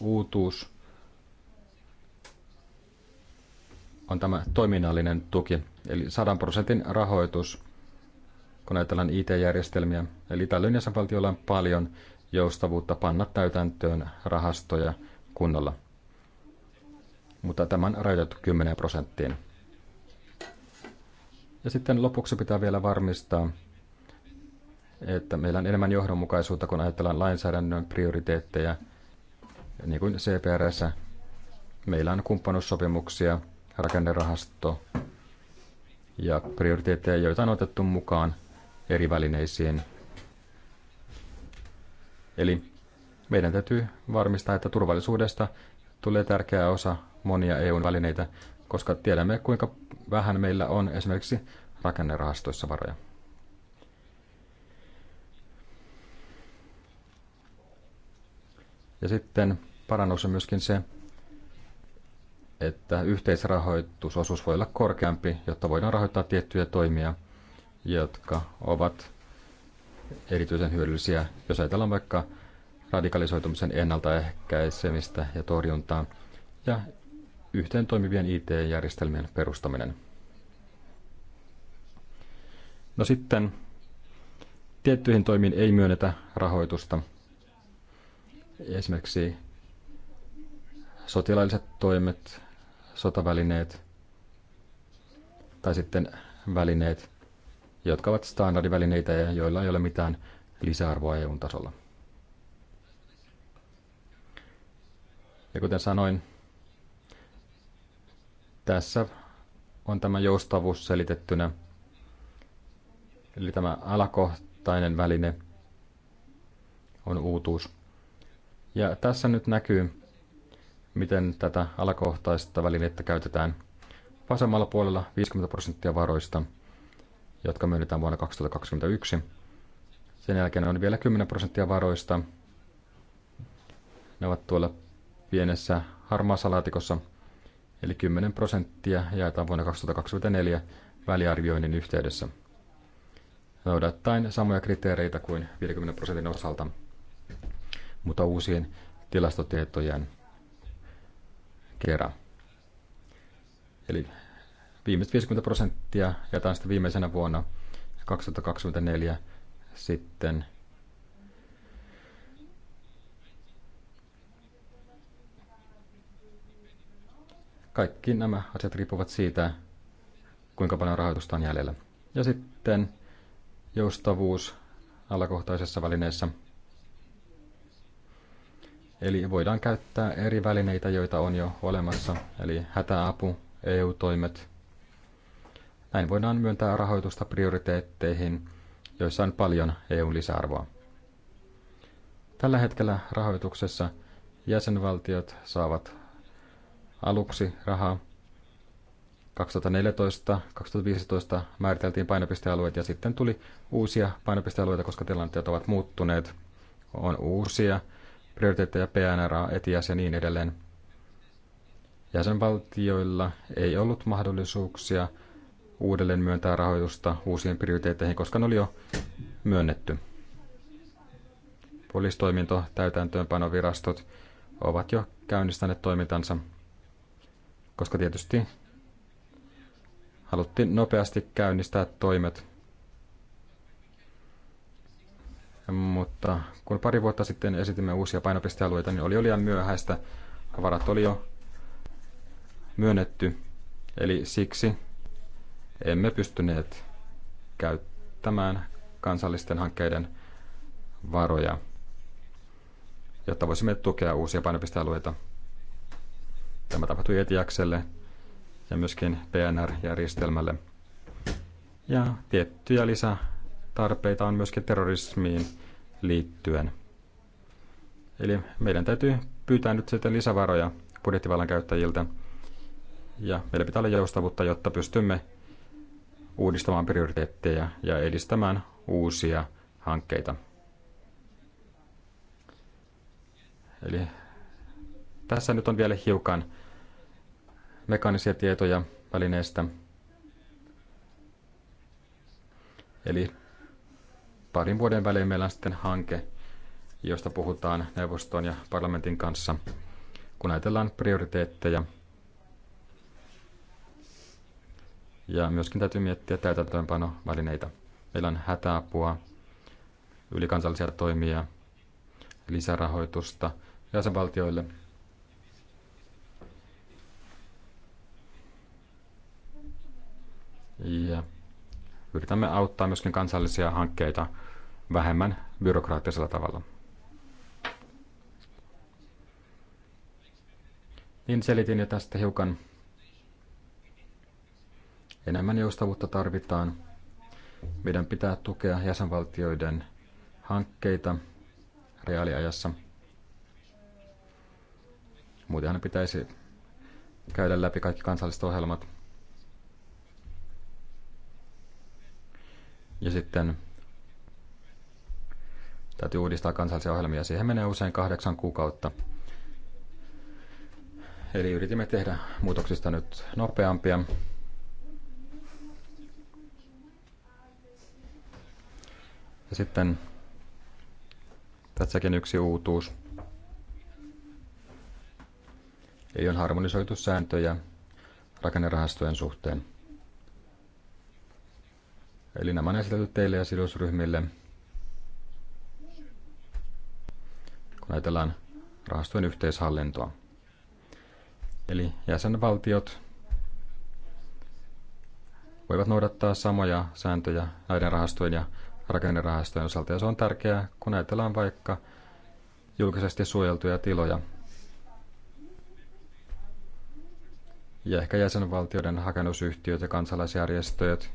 uutuus on tämä toiminnallinen tuki, eli 100 prosentin rahoitus, kun ajatellaan IT-järjestelmiä. Eli tällöin jäsenvaltiolla on paljon joustavuutta panna täytäntöön rahastoja kunnolla. Mutta tämä on rajoitettu 10 prosenttiin. Ja sitten lopuksi pitää vielä varmistaa, että meillä on enemmän johdonmukaisuutta, kun ajatellaan lainsäädännön prioriteetteja – niin kuin CPRS, meillä on kumppanuussopimuksia, rakennerahasto ja prioriteetteja, joita on otettu mukaan eri välineisiin. Eli meidän täytyy varmistaa, että turvallisuudesta tulee tärkeä osa monia eu välineitä, koska tiedämme, kuinka vähän meillä on esimerkiksi rakennerahastoissa varoja. Ja sitten parannus on myöskin se, että yhteisrahoitusosuus voi olla korkeampi, jotta voidaan rahoittaa tiettyjä toimia, jotka ovat erityisen hyödyllisiä, jos ajatellaan vaikka radikalisoitumisen ennaltaehkäisemistä ja torjuntaa ja yhteen toimivien IT-järjestelmien perustaminen. No sitten tiettyihin toimiin ei myönnetä rahoitusta. Esimerkiksi sotilaalliset toimet, sotavälineet tai sitten välineet, jotka ovat standardivälineitä ja joilla ei ole mitään lisäarvoa eu tasolla. Ja kuten sanoin, tässä on tämä joustavuus selitettynä, eli tämä alakohtainen väline on uutuus. Ja tässä nyt näkyy, miten tätä alakohtaista välinettä käytetään. Vasemmalla puolella 50 prosenttia varoista, jotka myönnetään vuonna 2021. Sen jälkeen on vielä 10 prosenttia varoista. Ne ovat tuolla pienessä harmaassa laatikossa, eli 10 prosenttia jaetaan vuonna 2024 väliarvioinnin yhteydessä. Noudattaen samoja kriteereitä kuin 50 prosentin osalta, mutta uusien tilastotietojen kera. Eli viimeiset 50 prosenttia jätän sitten viimeisenä vuonna 2024 sitten kaikki nämä asiat riippuvat siitä, kuinka paljon rahoitusta on jäljellä. Ja sitten joustavuus alakohtaisessa välineessä – Eli voidaan käyttää eri välineitä, joita on jo olemassa, eli hätäapu, EU-toimet. Näin voidaan myöntää rahoitusta prioriteetteihin, joissa on paljon EU-lisäarvoa. Tällä hetkellä rahoituksessa jäsenvaltiot saavat aluksi rahaa. 2014-2015 määriteltiin painopistealueet ja sitten tuli uusia painopistealueita, koska tilanteet ovat muuttuneet. On uusia prioriteetteja PNRA, ETIAS ja niin edelleen. Jäsenvaltioilla ei ollut mahdollisuuksia uudelleen myöntää rahoitusta uusiin prioriteetteihin, koska ne oli jo myönnetty. Poliistoiminto, täytäntöönpanovirastot ovat jo käynnistäneet toimintansa, koska tietysti haluttiin nopeasti käynnistää toimet mutta kun pari vuotta sitten esitimme uusia painopistealueita, niin oli jo liian myöhäistä. Varat oli jo myönnetty, eli siksi emme pystyneet käyttämään kansallisten hankkeiden varoja, jotta voisimme tukea uusia painopistealueita. Tämä tapahtui etiakselle ja myöskin PNR-järjestelmälle. Ja tiettyjä lisää tarpeita on myöskin terrorismiin liittyen. Eli meidän täytyy pyytää nyt sitten lisävaroja budjettivallan käyttäjiltä. Ja meillä pitää olla joustavuutta, jotta pystymme uudistamaan prioriteetteja ja edistämään uusia hankkeita. Eli tässä nyt on vielä hiukan mekaanisia tietoja välineestä. Eli parin vuoden välein meillä on sitten hanke, josta puhutaan neuvoston ja parlamentin kanssa, kun ajatellaan prioriteetteja. Ja myöskin täytyy miettiä täytäntöönpanovälineitä. Meillä on hätäapua, ylikansallisia toimia, lisärahoitusta jäsenvaltioille. Ja yritämme auttaa myöskin kansallisia hankkeita vähemmän byrokraattisella tavalla. Niin selitin jo tästä hiukan. Enemmän joustavuutta tarvitaan. Meidän pitää tukea jäsenvaltioiden hankkeita reaaliajassa. Muutenhan pitäisi käydä läpi kaikki kansalliset ohjelmat. Ja sitten Täytyy uudistaa kansallisia ohjelmia. Siihen menee usein kahdeksan kuukautta. Eli yritimme tehdä muutoksista nyt nopeampia. Ja sitten tässäkin yksi uutuus. Ei on harmonisoitu sääntöjä rakennerahastojen suhteen. Eli nämä on esitelty teille ja sidosryhmille ajatellaan rahastojen yhteishallintoa. Eli jäsenvaltiot voivat noudattaa samoja sääntöjä näiden rahastojen ja rakennerahastojen osalta, ja se on tärkeää, kun ajatellaan vaikka julkisesti suojeltuja tiloja. Ja ehkä jäsenvaltioiden hakennusyhtiöt ja kansalaisjärjestöt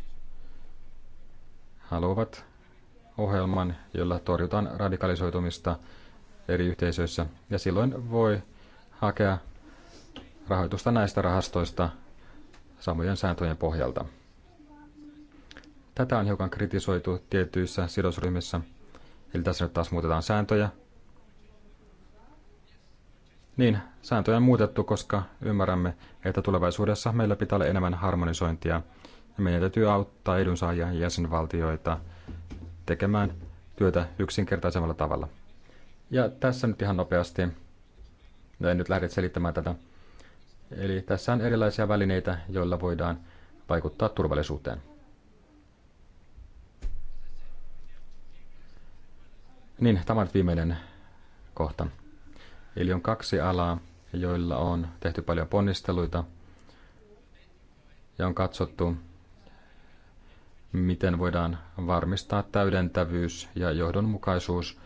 haluavat ohjelman, jolla torjutaan radikalisoitumista eri yhteisöissä. Ja silloin voi hakea rahoitusta näistä rahastoista samojen sääntöjen pohjalta. Tätä on hiukan kritisoitu tietyissä sidosryhmissä. Eli tässä nyt taas muutetaan sääntöjä. Niin, sääntöjä on muutettu, koska ymmärrämme, että tulevaisuudessa meillä pitää olla enemmän harmonisointia ja meidän täytyy auttaa edunsaajia ja jäsenvaltioita tekemään työtä yksinkertaisemmalla tavalla. Ja tässä nyt ihan nopeasti, no, en nyt lähde selittämään tätä. Eli tässä on erilaisia välineitä, joilla voidaan vaikuttaa turvallisuuteen. Niin, tämä on viimeinen kohta. Eli on kaksi alaa, joilla on tehty paljon ponnisteluita ja on katsottu, miten voidaan varmistaa täydentävyys ja johdonmukaisuus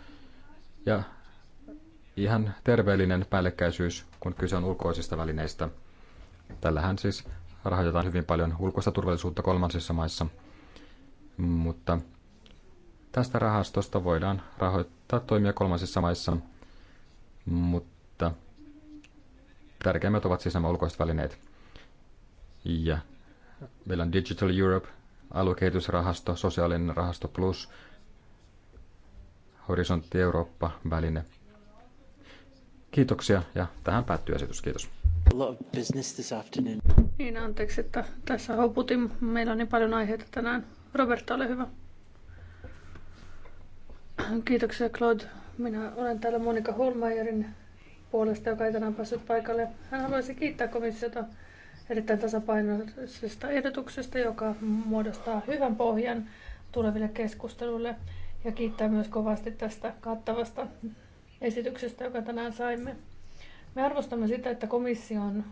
ja ihan terveellinen päällekkäisyys, kun kyse on ulkoisista välineistä. Tällähän siis rahoitetaan hyvin paljon ulkoista turvallisuutta kolmansissa maissa, mutta tästä rahastosta voidaan rahoittaa toimia kolmansissa maissa, mutta tärkeimmät ovat siis nämä ulkoiset välineet. Ja meillä on Digital Europe, aluekehitysrahasto, sosiaalinen rahasto plus – Horisontti Eurooppa-väline. Kiitoksia ja tähän päättyy esitys. Kiitos. Niin, anteeksi, että tässä hoputin. Meillä on niin paljon aiheita tänään. Roberta, ole hyvä. Kiitoksia Claude. Minä olen täällä Monika Holmeierin puolesta, joka ei tänään päässyt paikalle. Hän haluaisi kiittää komissiota erittäin tasapainoisesta ehdotuksesta, joka muodostaa hyvän pohjan tuleville keskusteluille ja kiittää myös kovasti tästä kattavasta esityksestä, joka tänään saimme. Me arvostamme sitä, että komissio on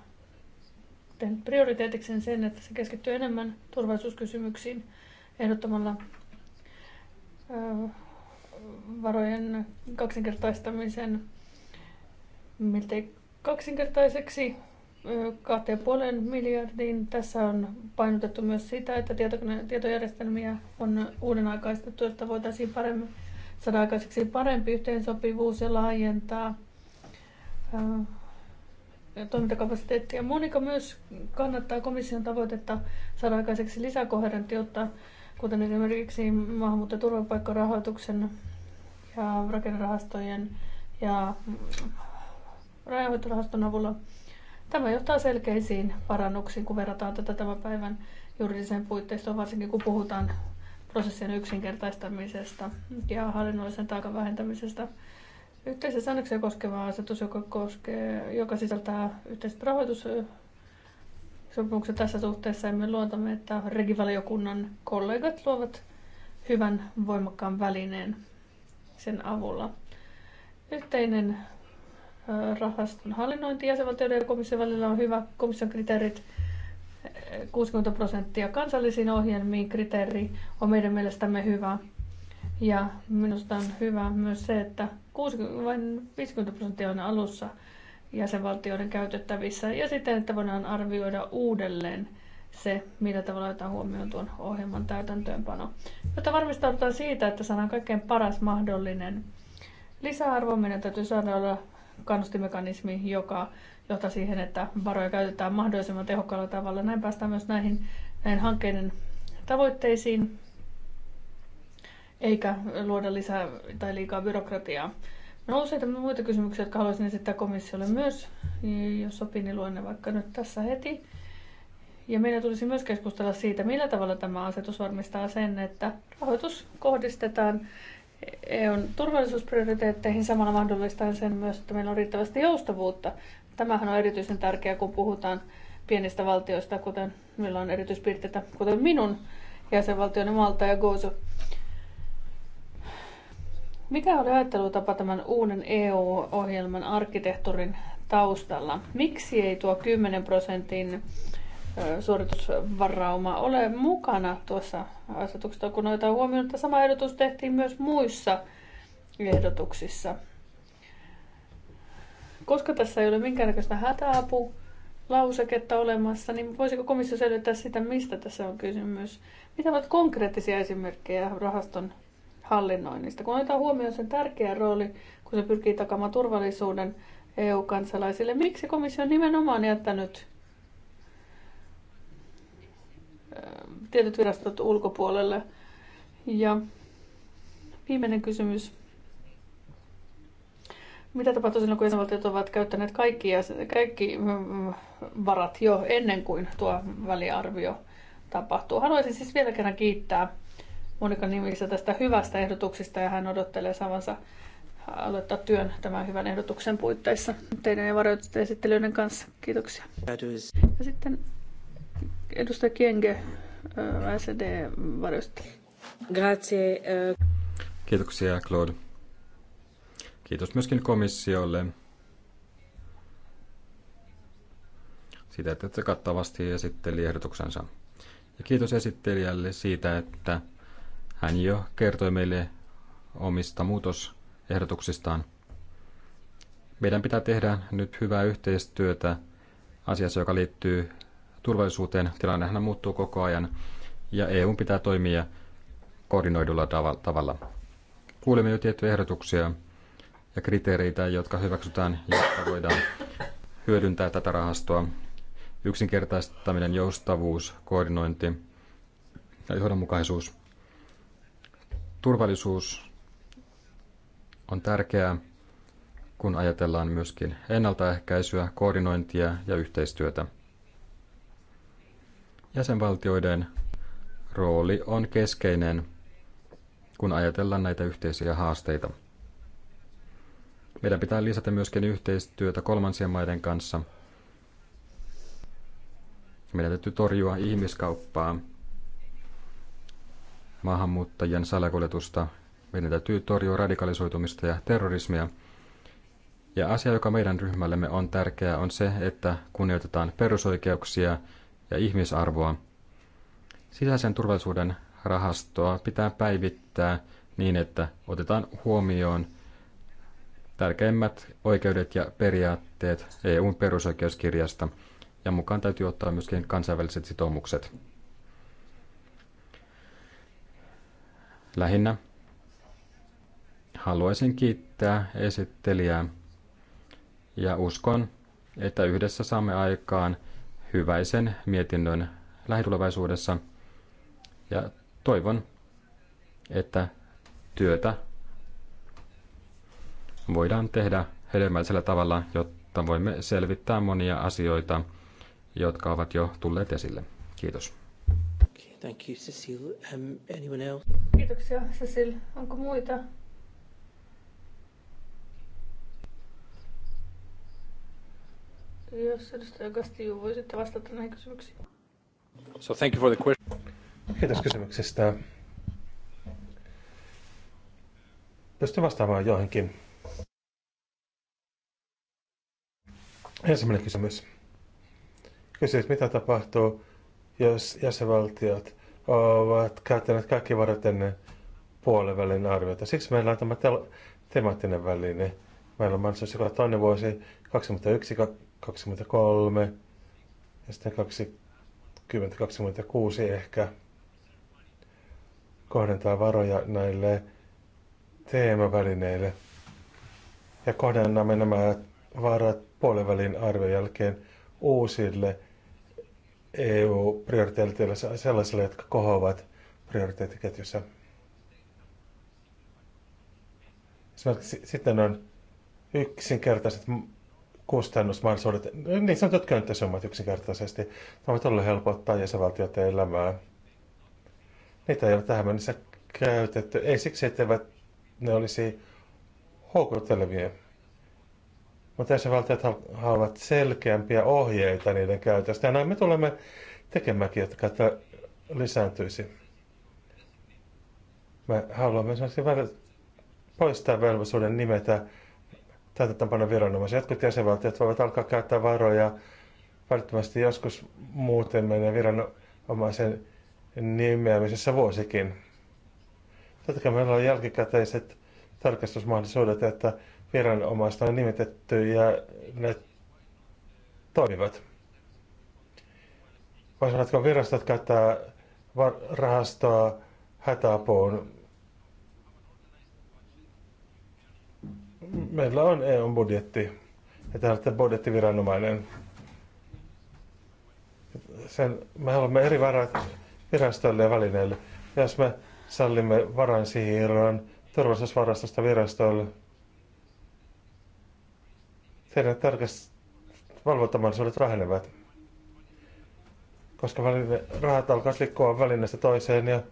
tehnyt prioriteetikseen sen, että se keskittyy enemmän turvallisuuskysymyksiin ehdottamalla varojen kaksinkertaistamisen miltei kaksinkertaiseksi 2,5 miljardiin. Tässä on painotettu myös sitä, että tietojärjestelmiä on uuden aikaistettu, että voitaisiin paremmin, saada aikaiseksi parempi yhteensopivuus ja laajentaa toimintakapasiteettia. Monika myös kannattaa komission tavoitetta saada aikaiseksi lisäkoherenttiutta, kuten esimerkiksi maahanmuutto- ja turvapaikkarahoituksen ja rakennerahastojen ja rajahoitorahaston avulla Tämä johtaa selkeisiin parannuksiin, kun verrataan tätä tämän päivän juridiseen puitteistoon, varsinkin kun puhutaan prosessien yksinkertaistamisesta ja hallinnollisen taakan vähentämisestä. Yhteisiä säännöksiä koskeva asetus, joka, koskee, joka sisältää yhteiset rahoitussopimukset tässä suhteessa, ja me luotamme, että regivaliokunnan kollegat luovat hyvän voimakkaan välineen sen avulla. Yhteinen rahaston hallinnointi jäsenvaltioiden ja komission välillä on hyvä. Komission kriteerit 60 prosenttia kansallisiin ohjelmiin kriteeri on meidän mielestämme hyvä. Ja minusta on hyvä myös se, että 60, vain 50 prosenttia on alussa jäsenvaltioiden käytettävissä ja sitten, että voidaan arvioida uudelleen se, millä tavalla otetaan huomioon tuon ohjelman täytäntöönpano. Jotta varmistaudutaan siitä, että saadaan kaikkein paras mahdollinen lisäarvo, meidän täytyy saada olla kannustimekanismi, joka johtaa siihen, että varoja käytetään mahdollisimman tehokkaalla tavalla. Näin päästään myös näihin, näihin hankkeiden tavoitteisiin, eikä luoda lisää tai liikaa byrokratiaa. No useita muita kysymyksiä, jotka haluaisin esittää komissiolle myös, jos sopii, niin luen ne vaikka nyt tässä heti. Ja meidän tulisi myös keskustella siitä, millä tavalla tämä asetus varmistaa sen, että rahoitus kohdistetaan EUn turvallisuusprioriteetteihin samalla mahdollistaen sen myös, että meillä on riittävästi joustavuutta. Tämähän on erityisen tärkeää, kun puhutaan pienistä valtioista, kuten meillä on erityispiirteitä, kuten minun jäsenvaltioni Malta ja Gozo. Mikä oli ajattelutapa tämän uuden EU-ohjelman arkkitehtuurin taustalla? Miksi ei tuo 10 prosentin suoritusvarauma ole mukana tuossa asetuksessa, kun noita huomioon, että sama ehdotus tehtiin myös muissa ehdotuksissa. Koska tässä ei ole minkäännäköistä hätäapu, lauseketta olemassa, niin voisiko komissio selvittää sitä, mistä tässä on kysymys? Mitä ovat konkreettisia esimerkkejä rahaston hallinnoinnista? Kun otetaan huomioon sen tärkeä rooli, kun se pyrkii takaamaan turvallisuuden EU-kansalaisille, miksi komissio on nimenomaan jättänyt Äh, tietyt virastot ulkopuolelle. Ja viimeinen kysymys. Mitä tapahtuu silloin, kun jäsenvaltiot ovat käyttäneet kaikki, kaikki mm, mm, varat jo ennen kuin tuo väliarvio tapahtuu? Haluaisin siis vielä kerran kiittää Monika Nimissä tästä hyvästä ehdotuksesta ja hän odottelee samansa aloittaa työn tämän hyvän ehdotuksen puitteissa teidän ja esittelyiden kanssa. Kiitoksia. Ja sitten Edustaja Kienge, äh, SD-varjosta. Grazie. Äh. Kiitoksia, Claude. Kiitos myöskin komissiolle siitä, että se kattavasti esitteli ehdotuksensa. Ja kiitos esittelijälle siitä, että hän jo kertoi meille omista muutosehdotuksistaan. Meidän pitää tehdä nyt hyvää yhteistyötä asiassa, joka liittyy turvallisuuteen. Tilannehän muuttuu koko ajan ja EU pitää toimia koordinoidulla tavalla. Kuulemme jo tiettyjä ehdotuksia ja kriteereitä, jotka hyväksytään, jotta voidaan hyödyntää tätä rahastoa. Yksinkertaistaminen, joustavuus, koordinointi ja johdonmukaisuus. Turvallisuus on tärkeää, kun ajatellaan myöskin ennaltaehkäisyä, koordinointia ja yhteistyötä. Jäsenvaltioiden rooli on keskeinen, kun ajatellaan näitä yhteisiä haasteita. Meidän pitää lisätä myöskin yhteistyötä kolmansien maiden kanssa. Meidän täytyy torjua ihmiskauppaa, maahanmuuttajien salakuljetusta. Meidän täytyy torjua radikalisoitumista ja terrorismia. Ja asia, joka meidän ryhmällemme on tärkeää, on se, että kunnioitetaan perusoikeuksia, ja ihmisarvoa. Sisäisen turvallisuuden rahastoa pitää päivittää niin, että otetaan huomioon tärkeimmät oikeudet ja periaatteet EUn perusoikeuskirjasta, ja mukaan täytyy ottaa myöskin kansainväliset sitoumukset. Lähinnä haluaisin kiittää esittelijää ja uskon, että yhdessä saamme aikaan – hyväisen mietinnön lähitulevaisuudessa ja toivon, että työtä voidaan tehdä hedelmällisellä tavalla, jotta voimme selvittää monia asioita, jotka ovat jo tulleet esille. Kiitos. Thank you, Cecil. Um, anyone else? Kiitoksia, Cecil. Onko muita? Jos edustaja Castillo voisitte vastata näihin kysymyksiin. So thank you for the question. Kiitos kysymyksestä. Pystyn vastaamaan joihinkin. Ensimmäinen kysymys. Kysyit, mitä tapahtuu, jos jäsenvaltiot ovat käyttäneet kaikki varat ennen puolivälin arviota. Siksi meillä on tämä temaattinen väline. Meillä on mahdollisuus joka toinen vuosi 2021 23 ja sitten 20, 26 ehkä kohdentaa varoja näille teemavälineille. Ja kohdennamme nämä varat puolivälin arvion jälkeen uusille EU-prioriteeteille sellaisille, jotka kohoavat prioriteettiketjussa. Esimerkiksi sitten on yksinkertaiset kustannusmahdollisuudet, niin sanotut könttäsummat yksinkertaisesti, voivat olla helpottaa jäsenvaltioiden elämää. Niitä ei ole tähän mennessä käytetty, ei siksi, että ne olisi houkuttelevia. Mutta jäsenvaltiot haluavat selkeämpiä ohjeita niiden käytöstä, ja näin me tulemme tekemäänkin, jotka lisääntyisi. Me haluamme poistaa velvollisuuden nimetä paljon viranomaisia. Jotkut jäsenvaltiot voivat alkaa käyttää varoja Välttämättä joskus muuten menee viranomaisen nimeämisessä vuosikin. Totta meillä on jälkikäteiset tarkastusmahdollisuudet, että viranomaista on nimitetty ja ne toimivat. Voisivatko virastot käyttää rahastoa hätäapuun meillä on EUn budjetti ja tällaista budjettiviranomainen. Sen, me haluamme eri varat virastoille ja välineille. Jos me sallimme varainsiirron turvallisuusvarastosta virastoille, teidän tarkast valvontamahdollisuudet vähenevät. Koska väline, rahat alkaa liikkua välineestä toiseen ja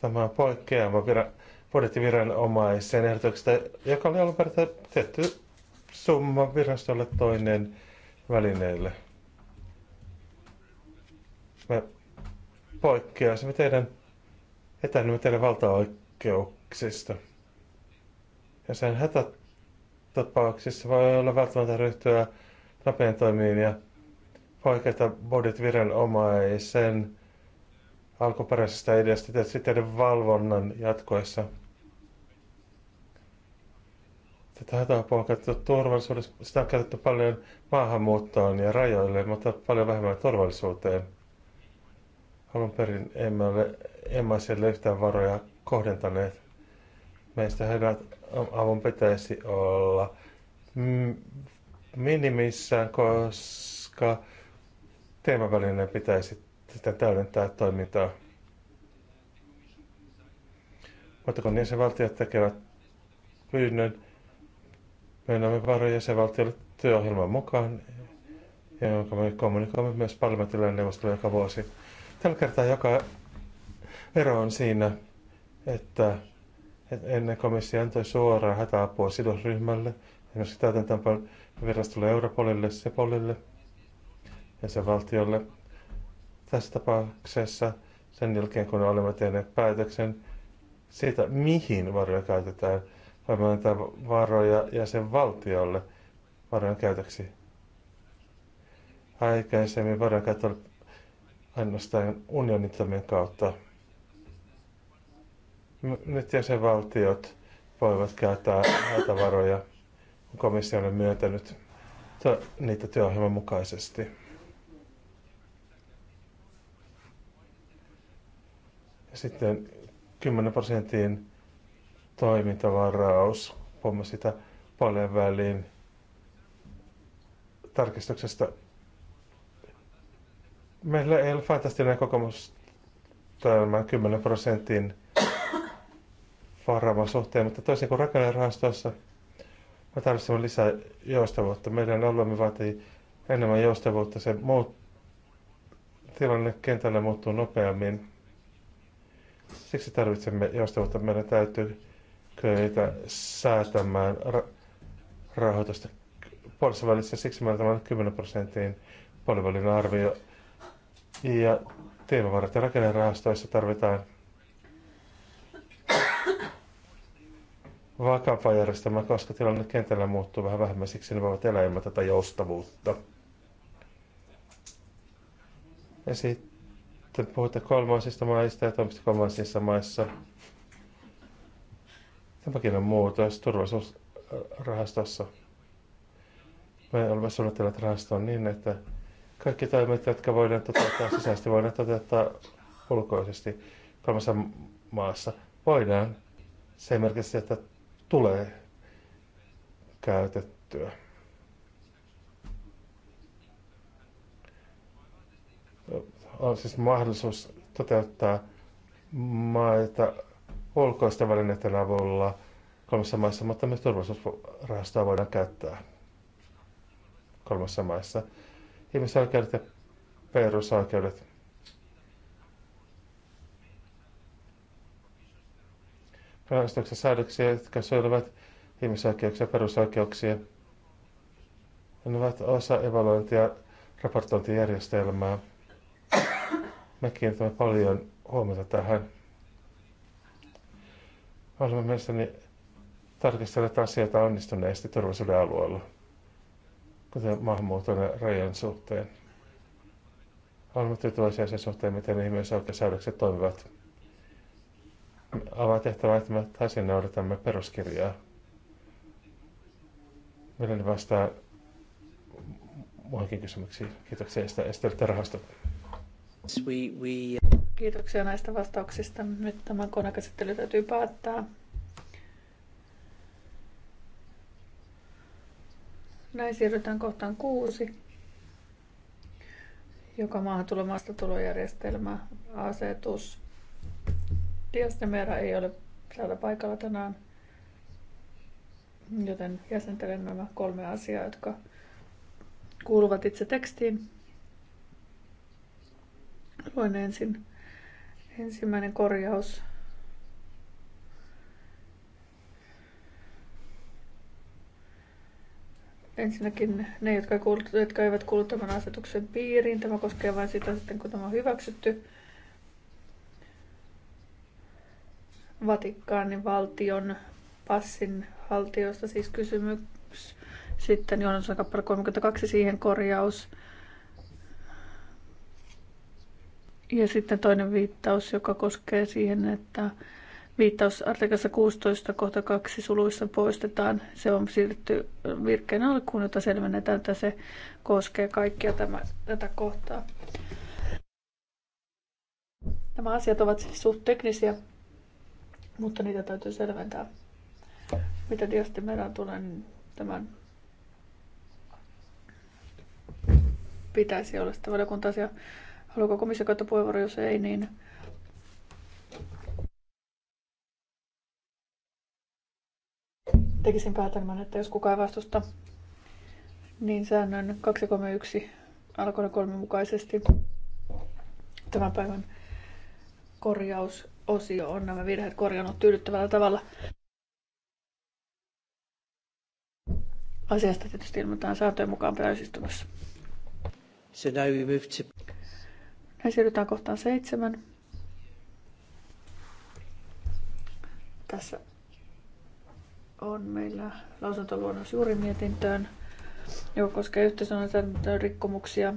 tämä on poikkeama vira, budjettiviranomaisen ehdotuksesta, joka oli alun perin tehty summa virastolle toinen välineelle. Me poikkeaisimme teidän etäännymme teidän valtaoikeuksista. Ja sen hätätapauksissa voi olla välttämättä ryhtyä nopean toimiin ja poiketa budjettiviranomaisen alkuperäisestä ideasta sitten valvonnan jatkoessa. Tätä hätäapua on käytetty turvallisuudessa, sitä on käytetty paljon maahanmuuttoon ja rajoille, mutta paljon vähemmän turvallisuuteen. Alun perin emme ole emme yhtään varoja kohdentaneet. Meistä heidän avun pitäisi olla minimissään, koska teemavälineen pitäisi sitä täydentää toimintaa. Mutta kun jäsenvaltiot tekevät pyynnön, myönnämme varoja jäsenvaltiolle työohjelman mukaan, jonka me kommunikoimme myös parlamentille ja neuvostolle joka vuosi. Tällä kertaa joka ero on siinä, että ennen komissio antoi suoraan hätäapua sidosryhmälle, esimerkiksi täytäntöönpanolle virastolle Europolille, Sepolille ja sen valtiolle – tässä tapauksessa sen jälkeen, kun olemme tehneet päätöksen siitä, mihin varoja käytetään, voimme antaa varoja jäsenvaltiolle varojen käytöksi. Aikaisemmin varojen käyttö oli ainoastaan unionittomien kautta. Nyt jäsenvaltiot voivat käyttää näitä varoja, kun komissio on myöntänyt niitä työohjelman mukaisesti. Sitten 10 prosentin toimintavaraus, pomma sitä paljon väliin tarkistuksesta. Meillä ei ole fantastinen kokemus tämän 10 prosentin varaavan suhteen, mutta toisin kuin rakennerahastoissa, me tarvitsemme lisää joustavuutta. Meidän alueemme vaatii enemmän joustavuutta. Se muut, tilanne kentällä muuttuu nopeammin. Siksi tarvitsemme joustavuutta. Meidän täytyy kyetä säätämään ra- rahoitusta puolessa välissä. Siksi meillä on 10 prosentin puolivälin arvio. Ja teemavarat ja rakennerahastoissa tarvitaan vakava järjestelmää, koska tilanne kentällä muuttuu vähän vähemmän, siksi ne voivat elää ilman tätä joustavuutta. Ja sit te puhutte kolmansista maista ja toimitte kolmansissa maissa. Tämäkin on muutos turvallisuusrahastossa. Me olemme suunnitelleet rahastoon niin, että kaikki toimet, jotka voidaan toteuttaa sisäisesti, voidaan toteuttaa ulkoisesti kolmessa maassa. Voidaan. Se ei merkitse, että tulee käytettyä. on siis mahdollisuus toteuttaa maita ulkoisten välineiden avulla kolmessa maissa, mutta myös turvallisuusrahastoa voidaan käyttää kolmessa maissa. Ihmisoikeudet ja perusoikeudet. Rahastuksen säädöksiä, jotka suojelevat ihmisoikeuksia ja perusoikeuksia. Ne ovat osa evaluointia raportointijärjestelmää. Mä kiinnitän paljon huomiota tähän. Olemme mielestäni tarkastelleet asioita onnistuneesti turvallisuuden alueella, kuten maahanmuuton ja rajan suhteen. Olemme tyytyväisiä sen suhteen, miten ihmisoikeusäädökset toimivat. Avaa tehtävä, että me taisin noudatamme peruskirjaa. Mielelläni vastaa muihinkin kysymyksiin. Kiitoksia Esteltä rahasta. We, we... Uh, Kiitoksia näistä vastauksista. Nyt tämä konekäsittely täytyy päättää. Näin siirrytään kohtaan kuusi, joka maahantulomaasta tulojärjestelmä asetus. Diastemera ei ole täällä paikalla tänään, joten jäsentelen nämä kolme asiaa, jotka kuuluvat itse tekstiin. Luen ensin. Ensimmäinen korjaus. Ensinnäkin ne, jotka, kuulu, jotka eivät kuulu tämän asetuksen piiriin. Tämä koskee vain sitä sitten, kun tämä on hyväksytty. Vatikaanin valtion passin haltijoista siis kysymys. Sitten Joonas kappale 32 siihen korjaus. Ja sitten toinen viittaus, joka koskee siihen, että viittaus artikassa 16 kohta 2 suluissa poistetaan. Se on siirretty virkkeen alkuun, jota selvennetään, että se koskee kaikkia tämä, tätä kohtaa. Nämä asiat ovat siis suht teknisiä, mutta niitä täytyy selventää. Mitä tietysti meidän tulee, niin tämän pitäisi olla sitä valiokunta-asia Haluatko komissio käyttää puheenvuoro, jos ei, niin tekisin päätelmän, että jos kukaan ei vastusta, niin säännön 231 alkoinen kolme mukaisesti tämän päivän korjausosio on nämä virheet korjannut tyydyttävällä tavalla. Asiasta tietysti ilmoitetaan sääntöjen mukaan pääysistunnossa. So now we move to... Näin siirrytään kohtaan seitsemän. Tässä on meillä lausuntoluonnos juuri mietintöön, joka koskee yhteisönoitantojen rikkomuksia.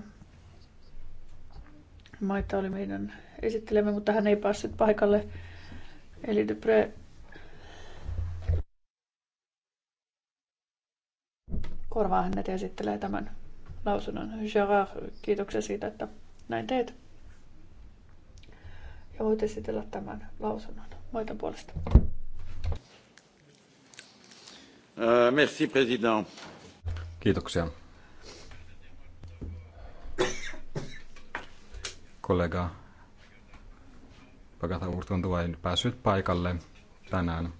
Maita oli meidän esittelemme, mutta hän ei päässyt paikalle. Eli Depre korvaa hänet ja esittelee tämän lausunnon. Gerard, kiitoksia siitä, että näin teet ja voit esitellä tämän lausunnon muiden puolesta. Euh, merci, president. Kiitoksia. Kollega Pagata Urtuntua ei päässyt paikalle tänään.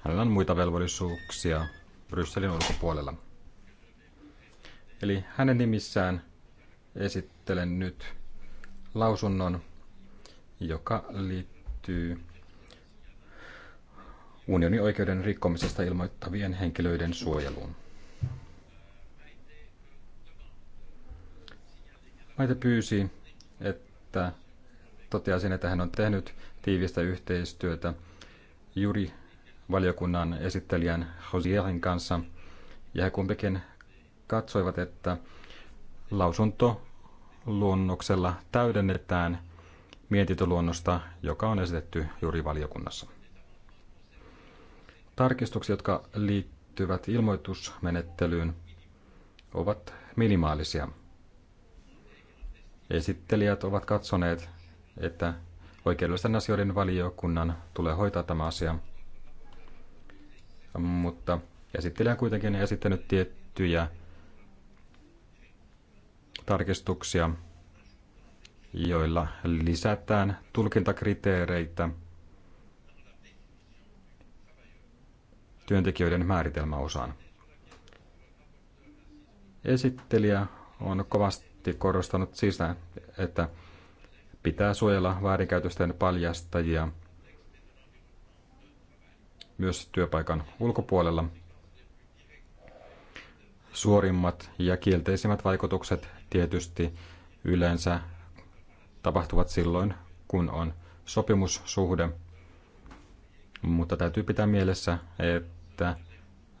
Hänellä on muita velvollisuuksia Brysselin ulkopuolella. Eli hänen nimissään esittelen nyt lausunnon, joka liittyy unionin oikeuden rikkomisesta ilmoittavien henkilöiden suojeluun. Maite pyysi, että toteaisin, että hän on tehnyt tiivistä yhteistyötä juuri valiokunnan esittelijän Josierin kanssa, ja he kumpikin katsoivat, että lausunto luonnoksella täydennetään mietintöluonnosta, joka on esitetty juuri valiokunnassa. Tarkistukset, jotka liittyvät ilmoitusmenettelyyn, ovat minimaalisia. Esittelijät ovat katsoneet, että oikeudellisten asioiden valiokunnan tulee hoitaa tämä asia, mutta esittelijä on kuitenkin esittänyt tiettyjä tarkistuksia, joilla lisätään tulkintakriteereitä työntekijöiden määritelmäosaan. Esittelijä on kovasti korostanut sitä, että pitää suojella väärinkäytösten paljastajia myös työpaikan ulkopuolella. Suorimmat ja kielteisimmät vaikutukset tietysti yleensä tapahtuvat silloin, kun on sopimussuhde, mutta täytyy pitää mielessä, että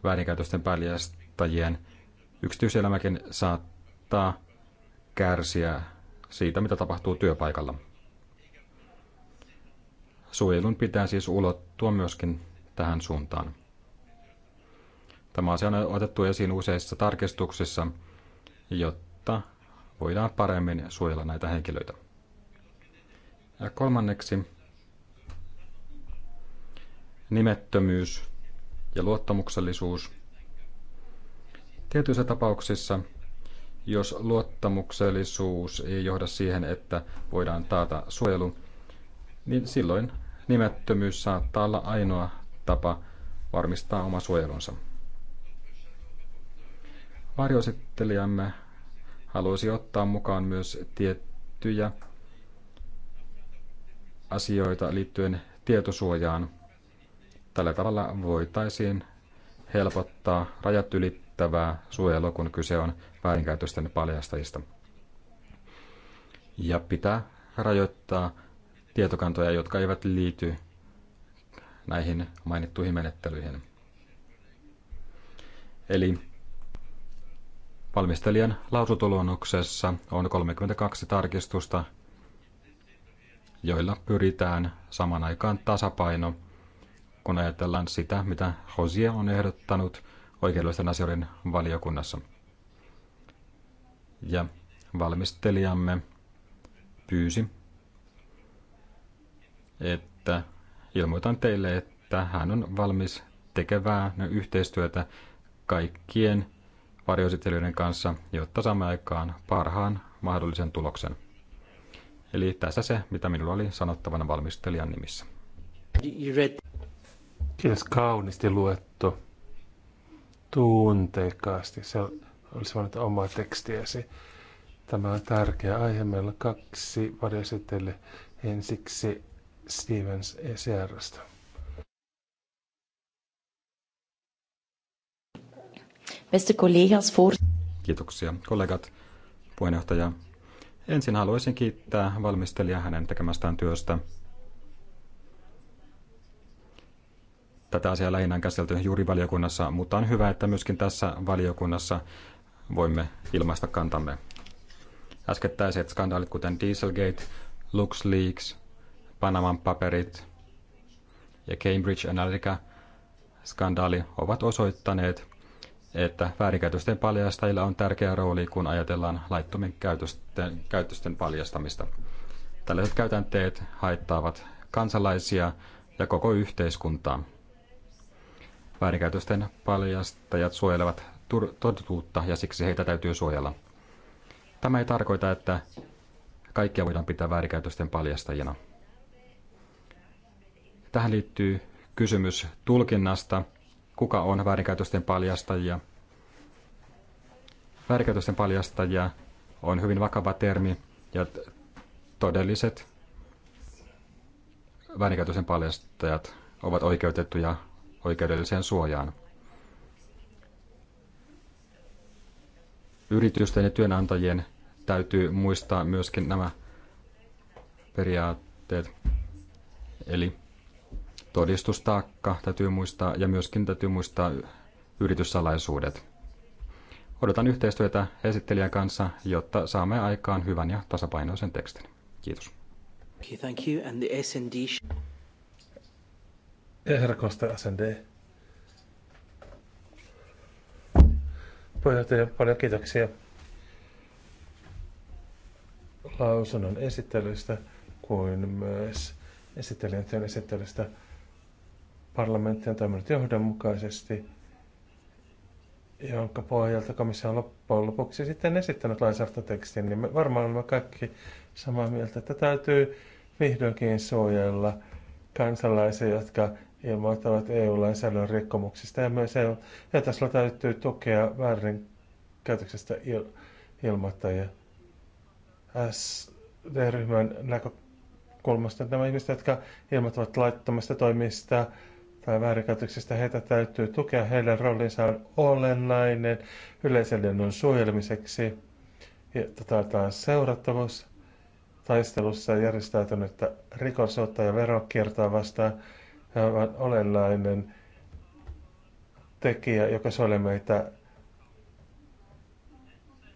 väärinkäytösten paljastajien yksityiselämäkin saattaa kärsiä siitä, mitä tapahtuu työpaikalla. Suojelun pitää siis ulottua myöskin tähän suuntaan. Tämä asia on otettu esiin useissa tarkistuksissa, jotta voidaan paremmin suojella näitä henkilöitä. Ja kolmanneksi nimettömyys ja luottamuksellisuus. Tietyissä tapauksissa, jos luottamuksellisuus ei johda siihen, että voidaan taata suojelu, niin silloin nimettömyys saattaa olla ainoa tapa varmistaa oma suojelunsa. Varjoesittelijämme haluaisi ottaa mukaan myös tiettyjä asioita liittyen tietosuojaan. Tällä tavalla voitaisiin helpottaa rajat ylittävää suojelua, kun kyse on väärinkäytösten paljastajista. Ja pitää rajoittaa tietokantoja, jotka eivät liity näihin mainittuihin menettelyihin. Eli Valmistelijan lausutulonuksessa on 32 tarkistusta, joilla pyritään saman aikaan tasapaino, kun ajatellaan sitä, mitä Hosier on ehdottanut oikeudellisten asioiden valiokunnassa. Ja valmistelijamme pyysi, että ilmoitan teille, että hän on valmis tekevää yhteistyötä kaikkien varjoesittelijöiden kanssa, jotta saamme aikaan parhaan mahdollisen tuloksen. Eli tässä se, mitä minulla oli sanottavana valmistelijan nimissä. Kiitos kauniisti luettu. Tunteikkaasti. Se olisi voinut omaa tekstiäsi. Tämä on tärkeä aihe. Meillä on kaksi varjoesittelijä. Ensiksi Stevens ECRstä. Beste collega's, voor... Kiitoksia kollegat, puheenjohtaja. Ensin haluaisin kiittää valmistelijaa hänen tekemästään työstä. Tätä asiaa lähinnä on käsitelty juuri valiokunnassa, mutta on hyvä, että myöskin tässä valiokunnassa voimme ilmaista kantamme. Äskettäiset skandaalit, kuten Dieselgate, LuxLeaks, Panaman paperit ja Cambridge Analytica-skandaali, ovat osoittaneet, että väärinkäytösten paljastajilla on tärkeä rooli, kun ajatellaan laittomien käytösten, käytösten paljastamista. Tällaiset käytänteet haittaavat kansalaisia ja koko yhteiskuntaa. Väärinkäytösten paljastajat suojelevat totuutta ja siksi heitä täytyy suojella. Tämä ei tarkoita, että kaikkia voidaan pitää väärinkäytösten paljastajina. Tähän liittyy kysymys tulkinnasta – kuka on väärinkäytösten paljastajia. Väärinkäytösten paljastajia on hyvin vakava termi ja todelliset väärinkäytösten paljastajat ovat oikeutettuja oikeudelliseen suojaan. Yritysten ja työnantajien täytyy muistaa myöskin nämä periaatteet. Eli todistustaakka täytyy muistaa ja myöskin täytyy muistaa yrityssalaisuudet. Odotan yhteistyötä esittelijän kanssa, jotta saamme aikaan hyvän ja tasapainoisen tekstin. Kiitos. Okay, thank you. And the SND... Herra Kosta, SND. Puheenjohtaja, paljon kiitoksia lausunnon esittelystä kuin myös esittelijän työn esittelystä parlamenttien toiminut johdonmukaisesti, jonka pohjalta komissio on loppujen lopuksi sitten esittänyt lainsäädäntötekstin, niin me varmaan olemme kaikki samaa mieltä, että täytyy vihdoinkin suojella kansalaisia, jotka ilmoittavat EU-lainsäädännön rikkomuksista. Ja myös EU, ja tässä täytyy tukea väärinkäytöksestä il, ilmoittajia. SD-ryhmän näkökulmasta nämä ihmiset, jotka ilmoittavat laittomasta toimista, tai väärinkäytöksistä, heitä täytyy tukea. Heidän roolinsa on olennainen yleisellinen suojelemiseksi ja seurattavuus taistelussa järjestäytynyttä rikollisuutta ja veronkiertoa vastaan. He ovat olennainen tekijä, joka suojelee meitä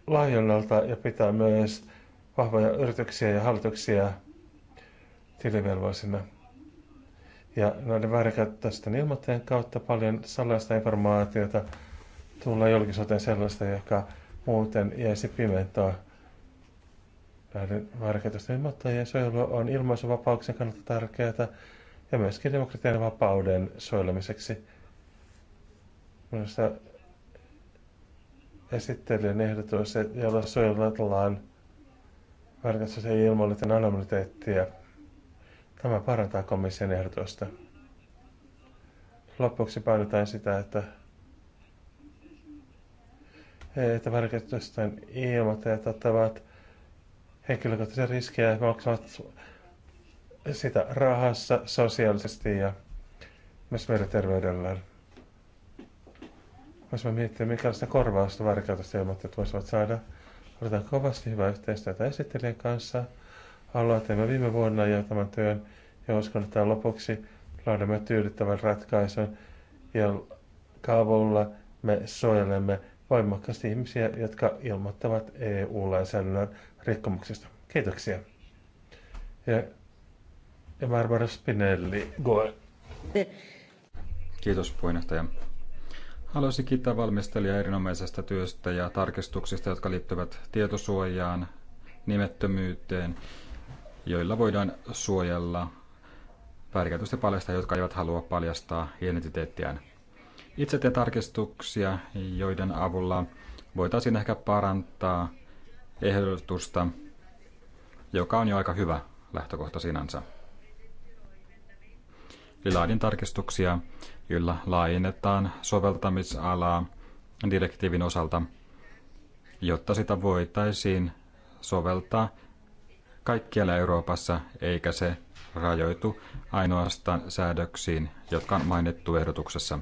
lahjonnalta ja pitää myös vahvoja yrityksiä ja hallituksia tilivelvollisina. Ja noiden väärinkäyttäisten ilmoittajien kautta paljon sellaista informaatiota tulee julkisuuteen sellaista, joka muuten jäisi pimentoon. Näiden väärinkäytösten ilmoittajien suojelu on ilmaisuvapauksen kannalta tärkeää ja myöskin demokratian vapauden suojelemiseksi. Minusta esittelijän ehdotus, jolla suojellaan väärinkäytösten ilmoittajien anonymiteettiä, Tämä parantaa komission ehdotusta. Lopuksi painotan sitä, että että varkastusten ilmoittajat ottavat henkilökohtaisia riskejä ja maksavat sitä rahassa, sosiaalisesti ja myös meidän terveydellään. Voisimme miettiä, minkälaista korvausta varkautusta ilmoittajat voisivat saada. Odotan kovasti hyvää yhteistyötä esittelijän kanssa aloitimme viime vuonna jo tämän työn ja uskon, että lopuksi löydämme tyydyttävän ratkaisun, kaavoilla me suojelemme voimakkaasti ihmisiä, jotka ilmoittavat EU-lainsäädännön rikkomuksesta. Kiitoksia. Ja, ja Barbara Spinelli, Goe. Kiitos puheenjohtaja. Haluaisin kiittää valmistelijaa erinomaisesta työstä ja tarkistuksista, jotka liittyvät tietosuojaan, nimettömyyteen joilla voidaan suojella väärinkäytöstä paljastaa, jotka eivät halua paljastaa identiteettiään. Itse teen tarkistuksia, joiden avulla voitaisiin ehkä parantaa ehdotusta, joka on jo aika hyvä lähtökohta sinänsä. Eli laadin tarkistuksia, joilla laajennetaan soveltamisalaa direktiivin osalta, jotta sitä voitaisiin soveltaa kaikkialla Euroopassa, eikä se rajoitu ainoastaan säädöksiin, jotka on mainittu ehdotuksessa.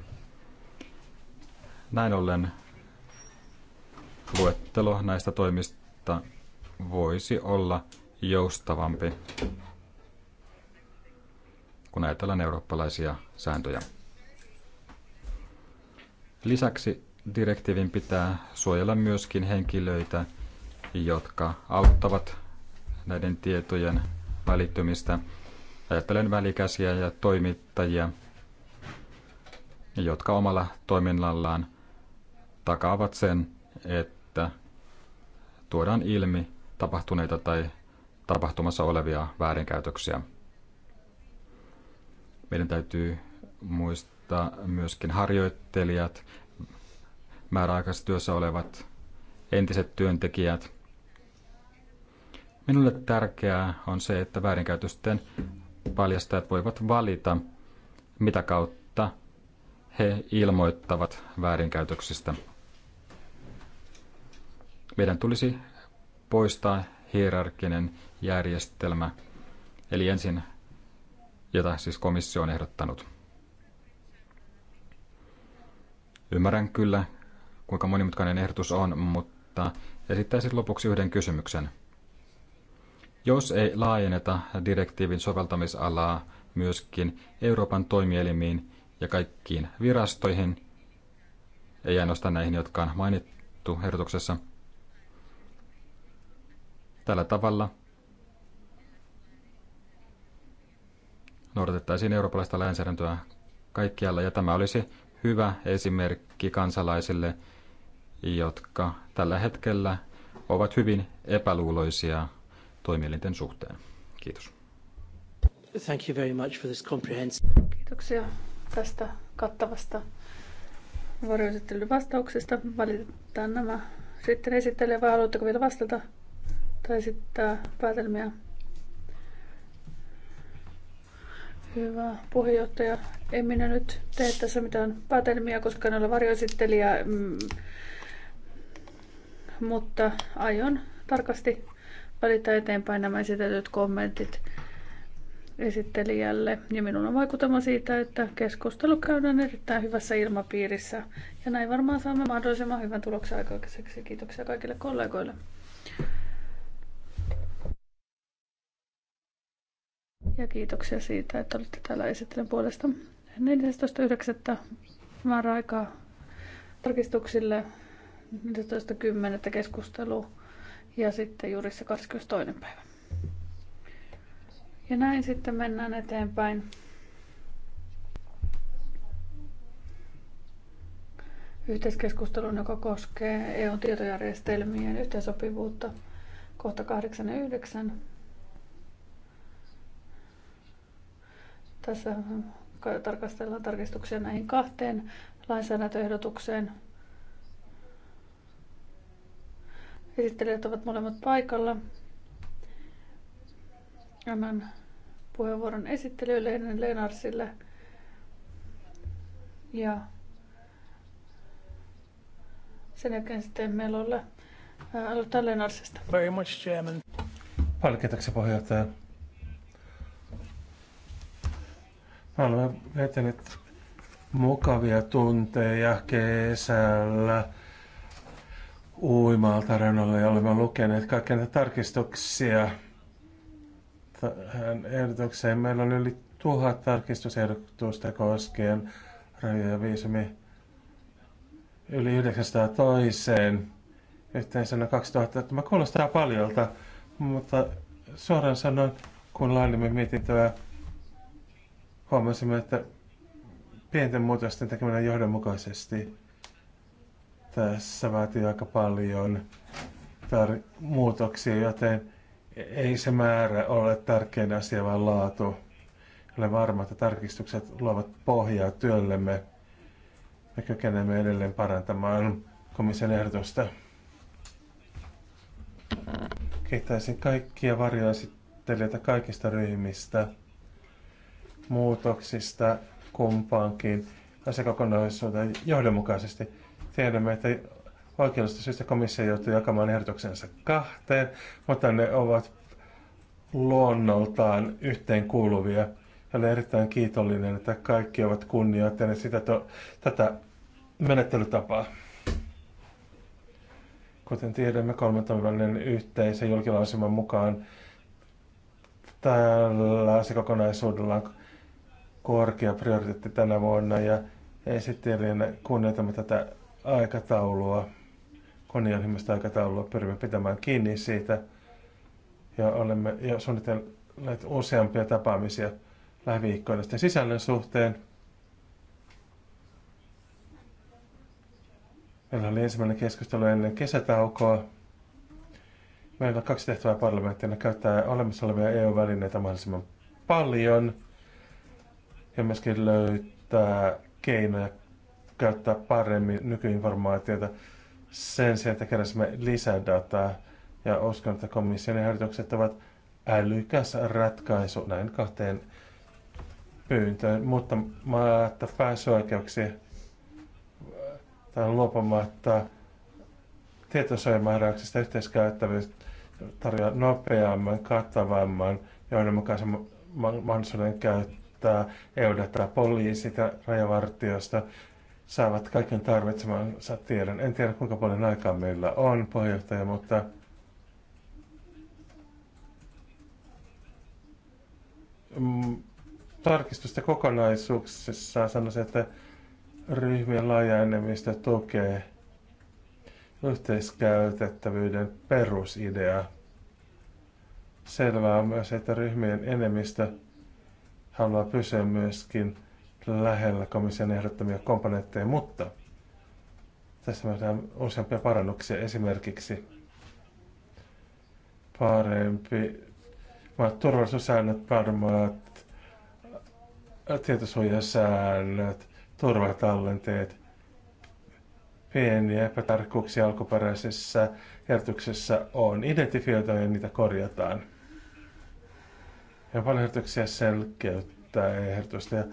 Näin ollen luettelo näistä toimista voisi olla joustavampi, kun ajatellaan eurooppalaisia sääntöjä. Lisäksi direktiivin pitää suojella myöskin henkilöitä, jotka auttavat näiden tietojen välittymistä. Ajattelen välikäsiä ja toimittajia, jotka omalla toiminnallaan takaavat sen, että tuodaan ilmi tapahtuneita tai tapahtumassa olevia väärinkäytöksiä. Meidän täytyy muistaa myöskin harjoittelijat, määräaikaisessa työssä olevat entiset työntekijät – Minulle tärkeää on se, että väärinkäytösten paljastajat voivat valita, mitä kautta he ilmoittavat väärinkäytöksistä. Meidän tulisi poistaa hierarkkinen järjestelmä, eli ensin, jota siis komissio on ehdottanut. Ymmärrän kyllä, kuinka monimutkainen ehdotus on, mutta esittäisin lopuksi yhden kysymyksen – jos ei laajenneta direktiivin soveltamisalaa myöskin Euroopan toimielimiin ja kaikkiin virastoihin, ei ainoastaan näihin, jotka on mainittu ehdotuksessa. Tällä tavalla noudatettaisiin eurooppalaista lainsäädäntöä kaikkialla, ja tämä olisi hyvä esimerkki kansalaisille, jotka tällä hetkellä ovat hyvin epäluuloisia toimielinten suhteen. Kiitos. Thank you very much for this comprehensive... Kiitoksia tästä kattavasta varjoesittelyn vastauksesta. Valitetaan nämä sitten esittelee vai haluatteko vielä vastata tai esittää päätelmiä? Hyvä puheenjohtaja. En minä nyt tee tässä mitään päätelmiä, koska en ole varjoesittelijä, mm, mutta aion tarkasti välittää eteenpäin nämä esitetyt kommentit esittelijälle. Ja minun on vaikutelma siitä, että keskustelu käydään erittäin hyvässä ilmapiirissä. Ja näin varmaan saamme mahdollisimman hyvän tuloksen aikaiseksi. Kiitoksia kaikille kollegoille. Ja kiitoksia siitä, että olitte täällä esittelen puolesta. 14.9. määräaikaa tarkistuksille 14.10. keskustelu ja sitten juuri se 22. päivä. Ja näin sitten mennään eteenpäin. Yhteiskeskustelun, joka koskee EUn tietojärjestelmien yhteensopivuutta, kohta 8 ja 9. Tässä tarkastellaan tarkistuksia näihin kahteen lainsäädäntöehdotukseen – Esittelijät ovat molemmat paikalla. Annan puheenvuoron esittelijöille ennen Lenarsille. Ja sen jälkeen sitten meillä on äh, aloittaa Lenarsista. Very much, Chairman. Paljon kiitoksia puheenjohtaja. Mä olen vetänyt mukavia tunteja kesällä uimalta reunalle ja olemme lukeneet kaikkia näitä tarkistuksia tähän ehdotukseen. Meillä on yli tuhat tarkistusehdotusta koskien rajoja viisumi yli 900 toiseen yhteensä 2000. Tämä kuulostaa paljolta, mutta suoraan sanoen, kun laadimme mietintöä, huomasimme, että pienten muutosten tekeminen johdonmukaisesti tässä vaatii aika paljon tar- muutoksia, joten ei se määrä ole tärkein asia, vaan laatu. Olen varma, että tarkistukset luovat pohjaa työllemme. Me kykenemme edelleen parantamaan komission ehdotusta. Kiittäisin kaikkia varjoesittelijöitä kaikista ryhmistä, muutoksista kumpaankin asiakokonaisuuteen johdonmukaisesti Tiedämme, että oikeudellisesta syystä komissio joutuu jakamaan ehdotuksensa kahteen, mutta ne ovat luonnoltaan yhteen kuuluvia. Olen erittäin kiitollinen, että kaikki ovat kunnioittaneet sitä to, tätä menettelytapaa. Kuten tiedämme, kolmantomallinen yhteisö julkilausuman mukaan tällä se kokonaisuudella on korkea prioriteetti tänä vuonna ja esittelijänä kunnioitamme tätä aikataulua, kunnianhimoista aikataulua. Pyrimme pitämään kiinni siitä ja olemme jo suunnitelleet useampia tapaamisia lähiviikkoina sitten sisällön suhteen. Meillä oli ensimmäinen keskustelu ennen kesätaukoa. Meillä on kaksi tehtävää parlamenttina käyttää olemassa olevia EU-välineitä mahdollisimman paljon ja myöskin löytää keinoja käyttää paremmin nykyinformaatiota sen sijaan, että keräsimme lisää dataa. Ja uskon, että komission ehdotukset ovat älykäs ratkaisu näin kahteen pyyntöön, mutta että pääsyoikeuksia tai luopumatta tietosuojamääräyksistä yhteiskäyttävyys tarjoaa nopeamman, kattavamman ja johdonmukaisen mahdollisuuden käyttää EU-dataa poliisit ja rajavartiosta saavat kaiken tarvitsemansa tiedon. En tiedä kuinka paljon aikaa meillä on, puheenjohtaja, mutta mm, tarkistusta kokonaisuuksessa sanoisin, että ryhmien laaja enemmistö tukee yhteiskäytettävyyden perusidea. Selvää on myös, että ryhmien enemmistö haluaa pysyä myöskin lähellä komission ehdottamia komponentteja, mutta tässä nähdään useampia parannuksia. Esimerkiksi parempi turvallisuussäännöt, varmaat tietosuojasäännöt, turvatallenteet, pieniä epätarkkuuksia alkuperäisessä järjestyksessä on identifioitu ja niitä korjataan. Ja paljon selkeyttää ehdotusta ja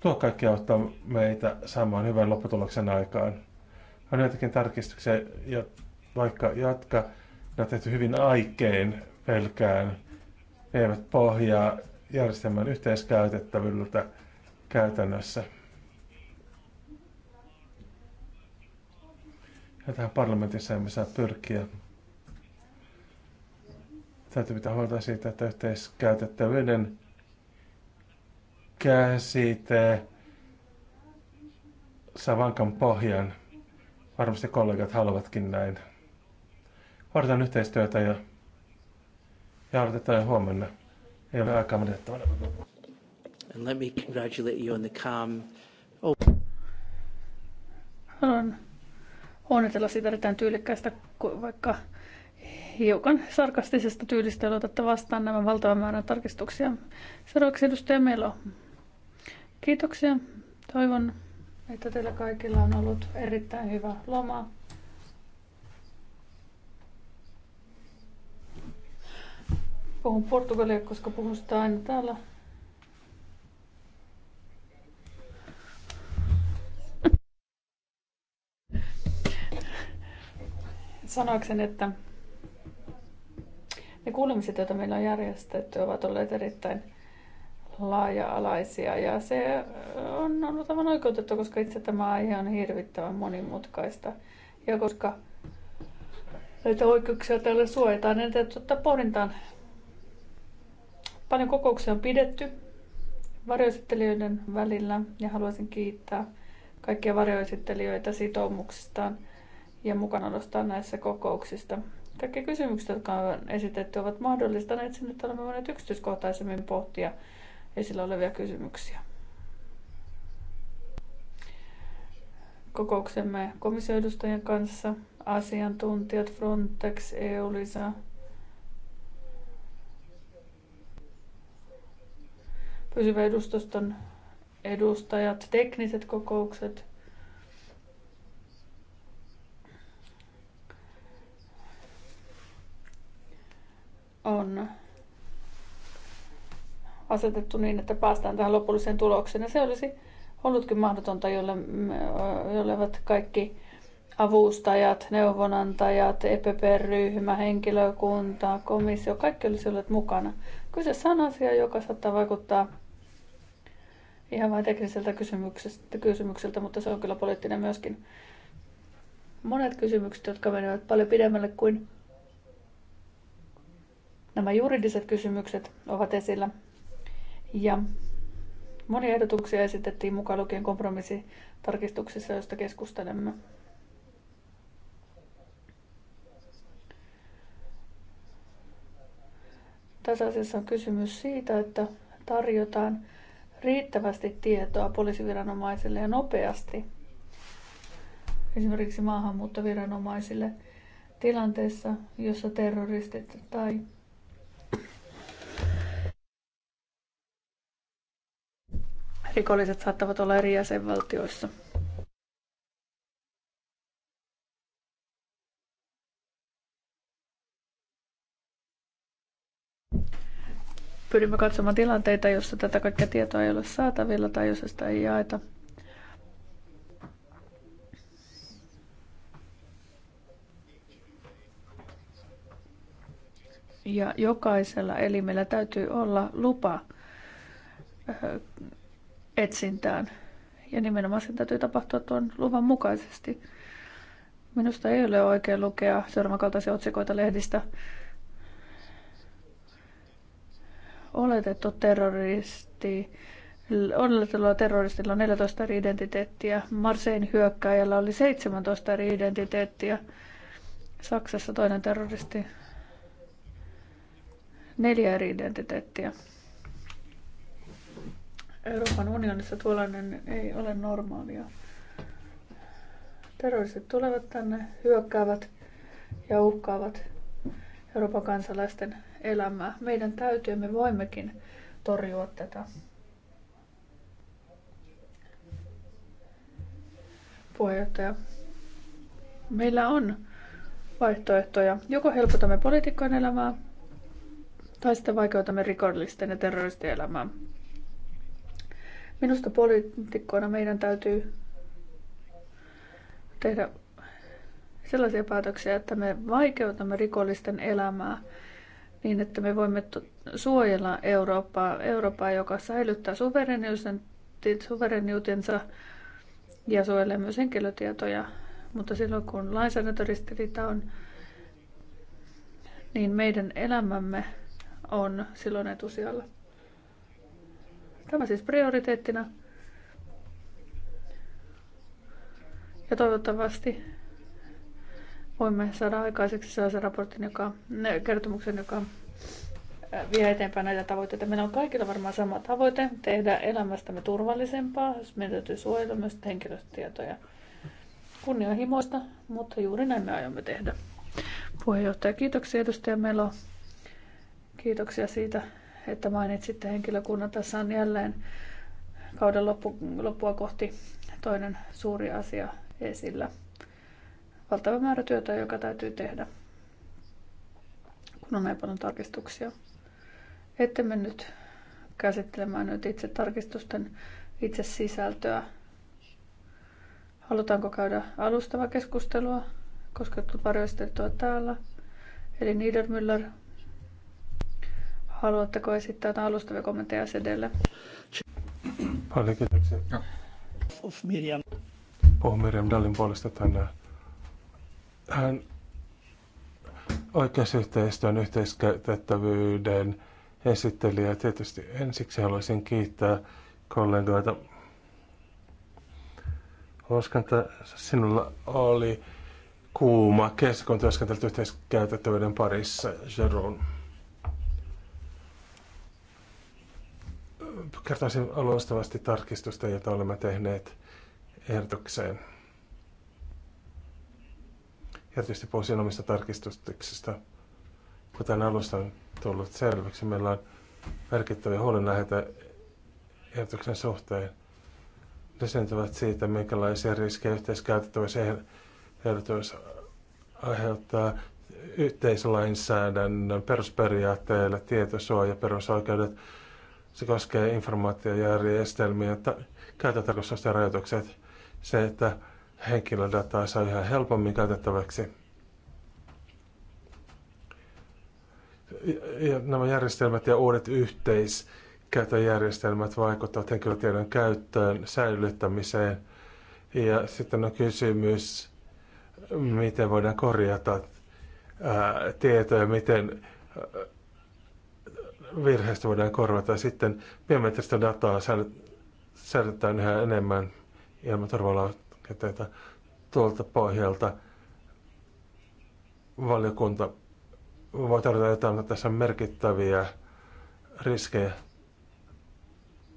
Tuo kaikki auttaa meitä saamaan hyvän lopputuloksen aikaan. On joitakin tarkistuksia, ja vaikka jatka ne on tehty hyvin aikein pelkään, ne eivät pohjaa järjestelmän yhteiskäytettävyydeltä käytännössä. Ja tähän parlamentissa emme saa pyrkiä. Täytyy pitää huolta siitä, että yhteiskäytettävyyden käsite Savankan pohjan. Varmasti kollegat haluavatkin näin. Odotan yhteistyötä ja, ja huomenna. Ei ole aikaa menettävänä. And let me congratulate you on the calm. Oh. Haluan onnitella siitä erittäin tyylikkäistä, vaikka hiukan sarkastisesta tyylistä, jolla otatte vastaan nämä valtavan määrän tarkistuksia. Seuraavaksi edustaja Melo. Kiitoksia. Toivon, että teillä kaikilla on ollut erittäin hyvä loma. Puhun portugalia, koska puhun sitä aina täällä. Sanoiksen, että ne kuulemiset, joita meillä on järjestetty, ovat olleet erittäin laaja-alaisia ja se on ollut aivan oikeutettu, koska itse tämä aihe on hirvittävän monimutkaista. Ja koska näitä oikeuksia tälle suojataan, niin täytyy ottaa pohdintaan. Paljon kokouksia on pidetty varjoesittelijöiden välillä ja haluaisin kiittää kaikkia varjoesittelijöitä sitoumuksistaan ja mukanaolostaan näissä kokouksista. Kaikki kysymykset, jotka on esitetty, ovat mahdollistaneet sen, että olemme voineet yksityiskohtaisemmin pohtia esillä olevia kysymyksiä. Kokouksemme komissioedustajien kanssa, asiantuntijat, Frontex, EU-lisä, pysyvä edustuston edustajat, tekniset kokoukset. On asetettu niin, että päästään tähän lopulliseen tulokseen. Ja se olisi ollutkin mahdotonta, jolle, jolle ovat kaikki avustajat, neuvonantajat, EPP-ryhmä, henkilökunta, komissio, kaikki olisi olleet mukana. Kyseessä on asia, joka saattaa vaikuttaa ihan vain tekniseltä kysymykseltä, kysymykseltä, mutta se on kyllä poliittinen myöskin. Monet kysymykset, jotka menevät paljon pidemmälle kuin nämä juridiset kysymykset, ovat esillä. Ja monia ehdotuksia esitettiin mukaan lukien kompromissitarkistuksissa, joista keskustelemme. Tässä asiassa on kysymys siitä, että tarjotaan riittävästi tietoa poliisiviranomaisille ja nopeasti esimerkiksi maahanmuuttoviranomaisille tilanteessa, jossa terroristit tai rikolliset saattavat olla eri jäsenvaltioissa. Pyrimme katsomaan tilanteita, joissa tätä kaikkea tietoa ei ole saatavilla tai jos sitä ei jaeta. Ja jokaisella elimellä täytyy olla lupa etsintään. Ja nimenomaan sen täytyy tapahtua tuon luvan mukaisesti. Minusta ei ole oikein lukea seuraavankaltaisia otsikoita lehdistä. Oletettu terroristi. Onnellisella terroristilla on 14 eri identiteettiä. Marsein hyökkäjällä oli 17 eri identiteettiä. Saksassa toinen terroristi. Neljä eri identiteettiä. Euroopan unionissa tuollainen ei ole normaalia. Terroristit tulevat tänne, hyökkäävät ja uhkaavat Euroopan kansalaisten elämää. Meidän täytyy, me voimmekin torjua tätä. Puheenjohtaja, meillä on vaihtoehtoja. Joko helpotamme poliitikkojen elämää, tai sitten vaikeutamme rikollisten ja terroristien elämää. Minusta poliitikkoina meidän täytyy tehdä sellaisia päätöksiä, että me vaikeutamme rikollisten elämää niin, että me voimme suojella Eurooppaa, Eurooppaa joka säilyttää suvereniutensa ja suojelee myös henkilötietoja. Mutta silloin kun lainsäädäntöristiriita on, niin meidän elämämme on silloin etusijalla. Tämä siis prioriteettina. Ja toivottavasti voimme saada aikaiseksi sellaisen raportin, joka, kertomuksen, joka vie eteenpäin näitä tavoitteita. Meillä on kaikilla varmaan sama tavoite, tehdä elämästämme turvallisempaa, jos siis meidän täytyy suojella myös henkilöstötietoja. Kunnianhimoista, mutta juuri näin me aiomme tehdä. Puheenjohtaja, kiitoksia edustaja Melo. Kiitoksia siitä, että mainitsitte henkilökunnan. Tässä on jälleen kauden loppu, loppua kohti toinen suuri asia esillä. Valtava määrä työtä, joka täytyy tehdä, kun on näin paljon tarkistuksia. Ette mennyt nyt käsittelemään nyt itse tarkistusten itse sisältöä. Halutaanko käydä alustava keskustelua, koska varjoistettua täällä. Eli Niedermüller Haluatteko esittää jotain alustavia kommentteja SEDelle? Paljon kiitoksia. Of Miriam. Puhun Miriam Dallin puolesta tänään. Hän oikeusyhteistyön yhteiskäytettävyyden ja Tietysti ensiksi haluaisin kiittää kollegoita. Oskan, että sinulla oli kuuma kesä, kun työskentelit yhteiskäytettävyyden parissa, Jerome. kertaisin alustavasti tarkistusta, jota olemme tehneet ehdotukseen. Erityisesti puhuisin omista tarkistuksista. Kuten alusta on tullut selväksi, meillä on merkittäviä huolenaiheita ehdotuksen suhteen. Ne syntyvät siitä, minkälaisia riskejä yhteiskäytettävissä ehdotus aiheuttaa yhteislainsäädännön perusperiaatteille, tietosuoja, perusoikeudet, se koskee informaatiojärjestelmiä, ta- rajoituksia, että se, että henkilödataa saa yhä helpommin käytettäväksi. Ja nämä järjestelmät ja uudet yhteiskäytöjärjestelmät vaikuttavat henkilötiedon käyttöön, säilyttämiseen. Ja sitten on kysymys, miten voidaan korjata ää, tietoja, miten ää, virheistä voidaan korvata. Sitten biometristä dataa säilytetään yhä enemmän ilman tuolta pohjalta. Valiokunta voi tarjota jotain, tässä on merkittäviä riskejä.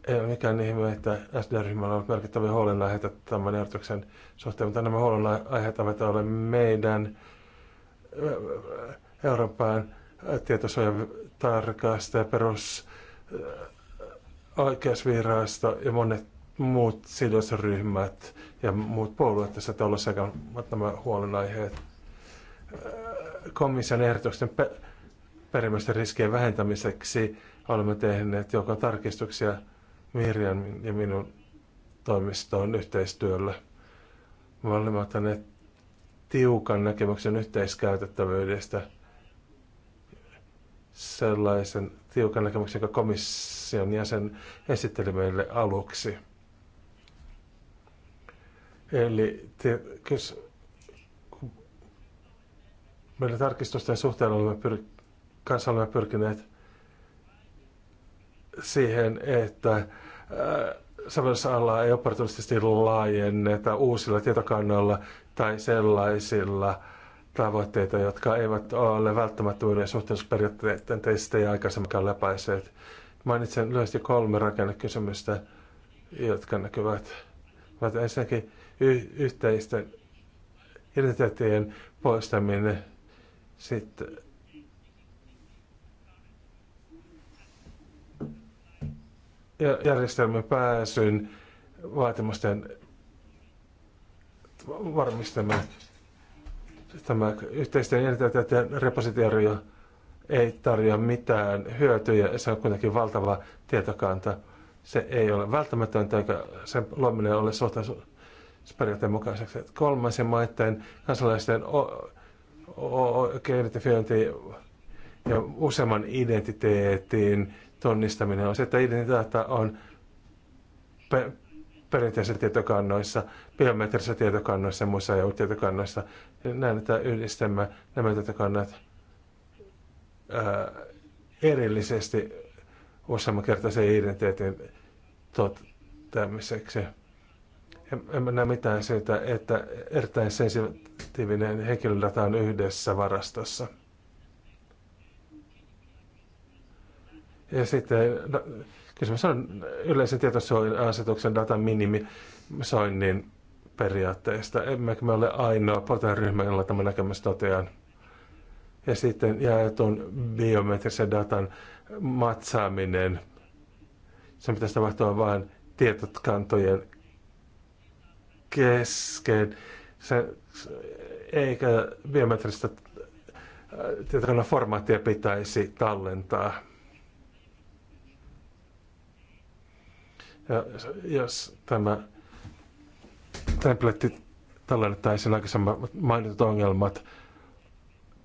Ei ole mikään ihme, että SD-ryhmällä on merkittäviä huolenaiheita tämän ehdotuksen suhteen, mutta nämä huolenaiheet ovat ole meidän Euroopan ja perus oikeusvirasto ja monet muut sidosryhmät ja muut puolueet tässä talossa ovat nämä huolenaiheet. Komission ehdotusten pe- perimmäisten riskien vähentämiseksi olemme tehneet joko tarkistuksia Mirjan ja minun toimistoon yhteistyöllä. Me olemme ottaneet tiukan näkemyksen yhteiskäytettävyydestä – sellaisen tiukan näkemyksen, jonka komission jäsen esitteli meille aluksi. Eli meidän tarkistusten suhteen olemme, pyr, kanssa olemme pyrkineet siihen, että äh, sovellusalaa ei operatiivisesti laajenneta uusilla tietokannoilla tai sellaisilla tavoitteita, jotka eivät ole uuden suhteellisuusperiaatteiden testejä aikaisemminkaan läpäiseet. Mainitsen lyhyesti kolme rakennekysymystä, jotka näkyvät. Ovat ensinnäkin y- yhteisten identiteettien poistaminen, sitten ja järjestelmän pääsyn vaatimusten varmistaminen tämä yhteistyön identiteettien repositorio ei tarjoa mitään hyötyjä, se on kuitenkin valtava tietokanta. Se ei ole välttämätöntä, eikä sen luominen ole suhteellisuusperiaatteen mukaiseksi. Kolmansien maiden kansalaisten identifiointi ja useamman identiteetin tunnistaminen on se, että identiteettä on pe- perinteisissä tietokannoissa, biometrisissä tietokannoissa ja muissa EU-tietokannoissa näen, että yhdistämme nämä tietokannat ää, erillisesti useammankertaisen identiteetin toteamiseksi. En, en näe mitään siitä, että erittäin sensitiivinen henkilödata on yhdessä varastossa. Ja sitten no, kysymys on yleisen tietosuojan asetuksen datan minimisoinnin periaatteista. Emmekä me ole ainoa poteryhmä, jolla tämä näkemys totean. Ja sitten jaetun biometrisen datan matsaaminen. Se pitäisi tapahtua vain tietotkantojen kesken. Se, eikä biometristä äh, tietokannan formaattia pitäisi tallentaa. Ja jos tämä templetti tallennettaisiin aikaisemmat mainitut ongelmat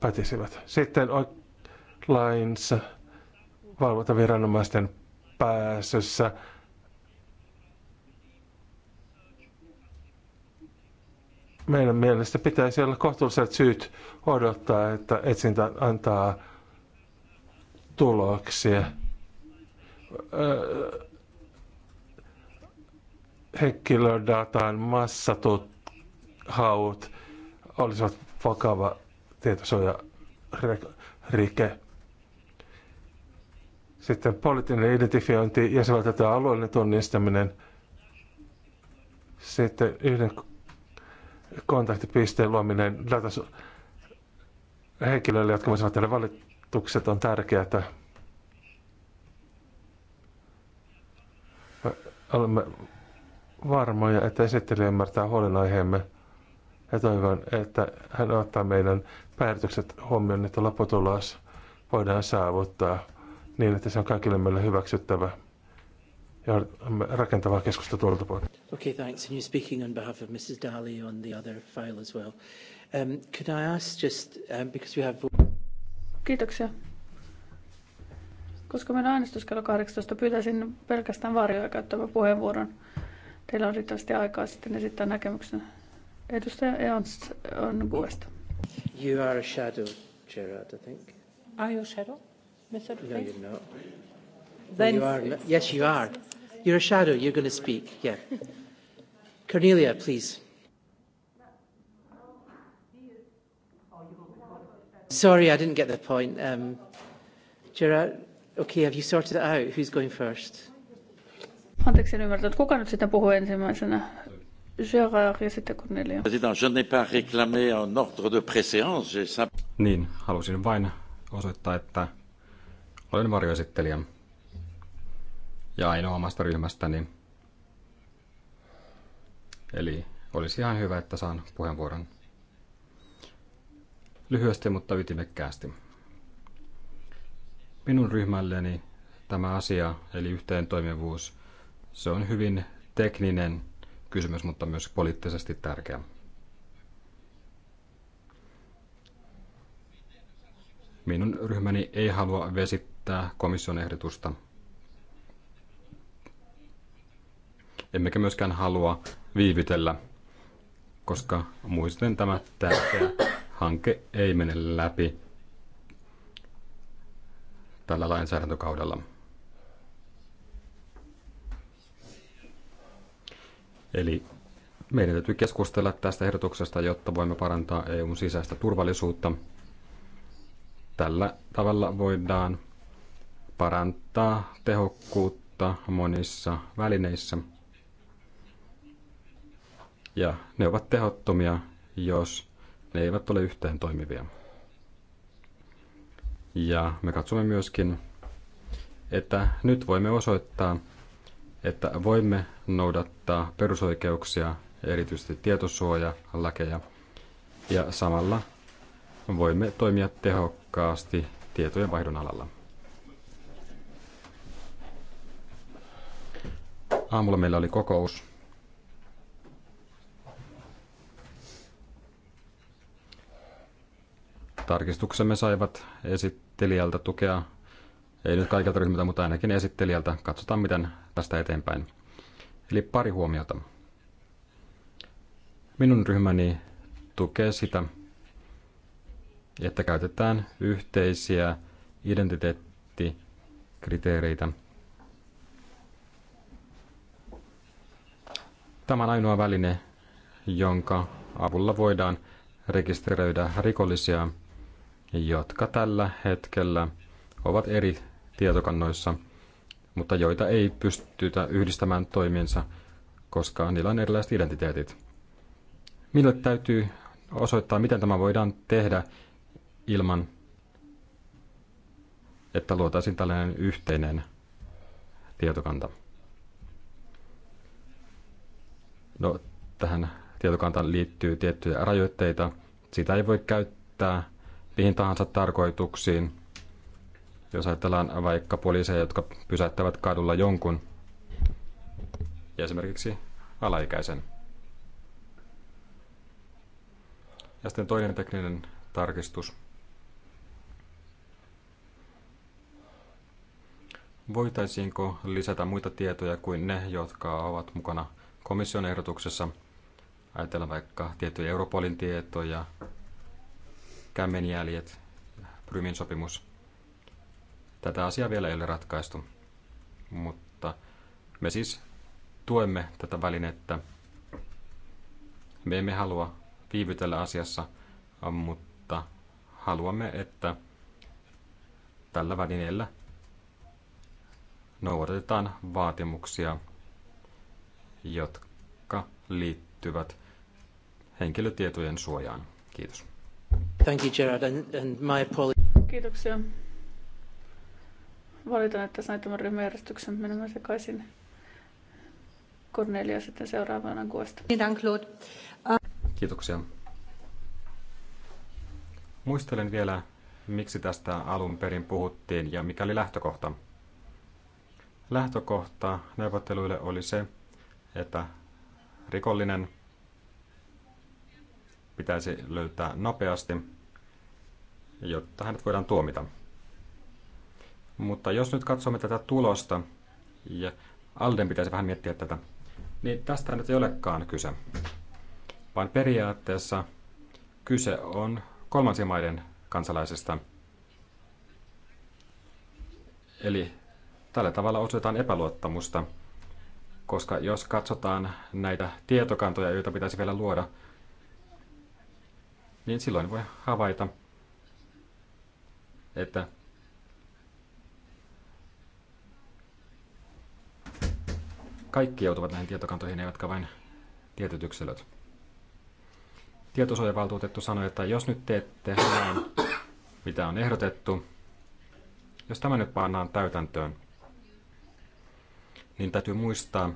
pätisivät. Sitten lainsa valvontaviranomaisten pääsössä meidän mielestä pitäisi olla kohtuulliset syyt odottaa, että etsintä antaa tuloksia. Öö, henkilödatan massatut olisivat vakava rike Sitten poliittinen identifiointi, jäsenvaltioiden alueellinen tunnistaminen. Sitten yhden kontaktipisteen luominen datas henkilöille, jotka voisivat tehdä valitukset, on tärkeää. Olemme varmoja, että esittelijä ymmärtää huolenaiheemme ja toivon, että hän ottaa meidän päätökset huomioon, että lopputulos voidaan saavuttaa niin, että se on kaikille meille hyväksyttävä ja rakentavaa keskustelua tuolta Okay, thanks. And you're speaking on behalf of Mrs. Daly on the other file as well. Um, could I ask just, um, because we have... Kiitoksia. Koska meidän äänestys kello 18, pyytäisin pelkästään varjoja käyttämään puheenvuoron. Teillä on riittävästi aikaa sitten esittää näkemyksen. Edustaja Ernst on Guesta. You are a shadow, Gerard, I think. Are you a shadow? Mr. No, you're not. Then... Well, you are. Yes, you are. You're a shadow. You're going to speak. Yeah. Cornelia, please. Sorry, I didn't get the point. Um, Gerard, okay, have you sorted it out? Who's going first? Anteeksi, en ymmärtänyt. Kuka nyt sitä puhuu ensimmäisenä? Gérard ja sitten Cornelia. je n'ai pas réclamé un ordre de préséance. Niin, halusin vain osoittaa, että olen varjoesittelijä ja ainoa omasta ryhmästäni. Eli olisi ihan hyvä, että saan puheenvuoron. Lyhyesti, mutta ytimekkäästi. Minun ryhmälleni tämä asia, eli toimivuus. Se on hyvin tekninen kysymys, mutta myös poliittisesti tärkeä. Minun ryhmäni ei halua vesittää komission ehdotusta. Emmekä myöskään halua viivytellä, koska muisten tämä tärkeä hanke ei mene läpi tällä lainsäädäntökaudella. Eli meidän täytyy keskustella tästä ehdotuksesta, jotta voimme parantaa EUn sisäistä turvallisuutta. Tällä tavalla voidaan parantaa tehokkuutta monissa välineissä. Ja ne ovat tehottomia, jos ne eivät ole yhteen toimivia. Ja me katsomme myöskin, että nyt voimme osoittaa, että voimme noudattaa perusoikeuksia, erityisesti tietosuojalakeja, ja samalla voimme toimia tehokkaasti tietojen vaihdon alalla. Aamulla meillä oli kokous. Tarkistuksemme saivat esittelijältä tukea ei nyt kaikilta ryhmiltä, mutta ainakin esittelijältä. Katsotaan, miten tästä eteenpäin. Eli pari huomiota. Minun ryhmäni tukee sitä, että käytetään yhteisiä identiteettikriteereitä. Tämä on ainoa väline, jonka avulla voidaan rekisteröidä rikollisia, jotka tällä hetkellä – ovat eri tietokannoissa, mutta joita ei pystytä yhdistämään toimiinsa, koska niillä on erilaiset identiteetit. Minulle täytyy osoittaa, miten tämä voidaan tehdä ilman, että luotaisiin tällainen yhteinen tietokanta. No, tähän tietokantaan liittyy tiettyjä rajoitteita. Sitä ei voi käyttää mihin tahansa tarkoituksiin, jos ajatellaan vaikka poliiseja, jotka pysäyttävät kadulla jonkun, ja esimerkiksi alaikäisen. Ja sitten toinen tekninen tarkistus. Voitaisiinko lisätä muita tietoja kuin ne, jotka ovat mukana komission ehdotuksessa? Ajatellaan vaikka tiettyjä Europolin tietoja, kämmenjäljet, Prymin sopimus. Tätä asiaa vielä ei ole ratkaistu, mutta me siis tuemme tätä välinettä. Me emme halua viivytellä asiassa, mutta haluamme, että tällä välineellä noudatetaan vaatimuksia, jotka liittyvät henkilötietojen suojaan. Kiitos. Thank you, Gerard, and, and my Kiitoksia. Valitan, että sain tämän ryhmäjärjestyksen menemään sekaisin. Cornelia sitten seuraavana kuosta. Kiitoksia. Muistelen vielä, miksi tästä alun perin puhuttiin ja mikä oli lähtökohta. Lähtökohta neuvotteluille oli se, että rikollinen pitäisi löytää nopeasti, jotta hänet voidaan tuomita. Mutta jos nyt katsomme tätä tulosta, ja Alden pitäisi vähän miettiä tätä, niin tästä nyt ei olekaan kyse. Vaan periaatteessa kyse on kolmansien maiden kansalaisista. Eli tällä tavalla osoitetaan epäluottamusta, koska jos katsotaan näitä tietokantoja, joita pitäisi vielä luoda, niin silloin voi havaita, että kaikki joutuvat näihin tietokantoihin, eivätkä vain tietyt yksilöt. Tietosuojavaltuutettu sanoi, että jos nyt teette näin, mitä on ehdotettu, jos tämä nyt pannaan täytäntöön, niin täytyy muistaa,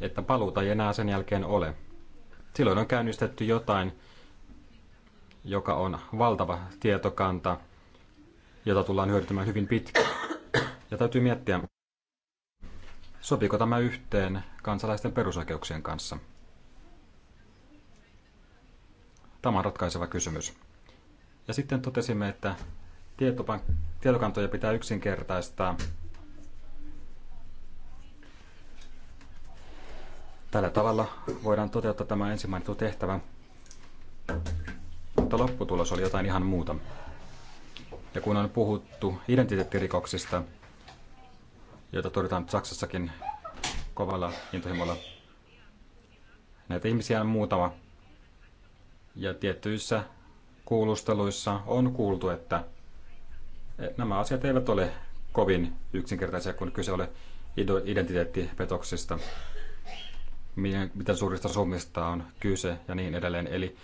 että paluuta ei enää sen jälkeen ole. Silloin on käynnistetty jotain, joka on valtava tietokanta, jota tullaan hyödyntämään hyvin pitkään. Ja täytyy miettiä, Sopiiko tämä yhteen kansalaisten perusoikeuksien kanssa? Tämä on ratkaiseva kysymys. Ja sitten totesimme, että tietokantoja pitää yksinkertaistaa. Tällä tavalla voidaan toteuttaa tämä ensimmäinen tehtävä, mutta lopputulos oli jotain ihan muuta. Ja kun on puhuttu identiteettirikoksista, joita torjutaan nyt Saksassakin kovalla intohimolla. Näitä ihmisiä on muutama. Ja tiettyissä kuulusteluissa on kuultu, että e, nämä asiat eivät ole kovin yksinkertaisia, kun kyse ole identiteettipetoksista, miten suurista summista on kyse ja niin edelleen. Eli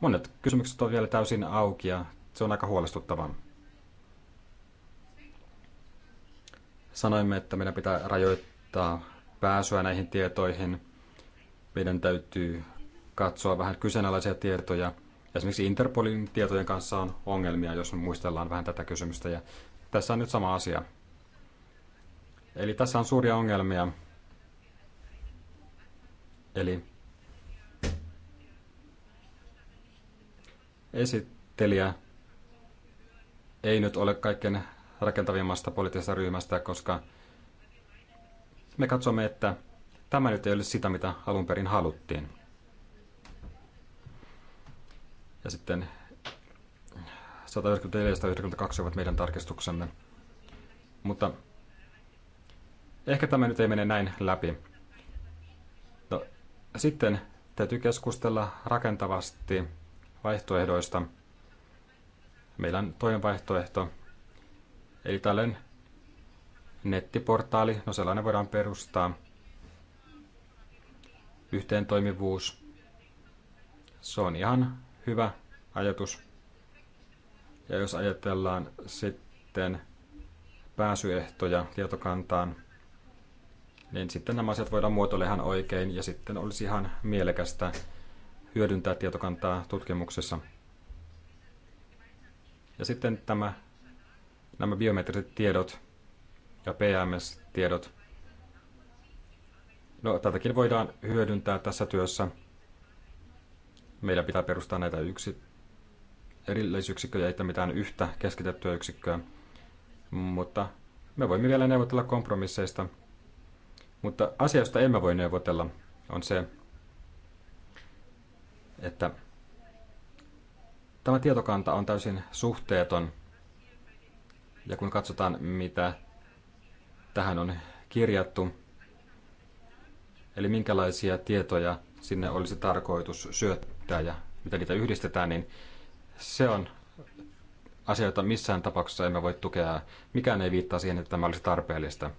monet kysymykset ovat vielä täysin auki ja se on aika huolestuttavaa. Sanoimme, että meidän pitää rajoittaa pääsyä näihin tietoihin. Meidän täytyy katsoa vähän kyseenalaisia tietoja. Esimerkiksi Interpolin tietojen kanssa on ongelmia, jos muistellaan vähän tätä kysymystä. Ja tässä on nyt sama asia. Eli tässä on suuria ongelmia. Eli esittelijä ei nyt ole kaikkein rakentavimmasta poliittisesta ryhmästä, koska me katsomme, että tämä nyt ei ole sitä, mitä alun perin haluttiin. Ja sitten 194-192 ovat meidän tarkistuksemme. Mutta ehkä tämä nyt ei mene näin läpi. No, sitten täytyy keskustella rakentavasti vaihtoehdoista. Meillä on toinen vaihtoehto, Eli tällainen nettiportaali, no sellainen voidaan perustaa. Yhteen toimivuus. Se on ihan hyvä ajatus. Ja jos ajatellaan sitten pääsyehtoja tietokantaan, niin sitten nämä asiat voidaan muotoilla ihan oikein ja sitten olisi ihan mielekästä hyödyntää tietokantaa tutkimuksessa. Ja sitten tämä nämä biometriset tiedot ja PMS-tiedot, no tätäkin voidaan hyödyntää tässä työssä. Meillä pitää perustaa näitä yksi, erillisyksikköjä, että mitään yhtä keskitettyä yksikköä, mutta me voimme vielä neuvotella kompromisseista. Mutta asia, josta emme voi neuvotella, on se, että tämä tietokanta on täysin suhteeton – ja kun katsotaan, mitä tähän on kirjattu, eli minkälaisia tietoja sinne olisi tarkoitus syöttää ja mitä niitä yhdistetään, niin se on asia, jota missään tapauksessa emme voi tukea. Mikään ei viittaa siihen, että tämä olisi tarpeellista.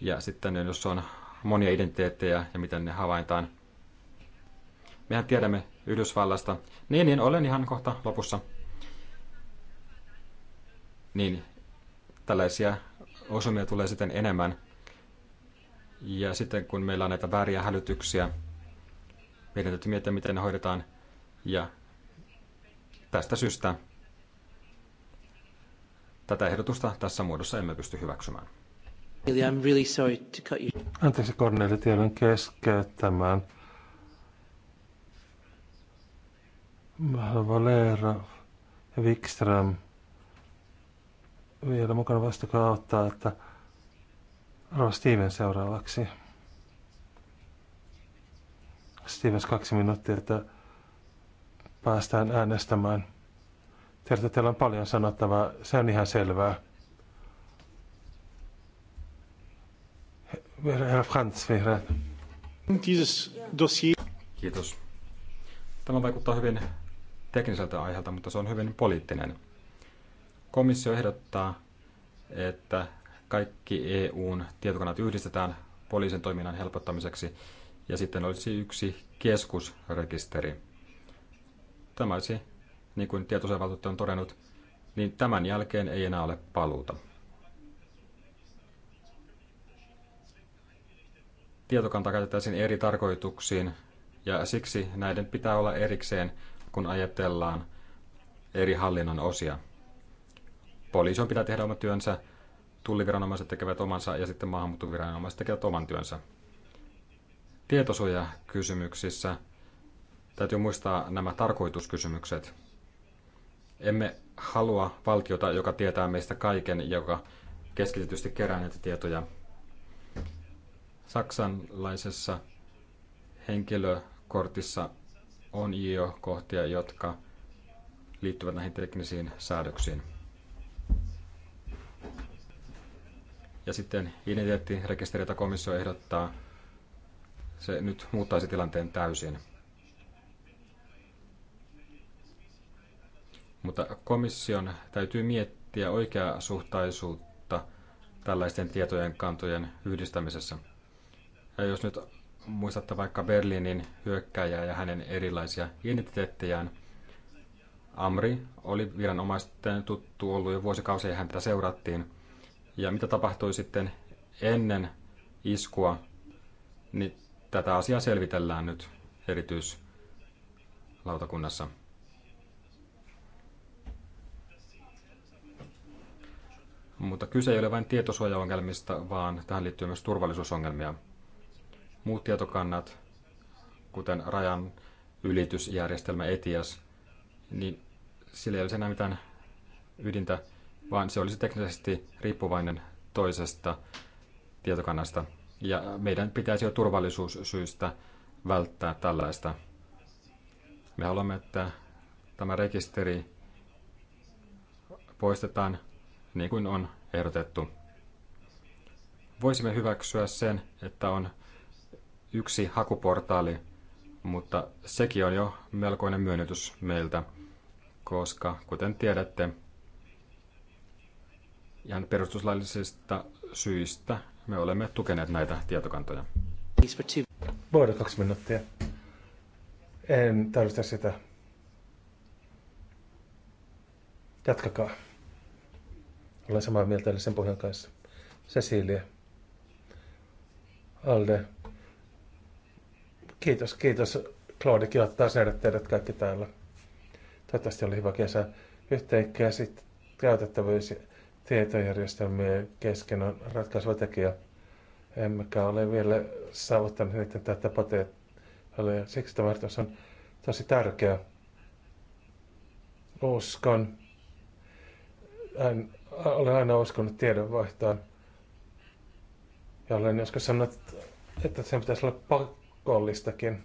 Ja sitten jos on monia identiteettejä ja miten ne havaintaan Mehän tiedämme Yhdysvallasta. Niin, niin olen ihan kohta lopussa niin tällaisia osumia tulee sitten enemmän. Ja sitten kun meillä on näitä vääriä hälytyksiä, meidän täytyy miettiä, miten ne hoidetaan. Ja tästä syystä tätä ehdotusta tässä muodossa emme pysty hyväksymään. I'm really sorry to cut you. Anteeksi Korneli, tiedän keskeyttämään. Valera ja Wikström vielä mukana vastakaa auttaa, että Rova Steven seuraavaksi. Stevens kaksi minuuttia, että päästään äänestämään. Tiedätte, teillä on paljon sanottavaa, se on ihan selvää. Herra Frantz, vihreät. Kiitos. Tämä vaikuttaa hyvin tekniseltä aiheelta, mutta se on hyvin poliittinen. Komissio ehdottaa, että kaikki EUn tietokannat yhdistetään poliisin toiminnan helpottamiseksi ja sitten olisi yksi keskusrekisteri. Tämä olisi, niin kuin tietosuojavaltuutettu on todennut, niin tämän jälkeen ei enää ole paluuta. Tietokanta käytetään eri tarkoituksiin ja siksi näiden pitää olla erikseen, kun ajatellaan eri hallinnon osia on pitää tehdä oma työnsä, tulliviranomaiset tekevät omansa ja sitten maahanmuuttoviranomaiset tekevät oman työnsä. Tietosuojakysymyksissä täytyy muistaa nämä tarkoituskysymykset. Emme halua valtiota, joka tietää meistä kaiken, joka keskitetysti kerää näitä tietoja. Saksanlaisessa henkilökortissa on jo kohtia, jotka liittyvät näihin teknisiin säädöksiin. Ja sitten identiteettirekisteri, jota komissio ehdottaa, se nyt muuttaisi tilanteen täysin. Mutta komission täytyy miettiä oikea suhtaisuutta tällaisten tietojen kantojen yhdistämisessä. Ja jos nyt muistatte vaikka Berliinin hyökkäjää ja hänen erilaisia identiteettejään, Amri oli viranomaisten tuttu ollut jo vuosikausia ja häntä seurattiin – ja mitä tapahtui sitten ennen iskua, niin tätä asiaa selvitellään nyt erityislautakunnassa. Mutta kyse ei ole vain tietosuojaongelmista, vaan tähän liittyy myös turvallisuusongelmia. Muut tietokannat, kuten rajan ylitysjärjestelmä ETIAS, niin sillä ei ole enää mitään ydintä vaan se olisi teknisesti riippuvainen toisesta tietokannasta. Ja meidän pitäisi jo turvallisuussyistä välttää tällaista. Me haluamme, että tämä rekisteri poistetaan niin kuin on ehdotettu. Voisimme hyväksyä sen, että on yksi hakuportaali, mutta sekin on jo melkoinen myönnytys meiltä, koska kuten tiedätte, ihan perustuslaillisista syistä me olemme tukeneet näitä tietokantoja. Voidaan kaksi minuuttia. En tarvitse sitä. Jatkakaa. Olen samaa mieltä sen pohjan kanssa. Cecilia. Alde. Kiitos, kiitos. Claude, kiva taas nähdä teidät kaikki täällä. Toivottavasti oli hyvä kesä. Yhteen sitten käytettävyys tietojärjestelmien kesken on ratkaiseva tekijä. Emmekä ole vielä saavuttaneet niiden tätä potentiaalia. Siksi tämä on tosi tärkeä. Uskon. En, olen aina uskonut tiedonvaihtoon. Ja olen joskus sanonut, että sen pitäisi olla pakollistakin.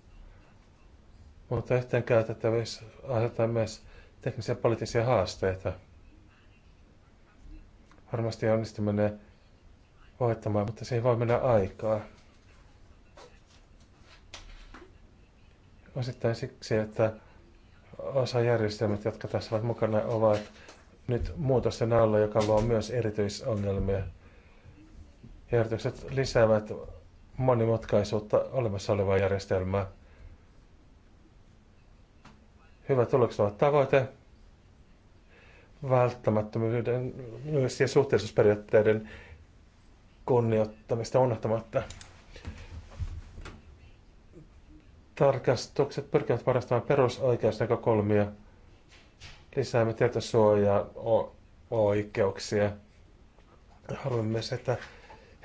Mutta yhteen käytettävyys aiheuttaa myös teknisiä poliittisia haasteita – varmasti onnistuminen voittamaan, mutta siihen voi mennä aikaa. Osittain siksi, että osa järjestelmät, jotka tässä ovat mukana, ovat nyt muutosten alla, joka luo myös erityisongelmia. Järjestykset lisäävät monimutkaisuutta olemassa olevaa järjestelmää. tulokset ovat tavoite, välttämättömyyden myös ja suhteellisuusperiaatteiden kunnioittamista unohtamatta. Tarkastukset pyrkivät varastamaan perusoikeusnäkökulmia, lisäämme tietosuojaa oikeuksia. Haluamme myös, että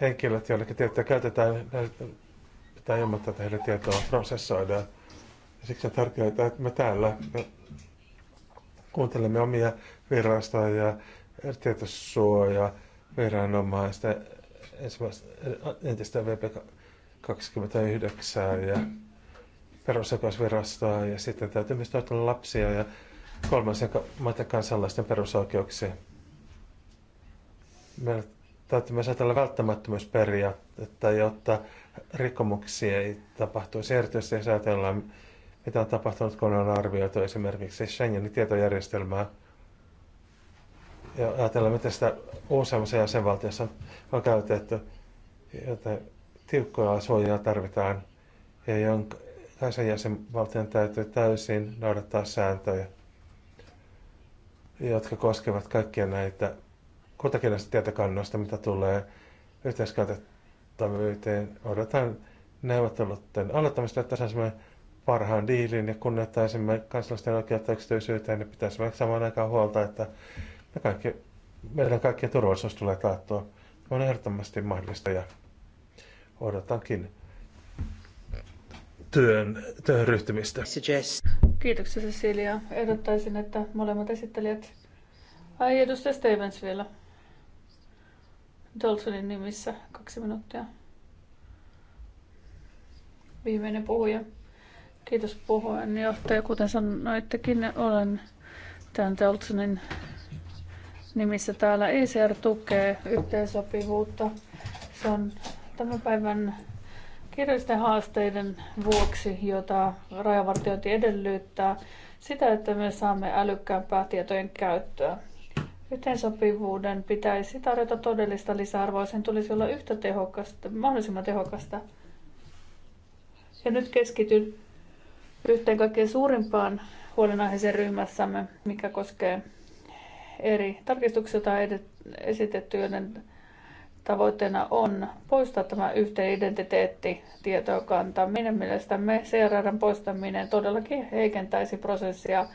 henkilöt, joillekin tietoa käytetään, pitää ilmoittaa, että heille tietoa prosessoidaan. Ja siksi on tärkeää, että me täällä kuuntelemme omia virasta ja tietosuoja viranomaista entistä VP29 ja perusoikeusvirastoa ja sitten täytyy myös toitella lapsia ja kolmansien maiden kansalaisten perusoikeuksia. Meillä täytyy myös ajatella välttämättömyysperiaatetta, jotta rikkomuksia ei tapahtuisi. Erityisesti jos ajatellaan, mitä on tapahtunut, kun on arvioitu esimerkiksi Schengenin tietojärjestelmää – ja ajatellaan, miten sitä useammassa jäsenvaltiossa on käytetty, joten tiukkoja suojaa tarvitaan ja jonka jäsenvaltion täytyy täysin noudattaa sääntöjä, jotka koskevat kaikkia näitä kutakin näistä tietokannoista, mitä tulee yhteiskäytettävyyteen. Odotan neuvottelutten aloittamista, että saisimme parhaan diilin ja kunnioittaisimme kansalaisten oikeutta yksityisyyteen ja niin pitäisimme samaan aikaan huolta, että ja kaikki, meidän kaikkien turvallisuus tulee taattua. Se on ehdottomasti mahdollista ja odotankin työn, työhön ryhtymistä. Kiitoksia Cecilia. Ehdottaisin, että molemmat esittelijät... Ai edustaja Stevens vielä. Dolphonin nimissä kaksi minuuttia. Viimeinen puhuja. Kiitos johtaja. Kuten sanoittekin, olen tämän Dolphonin nimissä täällä. ECR tukee yhteensopivuutta. Se on tämän päivän kirjallisten haasteiden vuoksi, jota rajavartiointi edellyttää, sitä, että me saamme älykkäämpää tietojen käyttöä. Yhteensopivuuden pitäisi tarjota todellista lisäarvoa, sen tulisi olla yhtä tehokasta, mahdollisimman tehokasta. Ja nyt keskityn yhteen kaikkein suurimpaan huolenaiheeseen ryhmässämme, mikä koskee eri tarkistuksilta esitetty, joiden tavoitteena on poistaa tämä yhteen identiteettitietokanta. Meidän mielestämme CRRn poistaminen todellakin heikentäisi prosessia,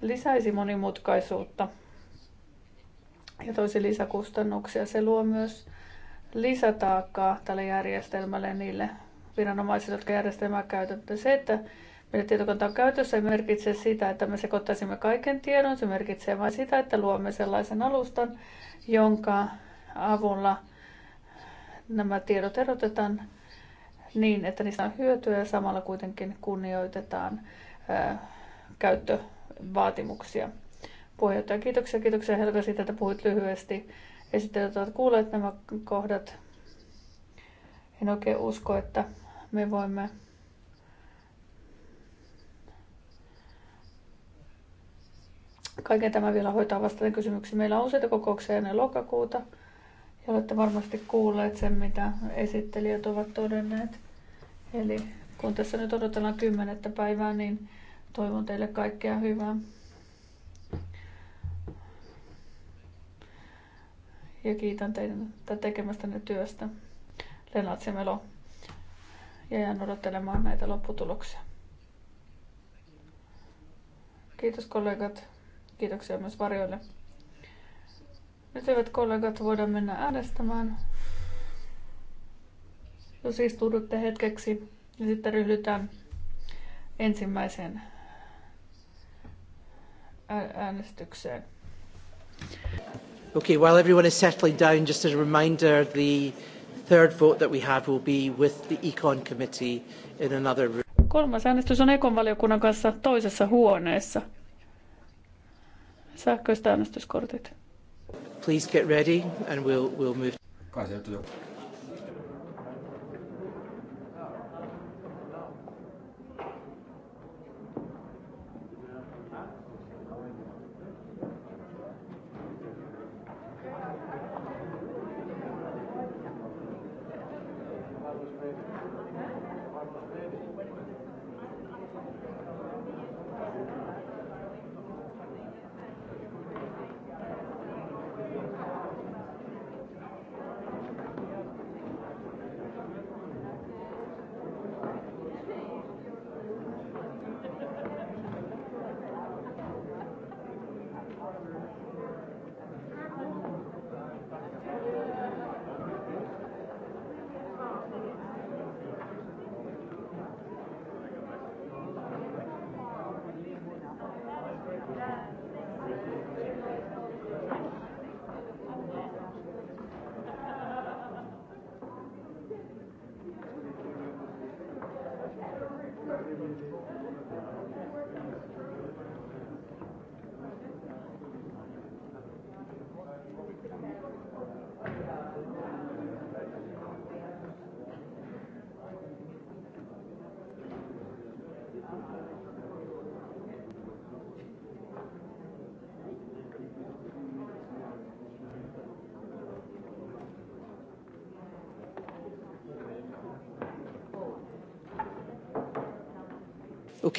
lisäisi monimutkaisuutta ja toisi lisäkustannuksia. Se luo myös lisätaakkaa tälle järjestelmälle niille viranomaisille, jotka järjestelmää käytetään. Se, että Meillä tietokanta on käytössä, ei merkitse sitä, että me sekoittaisimme kaiken tiedon, se merkitsee vain sitä, että luomme sellaisen alustan, jonka avulla nämä tiedot erotetaan niin, että niistä on hyötyä ja samalla kuitenkin kunnioitetaan ää, käyttövaatimuksia. Puheenjohtaja, kiitoksia. Kiitoksia Helga siitä, että puhuit lyhyesti. Esittelijät ovat kuulleet nämä kohdat. En oikein usko, että me voimme kaiken tämän vielä hoitaa vastaan kysymyksiä. Meillä on useita kokouksia ennen lokakuuta ja olette varmasti kuulleet sen, mitä esittelijät ovat todenneet. Eli kun tässä nyt odotellaan kymmenettä päivää, niin toivon teille kaikkea hyvää. Ja kiitän teidän tekemästänne työstä. Lennart Semelo. Ja jään odottelemaan näitä lopputuloksia. Kiitos kollegat. Kiitoksia myös varjoille. Nyt hyvät kollegat, voidaan mennä äänestämään. Jos istuudutte hetkeksi, niin sitten ryhdytään ensimmäiseen äänestykseen. Okay, while everyone is settling down, just as a reminder, the third vote that we have will be with the Econ Committee in another room. Kolmas äänestys on Ekon valiokunnan kanssa toisessa huoneessa sähköiset äänestyskortit. Please get ready and we'll, we'll move.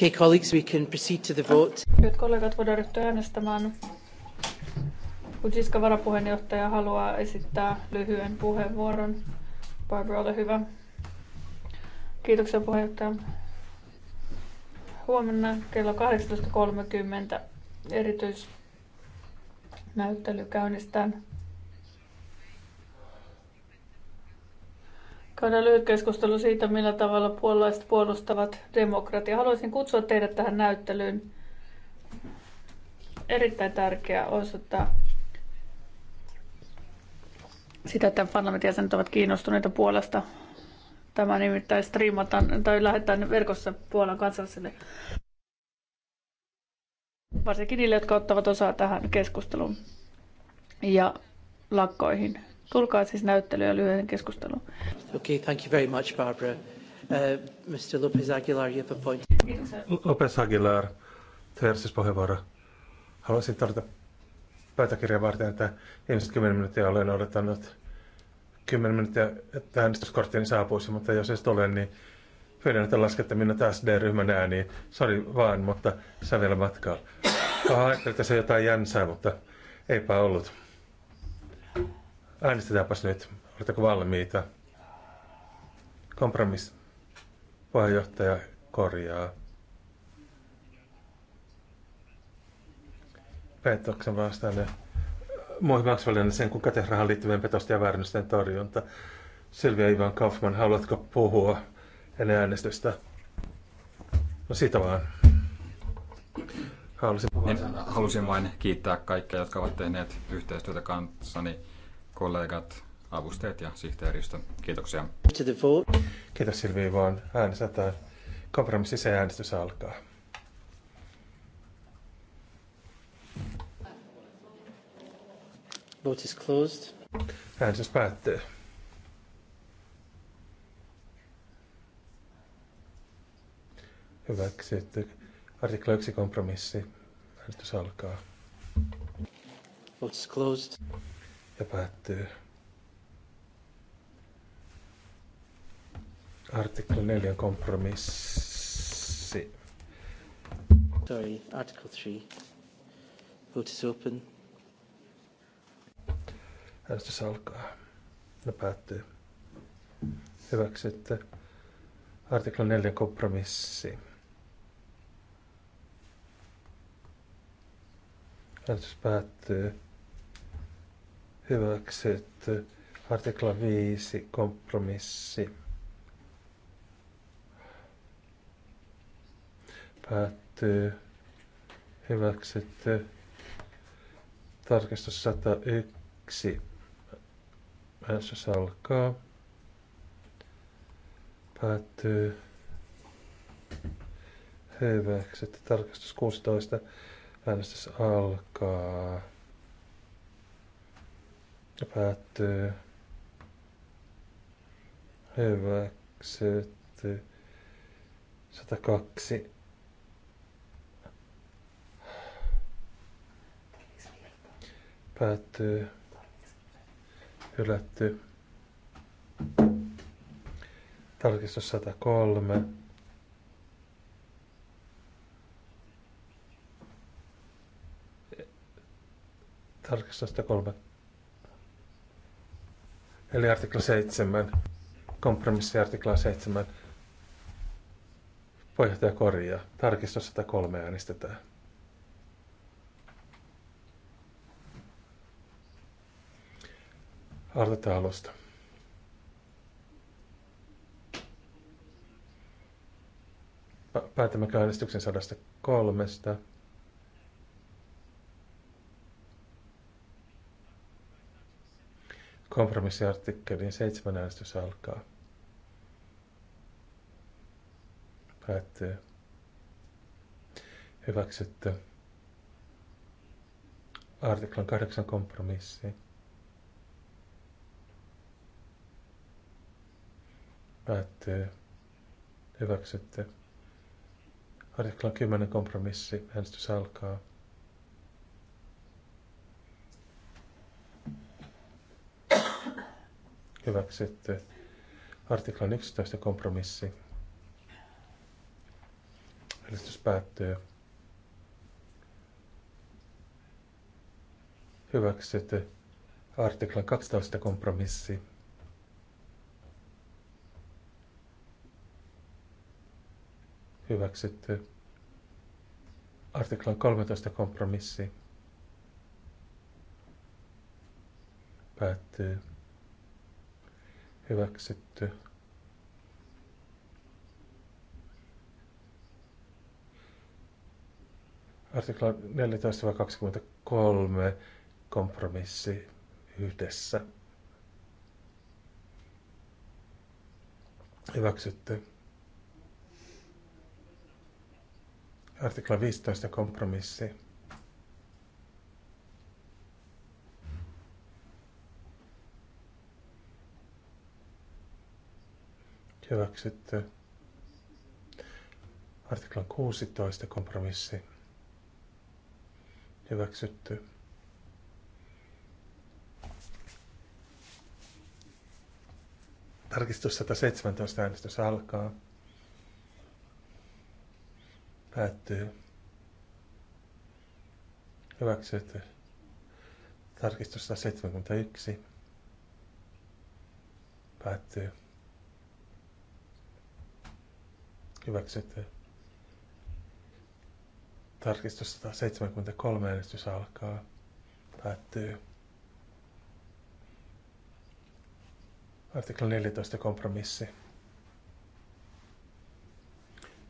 Okay, colleagues, we can proceed to the vote. Hyvät kollegat, voidaan ryhtyä äänestämään. Utsiska varapuheenjohtaja haluaa esittää lyhyen puheenvuoron. Barbara, ole hyvä. Kiitoksia puheenjohtaja. Huomenna kello 18.30 erityisnäyttely käynnistään käydä lyhyt keskustelu siitä, millä tavalla puolalaiset puolustavat demokratiaa. Haluaisin kutsua teidät tähän näyttelyyn. Erittäin tärkeää olisi, että sitä, että parlamentin ovat kiinnostuneita puolesta. Tämä nimittäin striimataan tai lähetetään verkossa Puolan kansalliselle. Varsinkin niille, jotka ottavat osaa tähän keskusteluun ja lakkoihin. Tulkaa siis näyttelyä lyhyen keskustelun. Okay, thank you very much, Barbara. Uh, Mr. Lopez Aguilar, you have a point. Lopez Aguilar, Tversis puheenvuoro. Haluaisin tarjota pöytäkirjan varten, että ihmiset 10 minuuttia olen odottanut 10 minuuttia, että äänestyskorttiin saapuisi, mutta jos ei ole, niin pyydän, että laskette taas d ryhmän ääniin. Sori vaan, mutta sä vielä matkaa. Ajattelin, että se jotain jänsää, mutta eipä ollut. Äänestetäänpäs nyt. Oletteko valmiita? Kompromiss. Puheenjohtaja korjaa. Petoksen vastainen muihin sen kuin käteisrahaan liittyvien petosta ja väärinnysten torjunta. Silvia Ivan Kaufman, haluatko puhua ennen äänestystä? No siitä vaan. Halusin, puhua. Halusin vain kiittää kaikkia, jotka ovat tehneet yhteistyötä kanssani kollegat, avustajat ja sihteeristö. Kiitoksia. Kiitos Silvi, vaan äänestetään. Kompromissi se äänestys alkaa. Vote is closed. Äänestys päättyy. Hyväksytty. Artikla 1 kompromissi. Äänestys alkaa. Vote is closed ja päättyy. Artikla 4 kompromissi. Sorry, Article 3. Vote is open. Äänestys alkaa ja päättyy. Hyväksytty. Artikla 4 kompromissi. Äänestys päättyy hyväksytty. Artikla 5, kompromissi. Päättyy. Hyväksytty. Tarkistus 101. Äänestys alkaa. Päättyy. Hyväksytty. Tarkistus 16. Äänestys alkaa ja Päättyy. Hyväksytty. 102. Päättyy. Hylätty. Tarkistus 103. Tarkistus 103 eli artikla 7, kompromissi artikla 7. Puheenjohtaja korjaa. Tarkistus 103 äänestetään. Aloitetaan alusta. Päätämme äänestyksen 103? Kompromissiartikkelin seitsemän äänestys alkaa. Päättyy. Hyväksytty. Artiklan kahdeksan kompromissi. Päättyy. Hyväksytty. Artiklan kymmenen kompromissi. Äänestys alkaa. hyväksytty. Artiklan 11 kompromissi. Äänestys päättyy. Hyväksytty. Artiklan 12 kompromissi. Hyväksytty. Artiklan 13 kompromissi. Päättyy hyväksytty. Artikla 14-23 kompromissi yhdessä. Hyväksytty. Artikla 15 kompromissi. hyväksytty. Artiklan 16 kompromissi hyväksytty. Tarkistus 117 äänestys alkaa. Päättyy. Hyväksytty. Tarkistus 171. Päättyy. Hyväksytty. Tarkistus 173 äänestys alkaa. Päättyy. Artikla 14 kompromissi.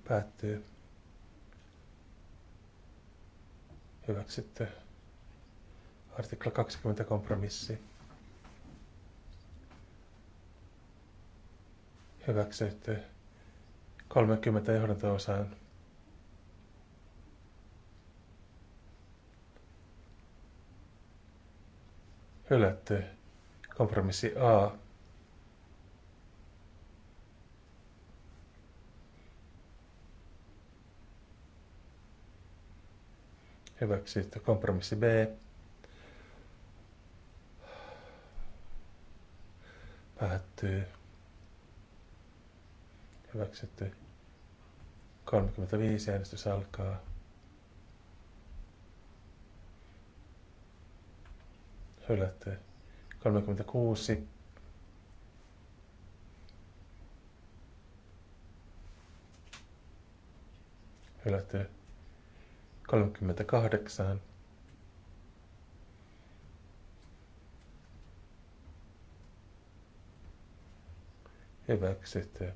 Päättyy. Hyväksytty. Artikla 20 kompromissi. Hyväksytty. 30 johdanto-osaan. Hylätty. Kompromissi A. Hyväksytty. Kompromissi B. Päättyy. Hyväksytty. 35 äänestys alkaa. Hylätty. 36. Hylätty. 38. Hyväksytty.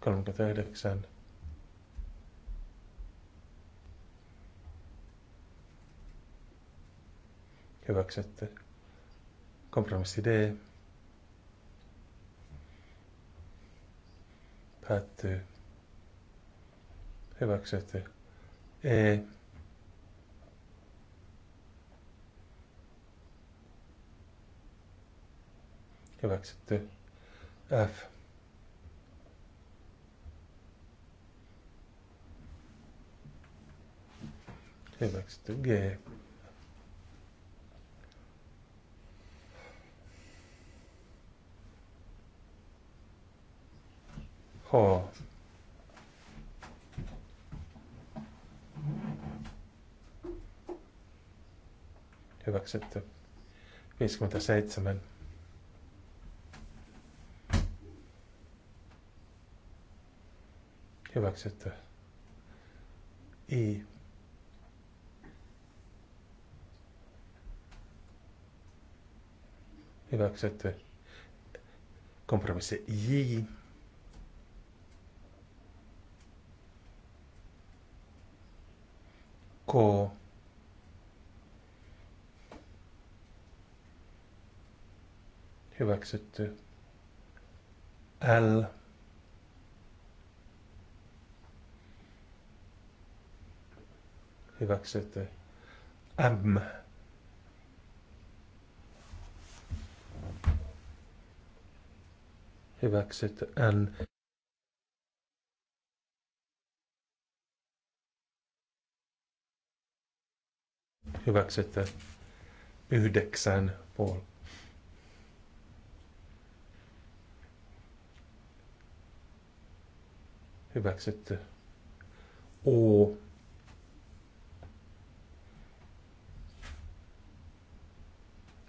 39. Hyväksytty. Kompromissi D. Päättyy. Hyväksytty. E. Hyväksytty. F. Hyväksytty. G. H. Hyväksytty. 57. Hyväksytty. I. Hyväksytty. Kompromissi J. Ko Hyväksytty. L. Hyväksytty. M. Hyväksytty. N. hyväksytte yhdeksän puoli. Hyväksytty. U.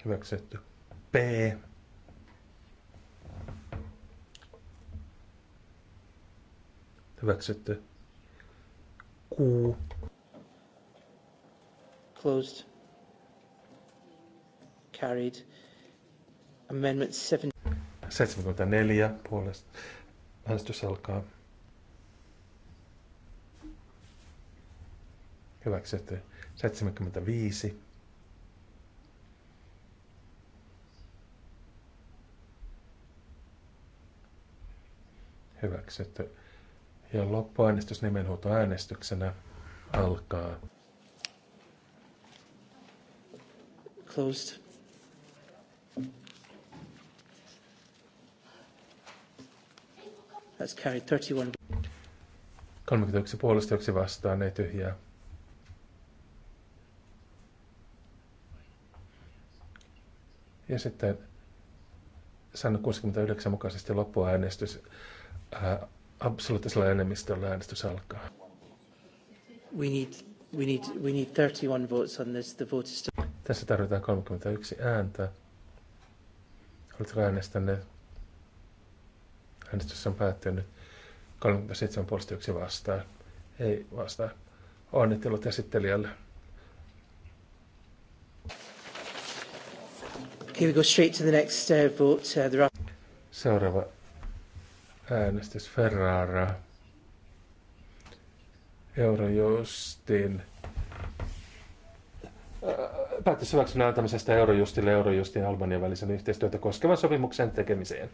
Hyväksytty. P. Hyväksytty. Q. Closed. Carried. Amendment 74 puolesta. Äänestys alkaa. Hyväksytty. 75. Hyväksytty. Ja loppuäänestys nimenhuutoäänestyksenä alkaa. Closed. That's carried 31. 31 puolesta, yksi vastaan, ei tyhjää. Ja sitten sanna 69 mukaisesti loppuäänestys. Ää, äh, absoluuttisella enemmistöllä äänestys alkaa. We need, we need, we need 31 votes on this. The vote is still... Tässä tarvitaan 31 ääntä. Oletko äänestänyt? Äänestys on päättynyt. 37 puolesta yksi vastaan. Ei vastaan. Onnittelut esittelijälle. Okay, we go straight to the next uh, vote. Uh, there Seuraava äänestys Ferrara. Eurojustin päätti hyväksynnän antamisesta Eurojustille Eurojustin ja Albanian välisen yhteistyötä koskevan sopimuksen tekemiseen.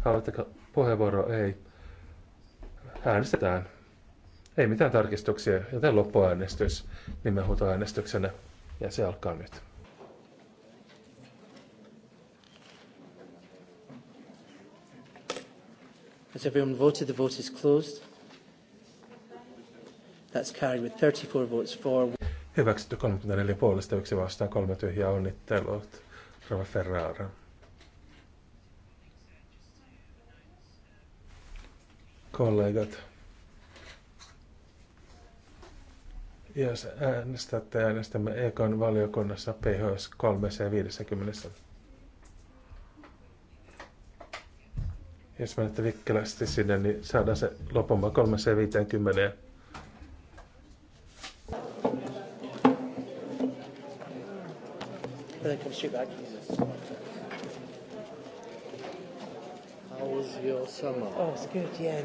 Haluatteko puheenvuoro? Ei. Äänestetään. Ei mitään tarkistuksia, joten loppuäänestys nimenhuutoäänestyksenä. Ja se alkaa nyt. Has everyone voted? The vote is closed. That's carried with 34 votes for, Hyväksytty 34 puolesta, yksi vastaan, kolme tyhjää onnittelua. Rova Ferrara. Kollegat, jos äänestätte, äänestämme Ekon valiokunnassa PHS 3C50. Jos menette vikkelästi sinne, niin saadaan se lopumaan 3C50. for the consumer access. How was your summer? Oh, it's good, yeah.